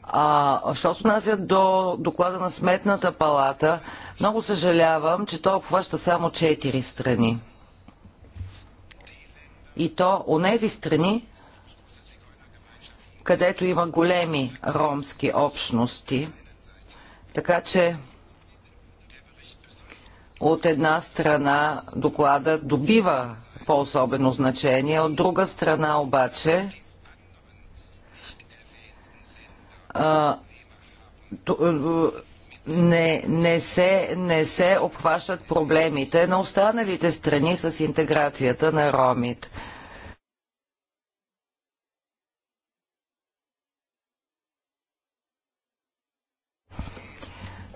А, що се отнася до доклада на Сметната палата, много съжалявам, че то обхваща само 4 страни. И то нези страни, където има големи ромски общности. Така че от една страна доклада добива по-особено значение, от друга страна обаче а, е, не, не, се, не се обхващат проблемите на останалите страни с интеграцията на ромит.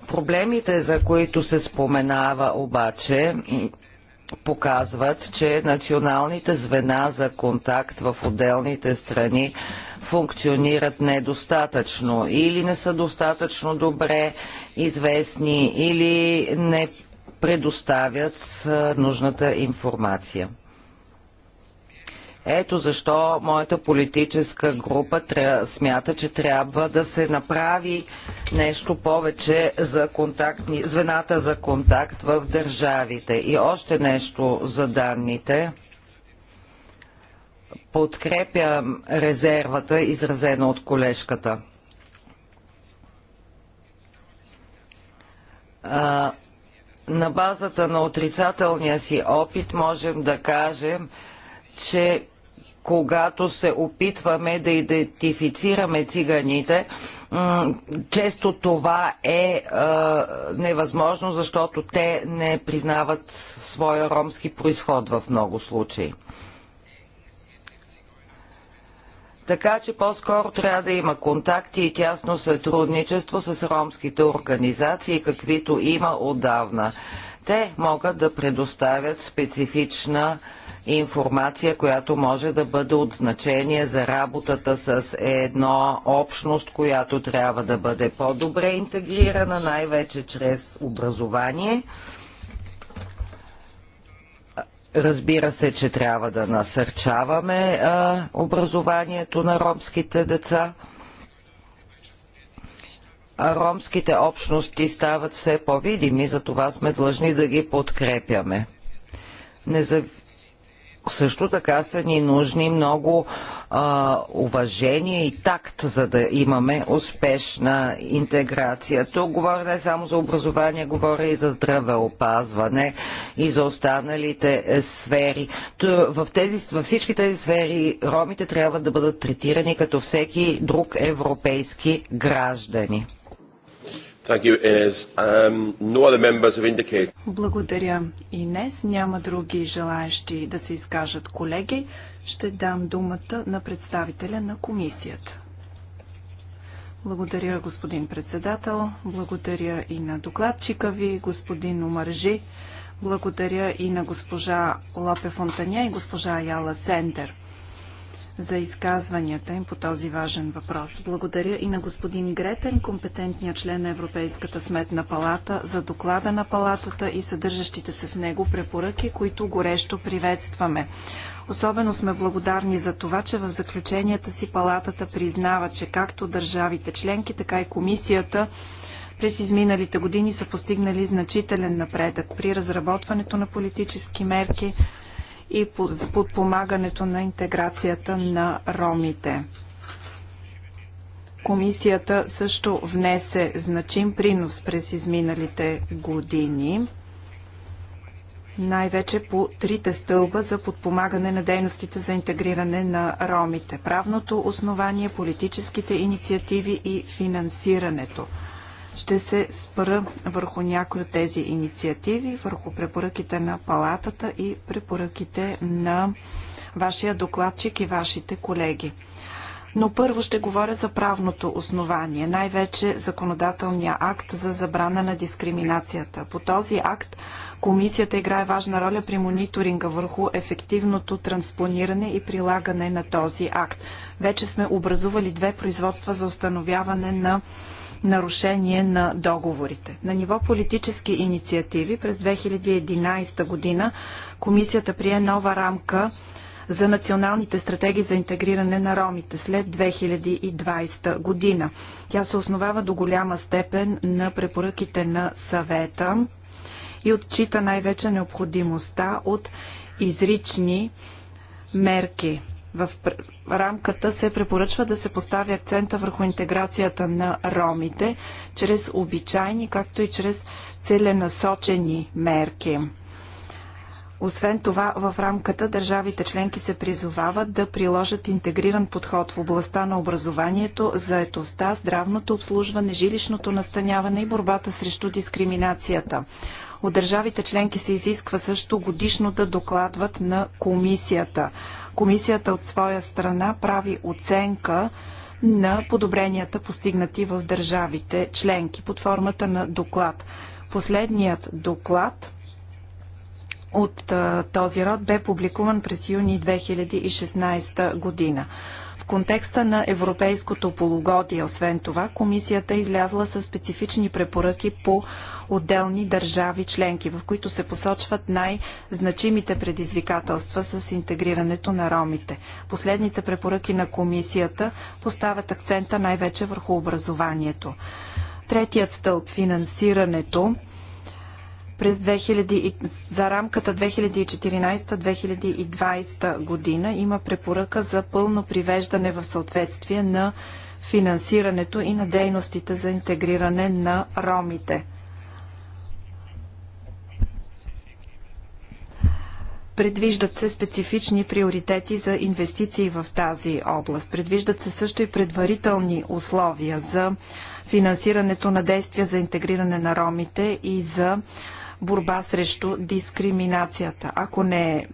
Проблемите, за които се споменава обаче, показват, че националните звена за контакт в отделните страни функционират недостатъчно или не са достатъчно добре известни или не предоставят нужната информация. Ето защо моята политическа група смята, че трябва да се направи нещо повече за контактни, звената за контакт в държавите. И още нещо за данните подкрепям резервата, изразена от колежката. А, на базата на отрицателния си опит можем да кажем, че когато се опитваме да идентифицираме циганите, често това е невъзможно, защото те не признават своя ромски происход в много случаи. Така че по-скоро трябва да има контакти и тясно сътрудничество с ромските организации, каквито има отдавна. Те могат да предоставят специфична информация, която може да бъде от значение за работата с една общност, която трябва да бъде по-добре интегрирана, най-вече чрез образование. Разбира се, че трябва да насърчаваме а, образованието на ромските деца. А ромските общности стават все по-видими, затова сме длъжни да ги подкрепяме. Незав също така са ни нужни много а, уважение и такт, за да имаме успешна интеграция. Тук говоря не само за образование, говоря и за здравеопазване и за останалите е, сфери. То, в тези, във всички тези сфери ромите трябва да бъдат третирани като всеки друг европейски граждани. Um, Благодаря, и днес. Няма други желаящи да се изкажат колеги. Ще дам думата на представителя на комисията. Благодаря, господин председател. Благодаря и на докладчика ви, господин Омаржи. Благодаря и на госпожа Лапе Фонтаня и госпожа Яла Сендер за изказванията им по този важен въпрос. Благодаря и на господин Гретен, компетентният член на Европейската сметна палата, за доклада на палатата и съдържащите се в него препоръки, които горещо приветстваме. Особено сме благодарни за това, че в заключенията си палатата признава, че както държавите членки, така и комисията през изминалите години са постигнали значителен напредък при разработването на политически мерки, и за подпомагането на интеграцията на ромите. Комисията също внесе значим принос през изминалите години най-вече по трите стълба за подпомагане на дейностите за интегриране на ромите. Правното основание, политическите инициативи и финансирането. Ще се спра върху някои от тези инициативи, върху препоръките на палатата и препоръките на вашия докладчик и вашите колеги. Но първо ще говоря за правното основание, най-вече законодателния акт за забрана на дискриминацията. По този акт комисията играе важна роля при мониторинга върху ефективното транспониране и прилагане на този акт. Вече сме образували две производства за установяване на нарушение на договорите. На ниво политически инициативи през 2011 година комисията прие нова рамка за националните стратегии за интегриране на ромите след 2020 година. Тя се основава до голяма степен на препоръките на съвета и отчита най-вече необходимостта от изрични мерки в рамката се препоръчва да се постави акцента върху интеграцията на ромите чрез обичайни, както и чрез целенасочени мерки. Освен това, в рамката държавите членки се призовават да приложат интегриран подход в областта на образованието, заетостта, здравното обслужване, жилищното настаняване и борбата срещу дискриминацията. От държавите членки се изисква също годишно да докладват на комисията Комисията от своя страна прави оценка на подобренията постигнати в държавите членки под формата на доклад. Последният доклад от този род бе публикуван през юни 2016 година. В контекста на европейското полугодие, освен това, комисията е излязла с специфични препоръки по отделни държави членки, в които се посочват най-значимите предизвикателства с интегрирането на ромите. Последните препоръки на комисията поставят акцента най-вече върху образованието. Третият стълб – финансирането през 2000, за рамката 2014-2020 година има препоръка за пълно привеждане в съответствие на финансирането и на дейностите за интегриране на ромите. Предвиждат се специфични приоритети за инвестиции в тази област. Предвиждат се също и предварителни условия за финансирането на действия за интегриране на ромите и за борба срещу дискриминацията. Ако не е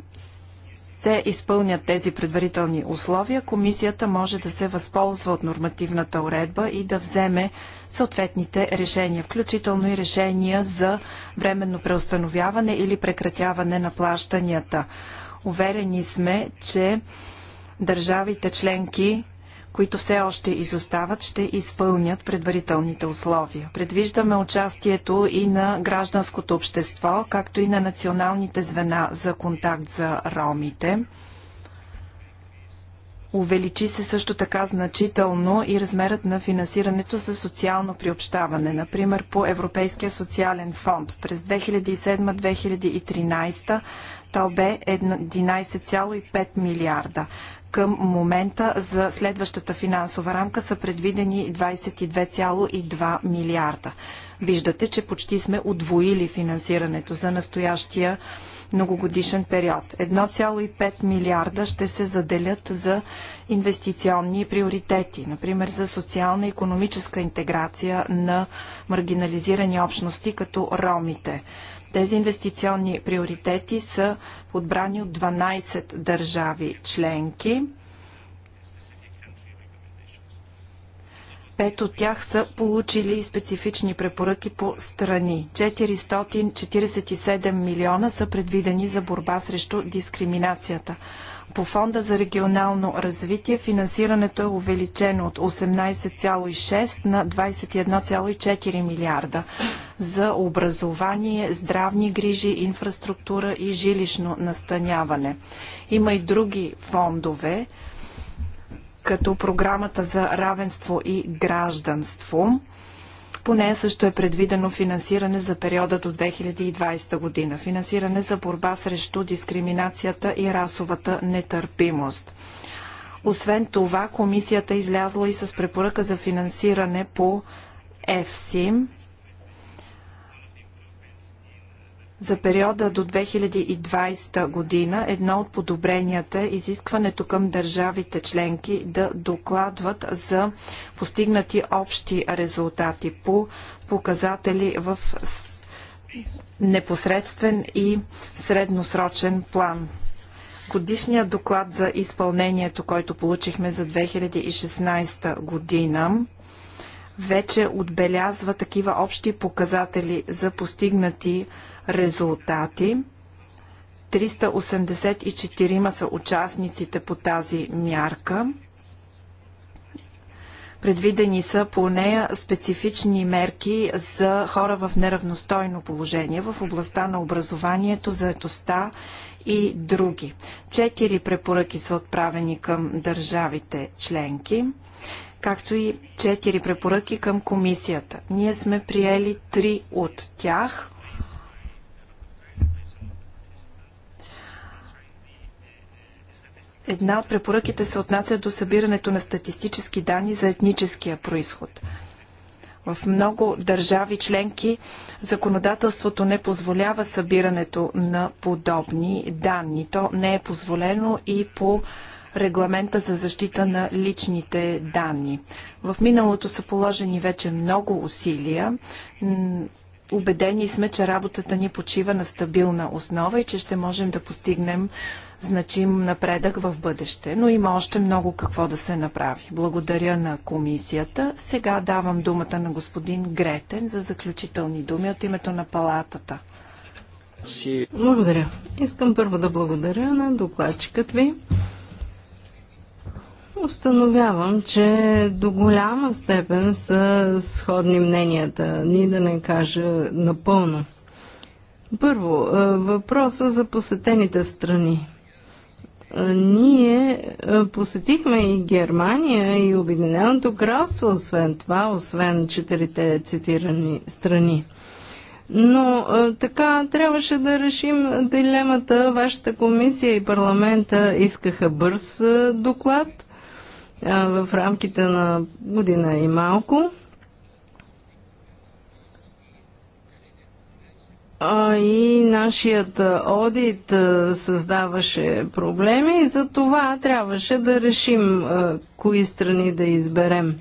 се изпълнят тези предварителни условия, комисията може да се възползва от нормативната уредба и да вземе съответните решения, включително и решения за временно преустановяване или прекратяване на плащанията. Уверени сме, че държавите членки които все още изостават, ще изпълнят предварителните условия. Предвиждаме участието и на гражданското общество, както и на националните звена за контакт за ромите. Увеличи се също така значително и размерът на финансирането за социално приобщаване, например по Европейския социален фонд. През 2007-2013 то бе 11,5 милиарда. Към момента за следващата финансова рамка са предвидени 22,2 милиарда. Виждате, че почти сме удвоили финансирането за настоящия многогодишен период. 1,5 милиарда ще се заделят за инвестиционни приоритети, например за социална и економическа интеграция на маргинализирани общности като ромите. Тези инвестиционни приоритети са подбрани от 12 държави членки. Пет от тях са получили специфични препоръки по страни. 447 милиона са предвидени за борба срещу дискриминацията. По фонда за регионално развитие финансирането е увеличено от 18,6 на 21,4 милиарда за образование, здравни грижи, инфраструктура и жилищно настаняване. Има и други фондове, като програмата за равенство и гражданство – по нея също е предвидено финансиране за периода до 2020 година. Финансиране за борба срещу дискриминацията и расовата нетърпимост. Освен това, комисията е излязла и с препоръка за финансиране по ЕФСИМ, За периода до 2020 година едно от подобренията е изискването към държавите членки да докладват за постигнати общи резултати по показатели в непосредствен и средносрочен план. Годишният доклад за изпълнението, който получихме за 2016 година, вече отбелязва такива общи показатели за постигнати резултати резултати. 384 са участниците по тази мярка. Предвидени са по нея специфични мерки за хора в неравностойно положение в областта на образованието, заедостта и други. Четири препоръки са отправени към държавите членки, както и четири препоръки към комисията. Ние сме приели три от тях. Една от препоръките се отнася до събирането на статистически данни за етническия происход. В много държави членки законодателството не позволява събирането на подобни данни. То не е позволено и по регламента за защита на личните данни. В миналото са положени вече много усилия. Убедени сме, че работата ни почива на стабилна основа и че ще можем да постигнем значим напредък в бъдеще, но има още много какво да се направи. Благодаря на комисията. Сега давам думата на господин Гретен за заключителни думи от името на палатата. Благодаря. Искам първо да благодаря на докладчикът ви. Установявам, че до голяма степен са сходни мненията, ни да не кажа напълно. Първо, е, въпроса за посетените страни. Е, ние е, посетихме и Германия, и Обединеното кралство, освен това, освен четирите цитирани страни. Но така трябваше да решим дилемата. Вашата комисия и парламента искаха бърз доклад в рамките на година и малко. и нашият одит създаваше проблеми и за това трябваше да решим кои страни да изберем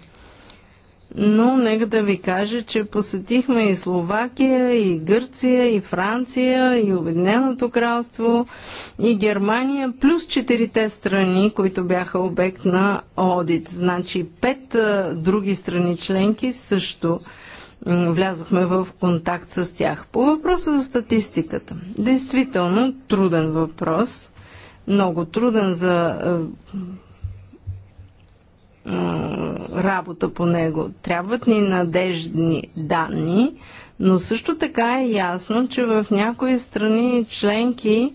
но нека да ви кажа, че посетихме и Словакия, и Гърция, и Франция, и Обединеното кралство, и Германия, плюс четирите страни, които бяха обект на одит. Значи пет а, други страни членки също влязохме в контакт с тях. По въпроса за статистиката. Действително труден въпрос – много труден за работа по него. Трябват ни надеждни данни, но също така е ясно, че в някои страни членки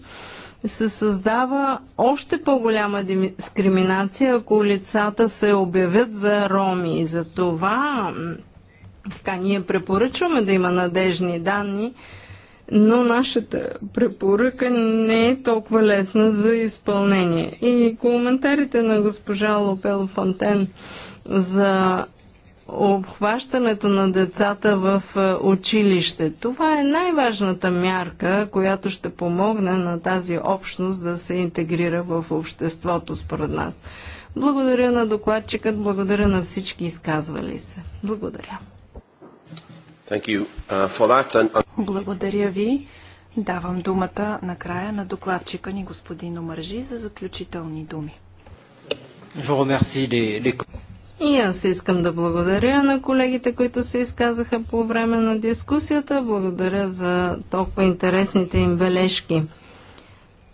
се създава още по-голяма дискриминация, ако лицата се обявят за роми. За това така, ние препоръчваме да има надежни данни, но нашата препоръка не е толкова лесна за изпълнение. И коментарите на госпожа Лопело Фонтен за обхващането на децата в е, училище. Това е най-важната мярка, която ще помогне на тази общност да се интегрира в обществото според нас. Благодаря на докладчикът, благодаря на всички изказвали се. Благодаря. Uh, uh, благодаря ви. Давам думата накрая на докладчика ни господин Омържи за заключителни думи. И аз искам да благодаря на колегите, които се изказаха по време на дискусията. Благодаря за толкова интересните им бележки.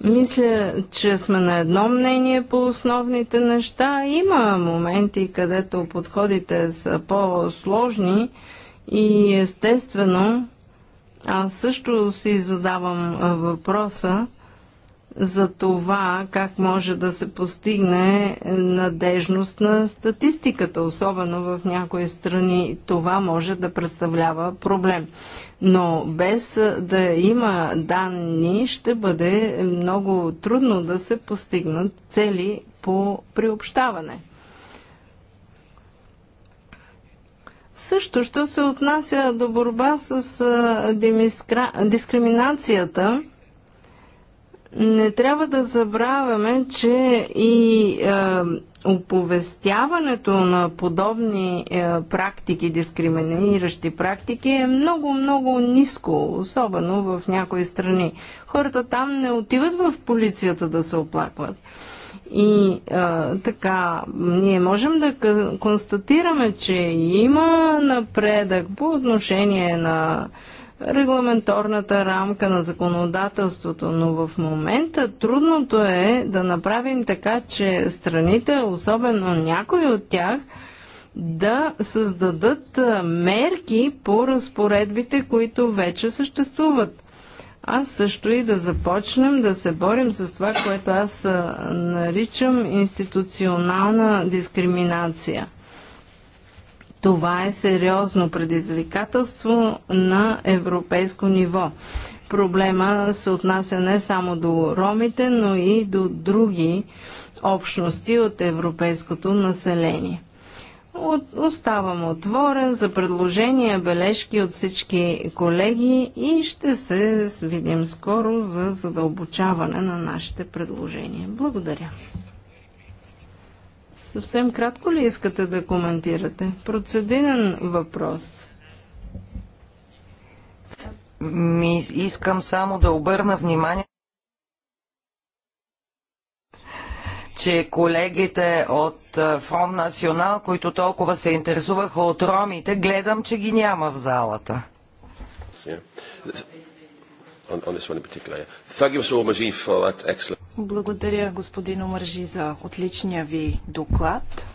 Мисля, че сме на едно мнение по основните неща. Има моменти, където подходите са по-сложни, и естествено, аз също си задавам въпроса за това как може да се постигне надежност на статистиката, особено в някои страни това може да представлява проблем. Но без да има данни ще бъде много трудно да се постигнат цели по приобщаване. Също, що се отнася до борба с дискриминацията, не трябва да забравяме, че и оповестяването на подобни практики, дискриминиращи практики, е много-много ниско, особено в някои страни. Хората там не отиват в полицията да се оплакват. И а, така, ние можем да констатираме, че има напредък по отношение на регламенторната рамка на законодателството, но в момента трудното е да направим така, че страните, особено някои от тях, да създадат мерки по разпоредбите, които вече съществуват а също и да започнем да се борим с това, което аз наричам институционална дискриминация. Това е сериозно предизвикателство на европейско ниво. Проблема се отнася не само до ромите, но и до други общности от европейското население. От, оставам отворен за предложения, бележки от всички колеги и ще се видим скоро за задълбочаване на нашите предложения. Благодаря. Съвсем кратко ли искате да коментирате? Процединен въпрос. Ми искам само да обърна внимание че колегите от Фронт Национал, които толкова се интересуваха от ромите, гледам, че ги няма в залата. Благодаря, господин Омържи, за отличния ви доклад.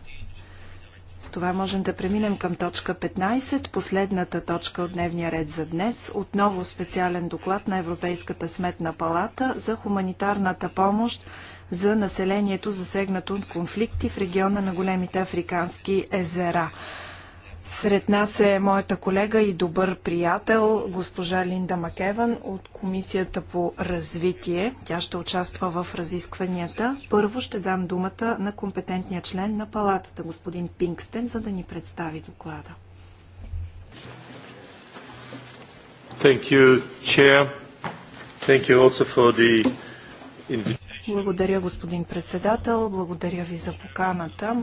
С това можем да преминем към точка 15, последната точка от дневния ред за днес. Отново специален доклад на Европейската сметна палата за хуманитарната помощ за населението засегнато от конфликти в региона на големите африкански езера. Сред нас е моята колега и добър приятел, госпожа Линда Макеван от Комисията по развитие. Тя ще участва в разискванията. Първо ще дам думата на компетентния член на палатата, господин Пинкстен, за да ни представи доклада. Thank you, Chair. Thank you also for the благодаря, господин председател. Благодаря ви за поканата.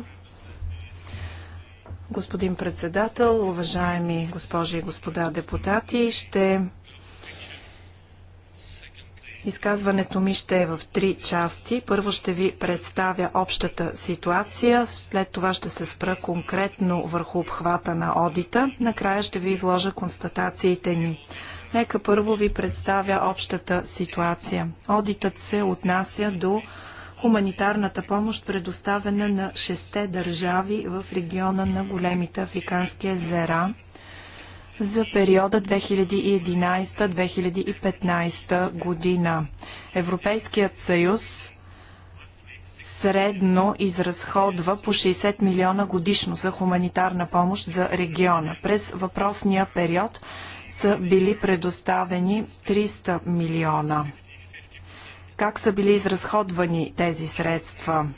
Господин председател, уважаеми госпожи и господа депутати, ще Изказването ми ще е в три части. Първо ще ви представя общата ситуация, след това ще се спра конкретно върху обхвата на одита, накрая ще ви изложа констатациите ни. Нека първо ви представя общата ситуация. Одитът се отнася до хуманитарната помощ, предоставена на шесте държави в региона на големите африкански езера за периода 2011-2015 година. Европейският съюз средно изразходва по 60 милиона годишно за хуманитарна помощ за региона. През въпросния период са били предоставени 300 милиона. Как са били изразходвани тези средства?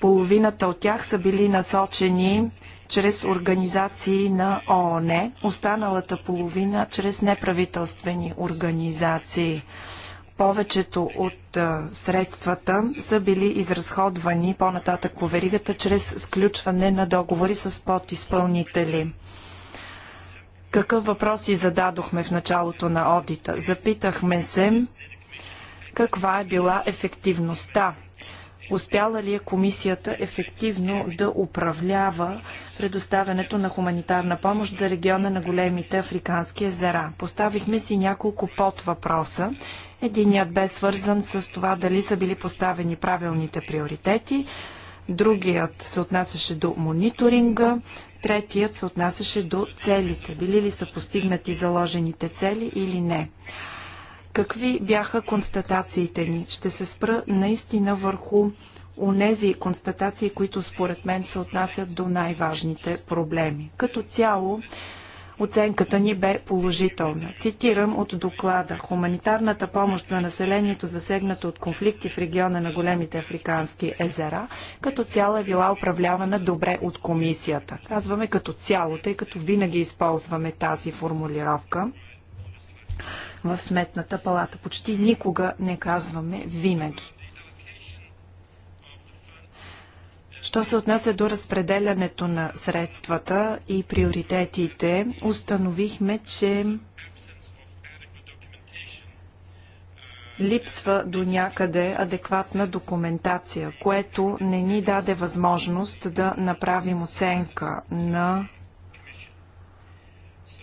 Половината от тях са били насочени чрез организации на ООН, останалата половина чрез неправителствени организации. Повечето от средствата са били изразходвани по-нататък по веригата чрез сключване на договори с подизпълнители. Какъв въпрос и зададохме в началото на одита? Запитахме се каква е била ефективността. Успяла ли е комисията ефективно да управлява предоставянето на хуманитарна помощ за региона на големите африкански езера? Поставихме си няколко под въпроса. Единият бе свързан с това дали са били поставени правилните приоритети, другият се отнасяше до мониторинга, третият се отнасяше до целите. Били ли са постигнати заложените цели или не? Какви бяха констатациите ни? Ще се спра наистина върху онези констатации, които според мен се отнасят до най-важните проблеми. Като цяло Оценката ни бе положителна. Цитирам от доклада. Хуманитарната помощ за населението, засегнато от конфликти в региона на големите африкански езера, като цяло е била управлявана добре от комисията. Казваме като цяло, тъй като винаги използваме тази формулировка в сметната палата. Почти никога не казваме винаги. Що се отнася до разпределянето на средствата и приоритетите, установихме, че липсва до някъде адекватна документация, което не ни даде възможност да направим оценка на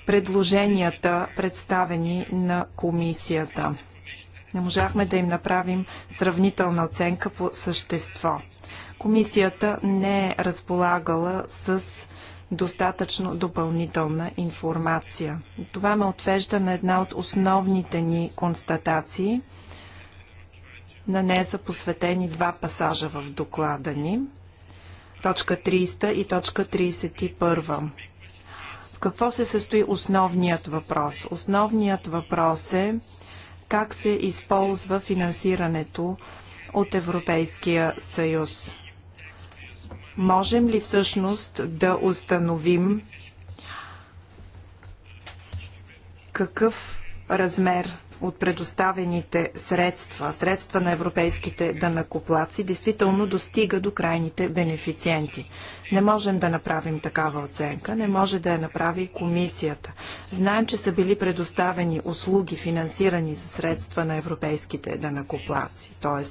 предложенията, представени на комисията. Не можахме да им направим сравнителна оценка по същество. Комисията не е разполагала с достатъчно допълнителна информация. Това ме отвежда на една от основните ни констатации. На нея са посветени два пасажа в доклада ни. Точка 30 и точка 31. В какво се състои основният въпрос? Основният въпрос е как се използва финансирането от Европейския съюз. Можем ли всъщност да установим какъв размер от предоставените средства, средства на европейските данакоплаци, действително достига до крайните бенефициенти. Не можем да направим такава оценка, не може да я направи комисията. Знаем, че са били предоставени услуги, финансирани за средства на европейските данакоплаци, т.е.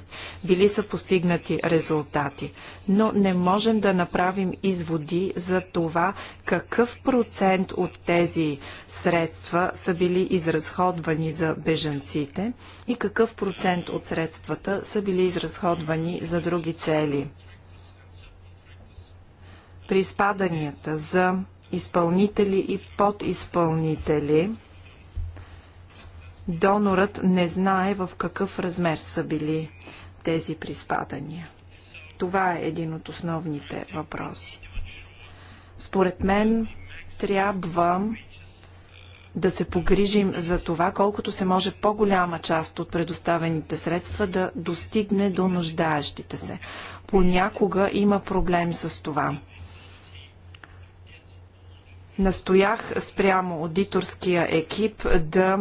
били са постигнати резултати, но не можем да направим изводи за това какъв процент от тези средства са били изразходвани за бежанците и какъв процент от средствата са били изразходвани за други цели приспаданията за изпълнители и подизпълнители, донорът не знае в какъв размер са били тези приспадания. Това е един от основните въпроси. Според мен трябва да се погрижим за това, колкото се може по-голяма част от предоставените средства да достигне до нуждаещите се. Понякога има проблем с това. Настоях спрямо аудиторския екип да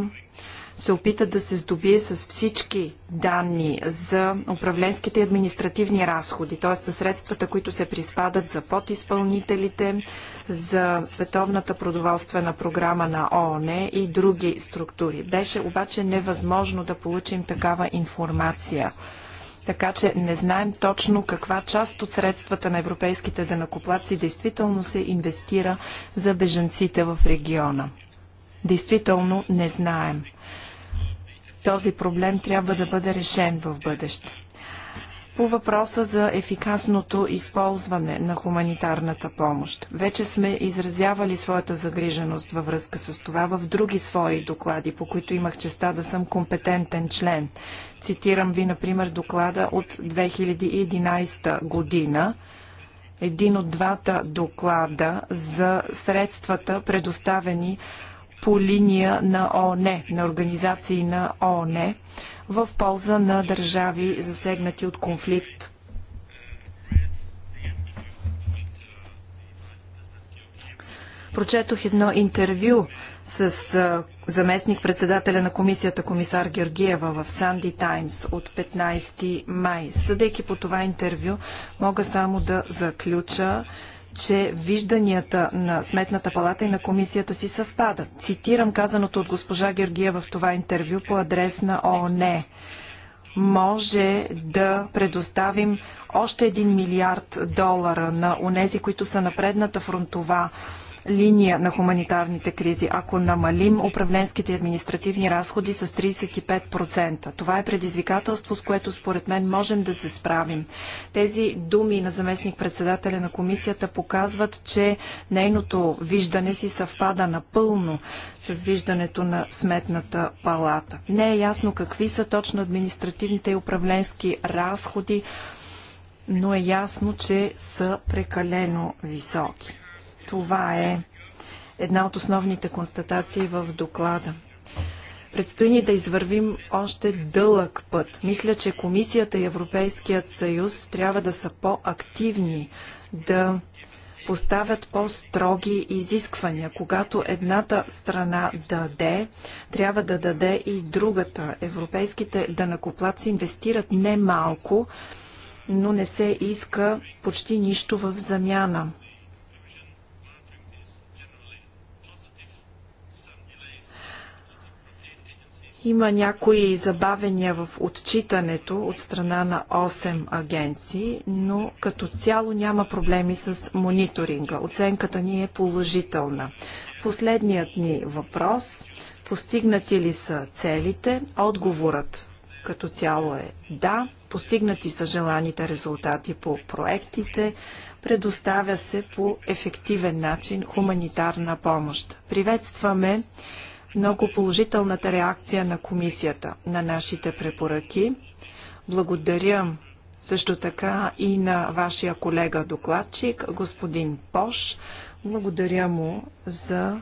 се опита да се здобие с всички данни за управленските и административни разходи, т.е. за средствата, които се приспадат за подизпълнителите, за Световната продоволствена програма на ООН и други структури. Беше обаче невъзможно да получим такава информация така че не знаем точно каква част от средствата на европейските данакоплаци действително се инвестира за бежанците в региона. Действително не знаем. Този проблем трябва да бъде решен в бъдеще. По въпроса за ефикасното използване на хуманитарната помощ. Вече сме изразявали своята загриженост във връзка с това в други свои доклади, по които имах честа да съм компетентен член. Цитирам ви, например, доклада от 2011 година, един от двата доклада за средствата, предоставени по линия на ООН, на организации на ООН в полза на държави засегнати от конфликт. Прочетох едно интервю с заместник-председателя на комисията комисар Георгиева в Санди Таймс от 15 май. Съдейки по това интервю, мога само да заключа, че вижданията на Сметната палата и на комисията си съвпадат. Цитирам казаното от госпожа Георгия в това интервю по адрес на ООН може да предоставим още 1 милиард долара на онези, които са на предната фронтова линия на хуманитарните кризи, ако намалим управленските и административни разходи с 35%. Това е предизвикателство, с което според мен можем да се справим. Тези думи на заместник-председателя на комисията показват, че нейното виждане си съвпада напълно с виждането на сметната палата. Не е ясно какви са точно административните и управленски разходи, но е ясно, че са прекалено високи. Това е една от основните констатации в доклада. Предстои ни да извървим още дълъг път. Мисля, че Комисията и Европейският съюз трябва да са по-активни, да поставят по-строги изисквания. Когато едната страна даде, трябва да даде и другата. Европейските данакоплаци инвестират не малко, но не се иска почти нищо в замяна. Има някои забавения в отчитането от страна на 8 агенции, но като цяло няма проблеми с мониторинга. Оценката ни е положителна. Последният ни въпрос – постигнати ли са целите? Отговорът като цяло е да. Постигнати са желаните резултати по проектите, предоставя се по ефективен начин хуманитарна помощ. Приветстваме много положителната реакция на комисията на нашите препоръки. Благодаря също така и на вашия колега докладчик, господин Пош. Благодаря му за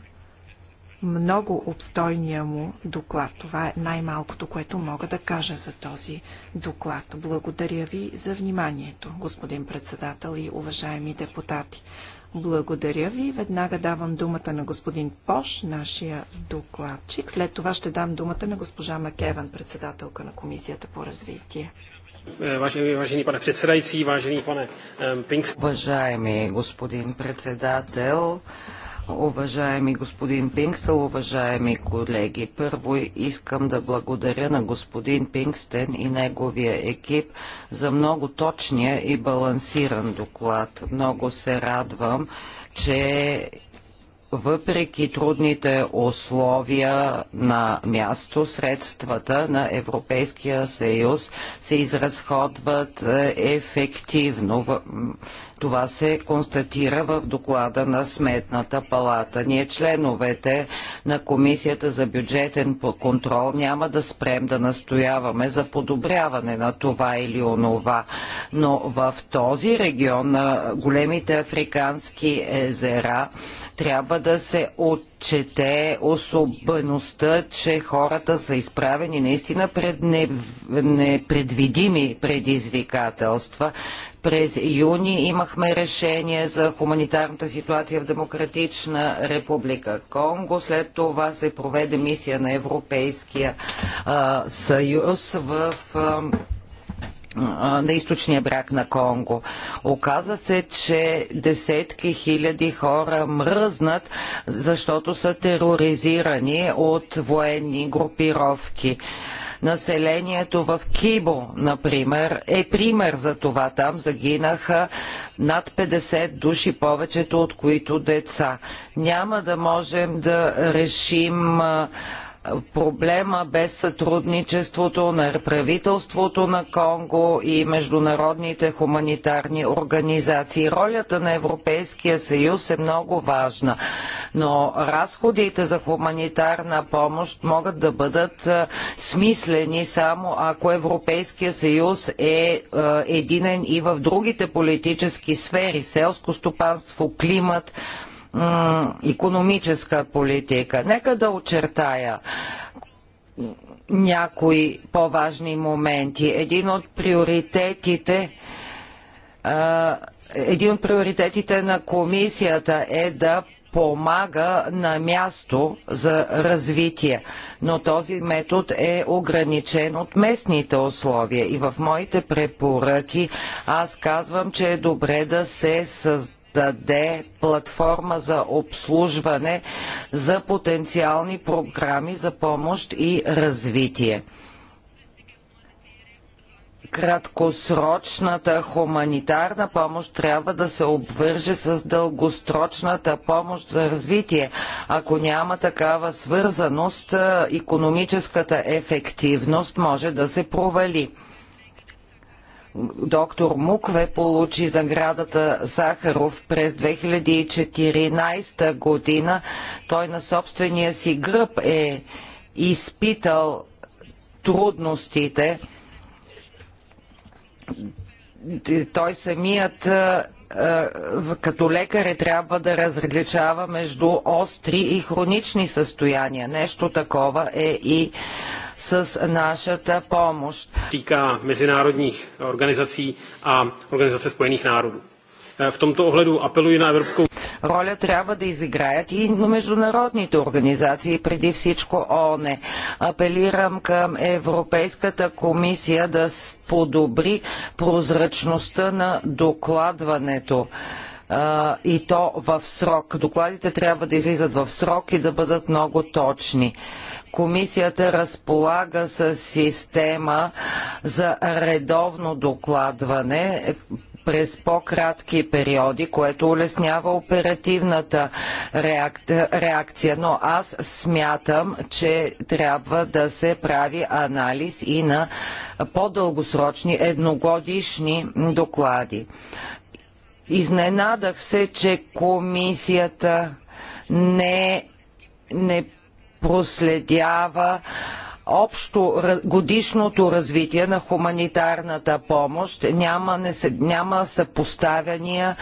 много обстойния му доклад. Това е най-малкото, което мога да кажа за този доклад. Благодаря ви за вниманието, господин председател и уважаеми депутати. Благодаря ви. Веднага давам думата на господин Пош, нашия докладчик. След това ще дам думата на госпожа Макеван, председателка на Комисията по развитие. Е, Уважаеми господин председател, Уважаеми господин Пингстъл, уважаеми колеги, първо искам да благодаря на господин Пингстен и неговия екип за много точния и балансиран доклад. Много се радвам, че въпреки трудните условия на място, средствата на Европейския съюз се изразходват е, ефективно. Това се констатира в доклада на Сметната палата. Ние членовете на Комисията за бюджетен контрол няма да спрем да настояваме за подобряване на това или онова, но в този регион на големите африкански езера трябва да се отчете особеността, че хората са изправени наистина пред непредвидими предизвикателства през юни имахме решение за хуманитарната ситуация в Демократична република Конго. След това се проведе мисия на Европейския а, съюз в. А, на източния бряг на Конго. Оказва се, че десетки хиляди хора мръзнат, защото са тероризирани от военни групировки. Населението в Кибо, например, е пример за това. Там загинаха над 50 души, повечето от които деца. Няма да можем да решим проблема без сътрудничеството на правителството на Конго и международните хуманитарни организации. Ролята на Европейския съюз е много важна, но разходите за хуманитарна помощ могат да бъдат е, смислени само ако Европейския съюз е, е единен и в другите политически сфери селско стопанство, климат, економическа политика. Нека да очертая някои по-важни моменти. Един от приоритетите един от приоритетите на комисията е да помага на място за развитие, но този метод е ограничен от местните условия и в моите препоръки аз казвам, че е добре да се създаде даде платформа за обслужване за потенциални програми за помощ и развитие краткосрочната хуманитарна помощ трябва да се обвърже с дългосрочната помощ за развитие. Ако няма такава свързаност, економическата ефективност може да се провали. Доктор Мукве получи наградата Сахаров през 2014 година. Той на собствения си гръб е изпитал трудностите. Той самият е, като лекари трябва да различава между остри и хронични състояния. Нещо такова е и с нашата помощ. Týká mezinárodních organizací a Организация spojených народов. Е, в tomto ohledu apeluji на Европейската роля трябва да изиграят и международните организации, преди всичко ООН. Апелирам към Европейската комисия да подобри прозрачността на докладването и то в срок. Докладите трябва да излизат в срок и да бъдат много точни. Комисията разполага с система за редовно докладване, през по-кратки периоди, което улеснява оперативната реакция. Но аз смятам, че трябва да се прави анализ и на по-дългосрочни едногодишни доклади. Изненадах се, че комисията не, не проследява общо годишното развитие на хуманитарната помощ. Няма, не, няма съпоставяния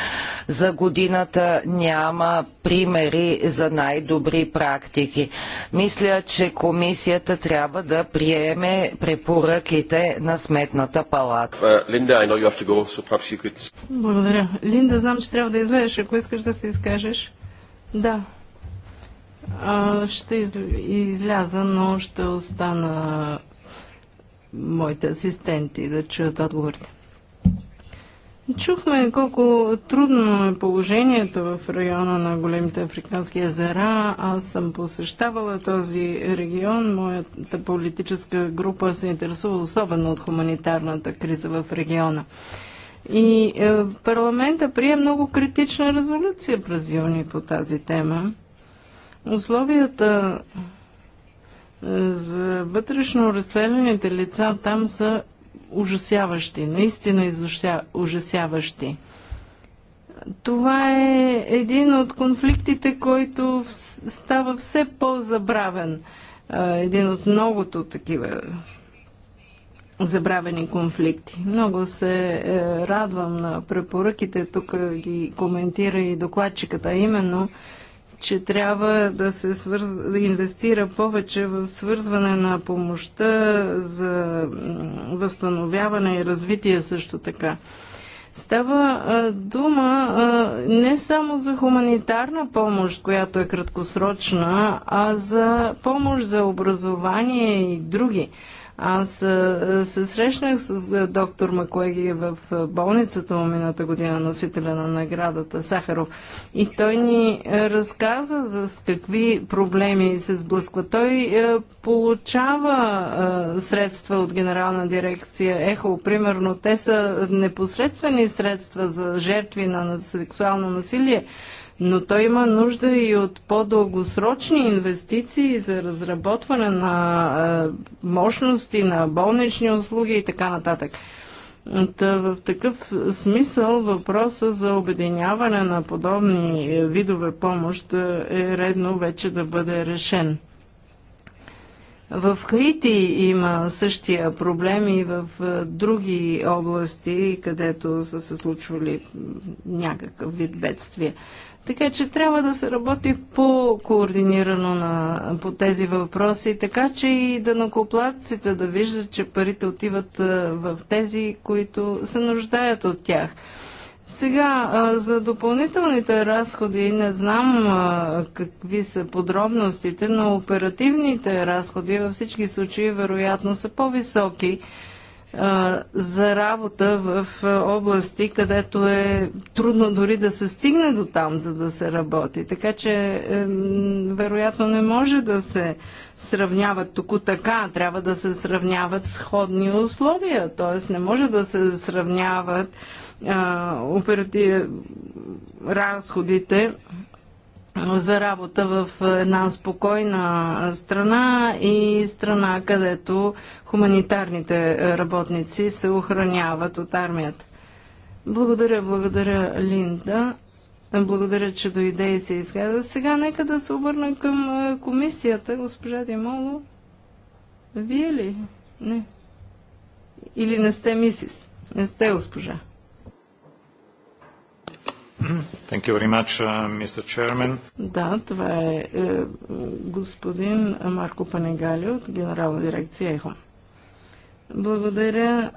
за годината, няма примери за най-добри практики. Мисля, че комисията трябва да приеме препоръките на Сметната палата. Uh, Благодаря. Линда, знам, че трябва да излезеш, ако искаш да се изкажеш. Да, ще изляза, но ще остана моите асистенти да чуят отговорите. Чухме колко трудно е положението в района на големите африкански езера. Аз съм посещавала този регион. Моята политическа група се интересува особено от хуманитарната криза в региона. И е, парламента прие много критична резолюция през юни по тази тема. Условията е, за вътрешно разследваните лица там са ужасяващи, наистина ужасяващи. Това е един от конфликтите, който става все по-забравен. Е, един от многото такива забравени конфликти. Много се е, радвам на препоръките, тук ги коментира и докладчиката, именно че трябва да се свърз... да инвестира повече в свързване на помощта за възстановяване и развитие също така. Става а, дума а, не само за хуманитарна помощ, която е краткосрочна, а за помощ за образование и други. Аз се срещнах с доктор Макуеги в болницата му мината година, носителя на наградата Сахаров. И той ни разказа за с какви проблеми се сблъсква. Той получава средства от генерална дирекция ЕХО, примерно. Те са непосредствени средства за жертви на сексуално насилие но той има нужда и от по-дългосрочни инвестиции за разработване на мощности, на болнични услуги и така нататък. Та в такъв смисъл въпроса за обединяване на подобни видове помощ е редно вече да бъде решен. В Хаити има същия проблем и в други области, където са се случвали някакъв вид бедствия. Така че трябва да се работи по-координирано на, по тези въпроси, така че и да накоплатците да виждат, че парите отиват в тези, които се нуждаят от тях. Сега, за допълнителните разходи, не знам какви са подробностите, но оперативните разходи във всички случаи вероятно са по-високи за работа в области, където е трудно дори да се стигне до там, за да се работи. Така че е, вероятно не може да се сравняват тук така, трябва да се сравняват сходни условия, т.е. не може да се сравняват а, оперативи, разходите за работа в една спокойна страна и страна, където хуманитарните работници се охраняват от армията. Благодаря, благодаря, Линда. Благодаря, че дойде и се изказа. Сега нека да се обърна към комисията. Госпожа Димоло, вие ли? Не. Или не сте мисис? Не сте госпожа. Thank you very much, uh, Mr. Chairman. Да, това е, е господин Марко Панегали от Генерална дирекция ЕХО. Благодаря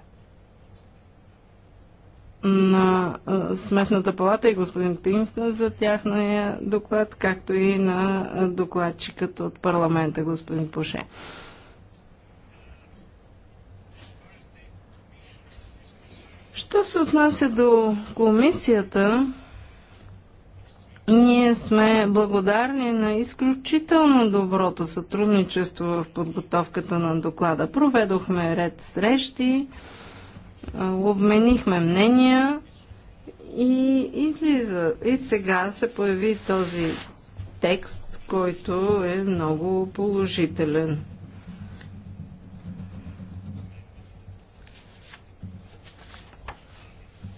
на е, Сметната палата и господин Пинстън за тяхния доклад, както и на е, докладчикът от парламента, господин Пуше. Що се отнася до комисията, ние сме благодарни на изключително доброто сътрудничество в подготовката на доклада. Проведохме ред срещи, обменихме мнения и излиза. И сега се появи този текст, който е много положителен.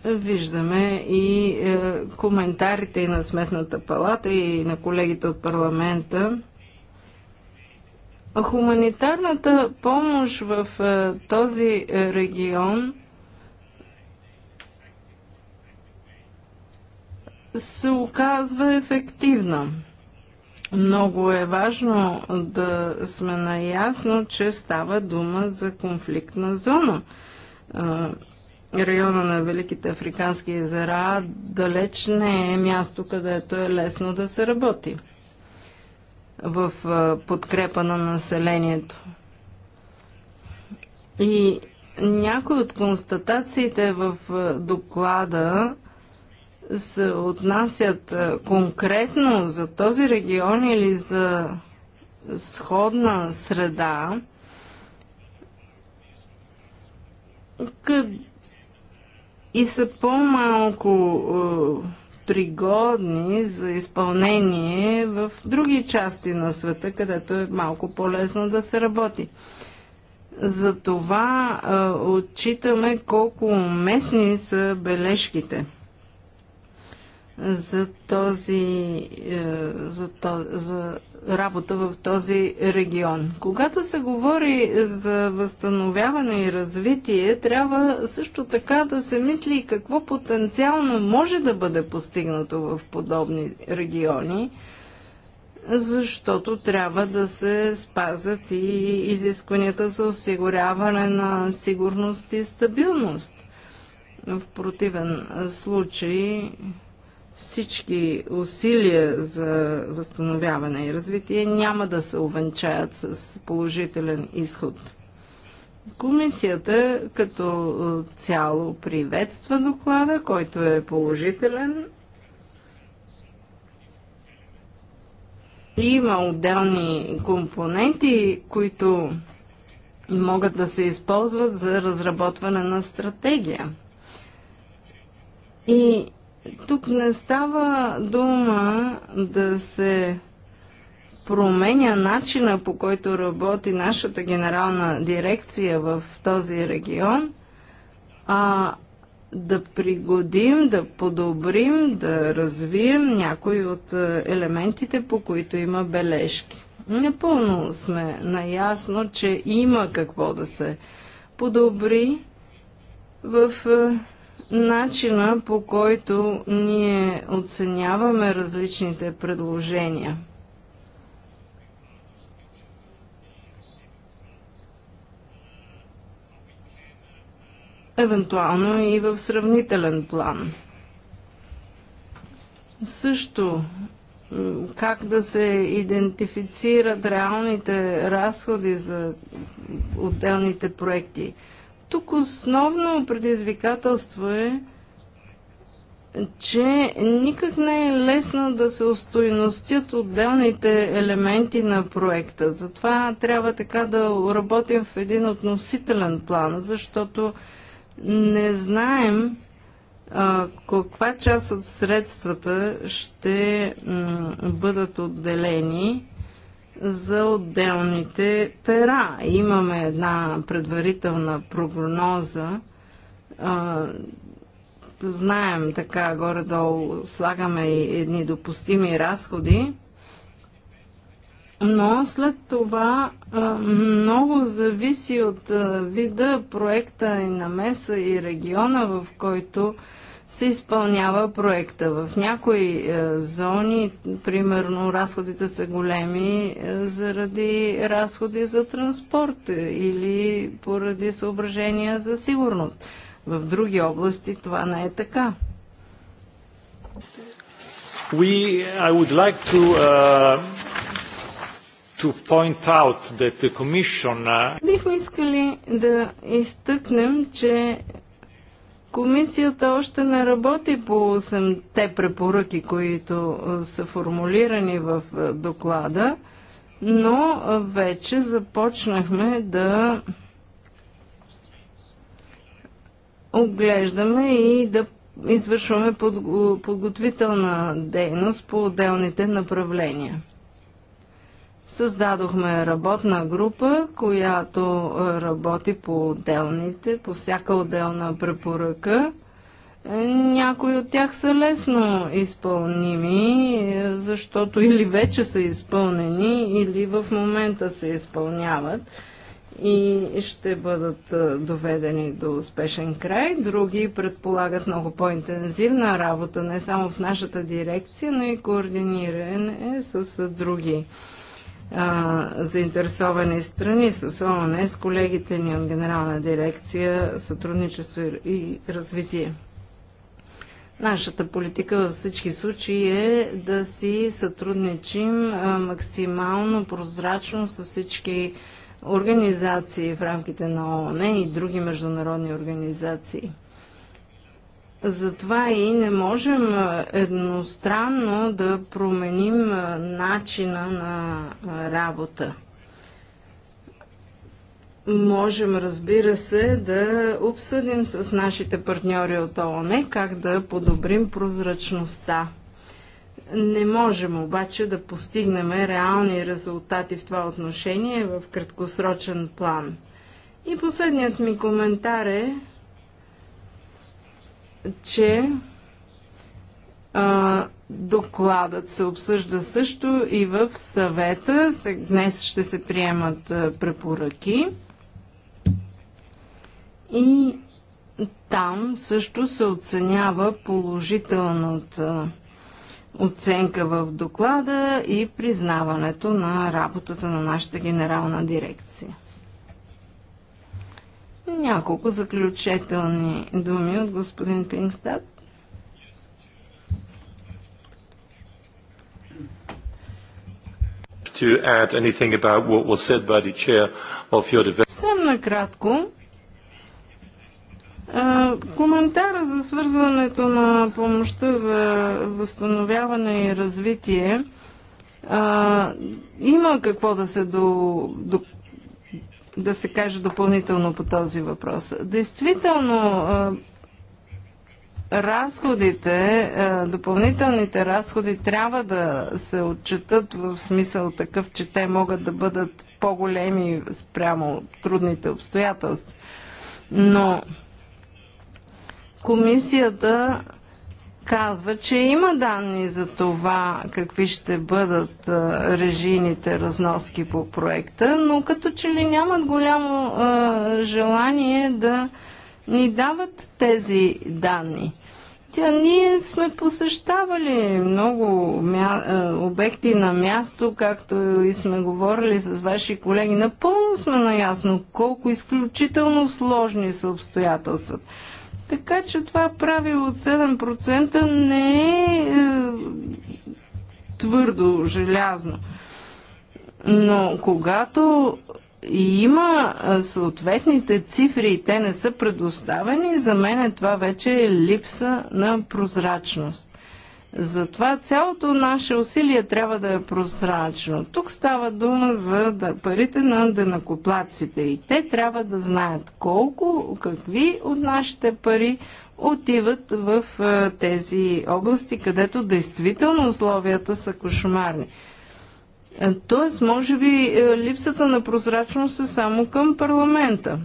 виждаме и е, коментарите и на Сметната палата и на колегите от парламента. Хуманитарната помощ в е, този регион се оказва ефективна. Много е важно да сме наясно, че става дума за конфликтна зона е, района на Великите Африкански езера далеч не е място, където е лесно да се работи в подкрепа на населението. И някои от констатациите в доклада се отнасят конкретно за този регион или за сходна среда, и са по-малко е, пригодни за изпълнение в други части на света, където е малко по-лесно да се работи. Затова е, отчитаме колко местни са бележките за този, е, за, то, за работа в този регион. Когато се говори за възстановяване и развитие, трябва също така да се мисли какво потенциално може да бъде постигнато в подобни региони, защото трябва да се спазят и изискванията за осигуряване на сигурност и стабилност. В противен случай всички усилия за възстановяване и развитие няма да се увенчаят с положителен изход. Комисията като е, цяло приветства доклада, който е положителен. Има отделни компоненти, които могат да се използват за разработване на стратегия. И тук не става дума да се променя начина по който работи нашата генерална дирекция в този регион, а да пригодим, да подобрим, да развием някои от е, елементите, по които има бележки. Напълно сме наясно, че има какво да се подобри в е, начина по който ние оценяваме различните предложения. Евентуално и в сравнителен план. Също как да се идентифицират реалните разходи за отделните проекти – тук основно предизвикателство е, че никак не е лесно да се устойностят отделните елементи на проекта. Затова трябва така да работим в един относителен план, защото не знаем а, каква част от средствата ще бъдат отделени за отделните пера. Имаме една предварителна прогноза. Знаем така горе-долу, слагаме и едни допустими разходи. Но след това много зависи от вида проекта и намеса и региона, в който се изпълнява проекта. В някои е, зони, примерно, разходите са големи е, заради разходи за транспорт или поради съображения за сигурност. В други области това не е така. We, I would like to, uh, Бихме искали да изтъкнем, че Комисията още не работи по 8-те препоръки, които са формулирани в доклада, но вече започнахме да оглеждаме и да извършваме подготвителна дейност по отделните направления. Създадохме работна група, която е, работи по отделните, по всяка отделна препоръка. Е, някои от тях са лесно изпълними, е, защото или вече са изпълнени, или в момента се изпълняват и ще бъдат доведени до успешен край. Други предполагат много по-интензивна работа, не само в нашата дирекция, но и координиране с други а, заинтересовани страни с ООН, с колегите ни от Генерална дирекция сътрудничество и развитие. Нашата политика във всички случаи е да си сътрудничим а, максимално прозрачно с всички организации в рамките на ООН и други международни организации – затова и не можем едностранно да променим начина на работа. Можем, разбира се, да обсъдим с нашите партньори от ООН как да подобрим прозрачността. Не можем обаче да постигнем реални резултати в това отношение в краткосрочен план. И последният ми коментар е, че а, докладът се обсъжда също и в съвета. Днес ще се приемат препоръки. И там също се оценява положителната оценка в доклада и признаването на работата на нашата генерална дирекция. Няколко заключителни думи от господин Пингстад. to add anything about what was said by the chair of your Съвсем накратко. Коментара за свързването на помощта за възстановяване и развитие има какво да се до, до, да се каже допълнително по този въпрос. Действително, разходите, допълнителните разходи трябва да се отчетат в смисъл такъв, че те могат да бъдат по-големи спрямо трудните обстоятелства. Но комисията казва, че има данни за това какви ще бъдат режийните разноски по проекта, но като че ли нямат голямо желание да ни дават тези данни. Тя, ние сме посещавали много мя... обекти на място, както и сме говорили с ваши колеги. Напълно сме наясно колко изключително сложни са обстоятелствата. Така че това правило от 7% не е, е твърдо желязно. Но когато има е, съответните цифри и те не са предоставени, за мен това вече е липса на прозрачност. Затова цялото наше усилие трябва да е прозрачно. Тук става дума за да, парите на денакоплаците и те трябва да знаят колко, какви от нашите пари отиват в е, тези области, където действително условията са кошмарни. Е, тоест, може би, е, липсата на прозрачност е само към парламента.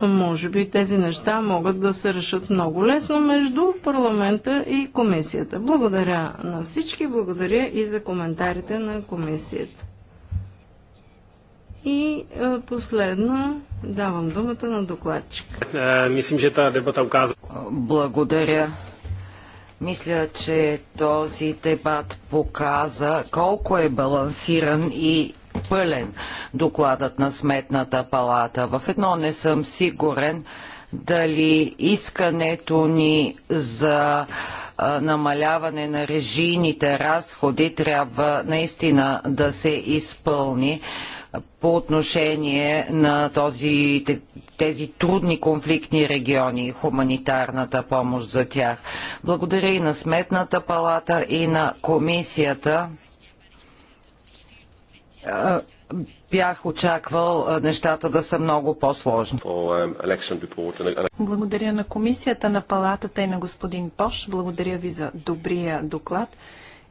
Може би тези неща могат да се решат много лесно между парламента и комисията. Благодаря на всички, благодаря и за коментарите на комисията. И е, последно давам думата на докладчик. Е, мислим, че тази дебата оказа. Благодаря. Мисля, че този дебат показа колко е балансиран и пълен докладът на Сметната палата. В едно не съм сигурен дали искането ни за намаляване на режийните разходи трябва наистина да се изпълни по отношение на този, тези трудни конфликтни региони и хуманитарната помощ за тях. Благодаря и на Сметната палата и на комисията бях очаквал нещата да са много по-сложни. Um, Благодаря на комисията, на палатата и на господин Пош. Благодаря ви за добрия доклад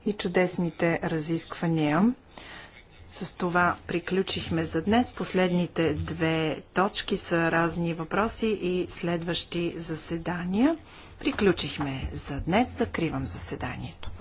и чудесните разисквания. С това приключихме за днес. Последните две точки са разни въпроси и следващи заседания. Приключихме за днес. Закривам заседанието.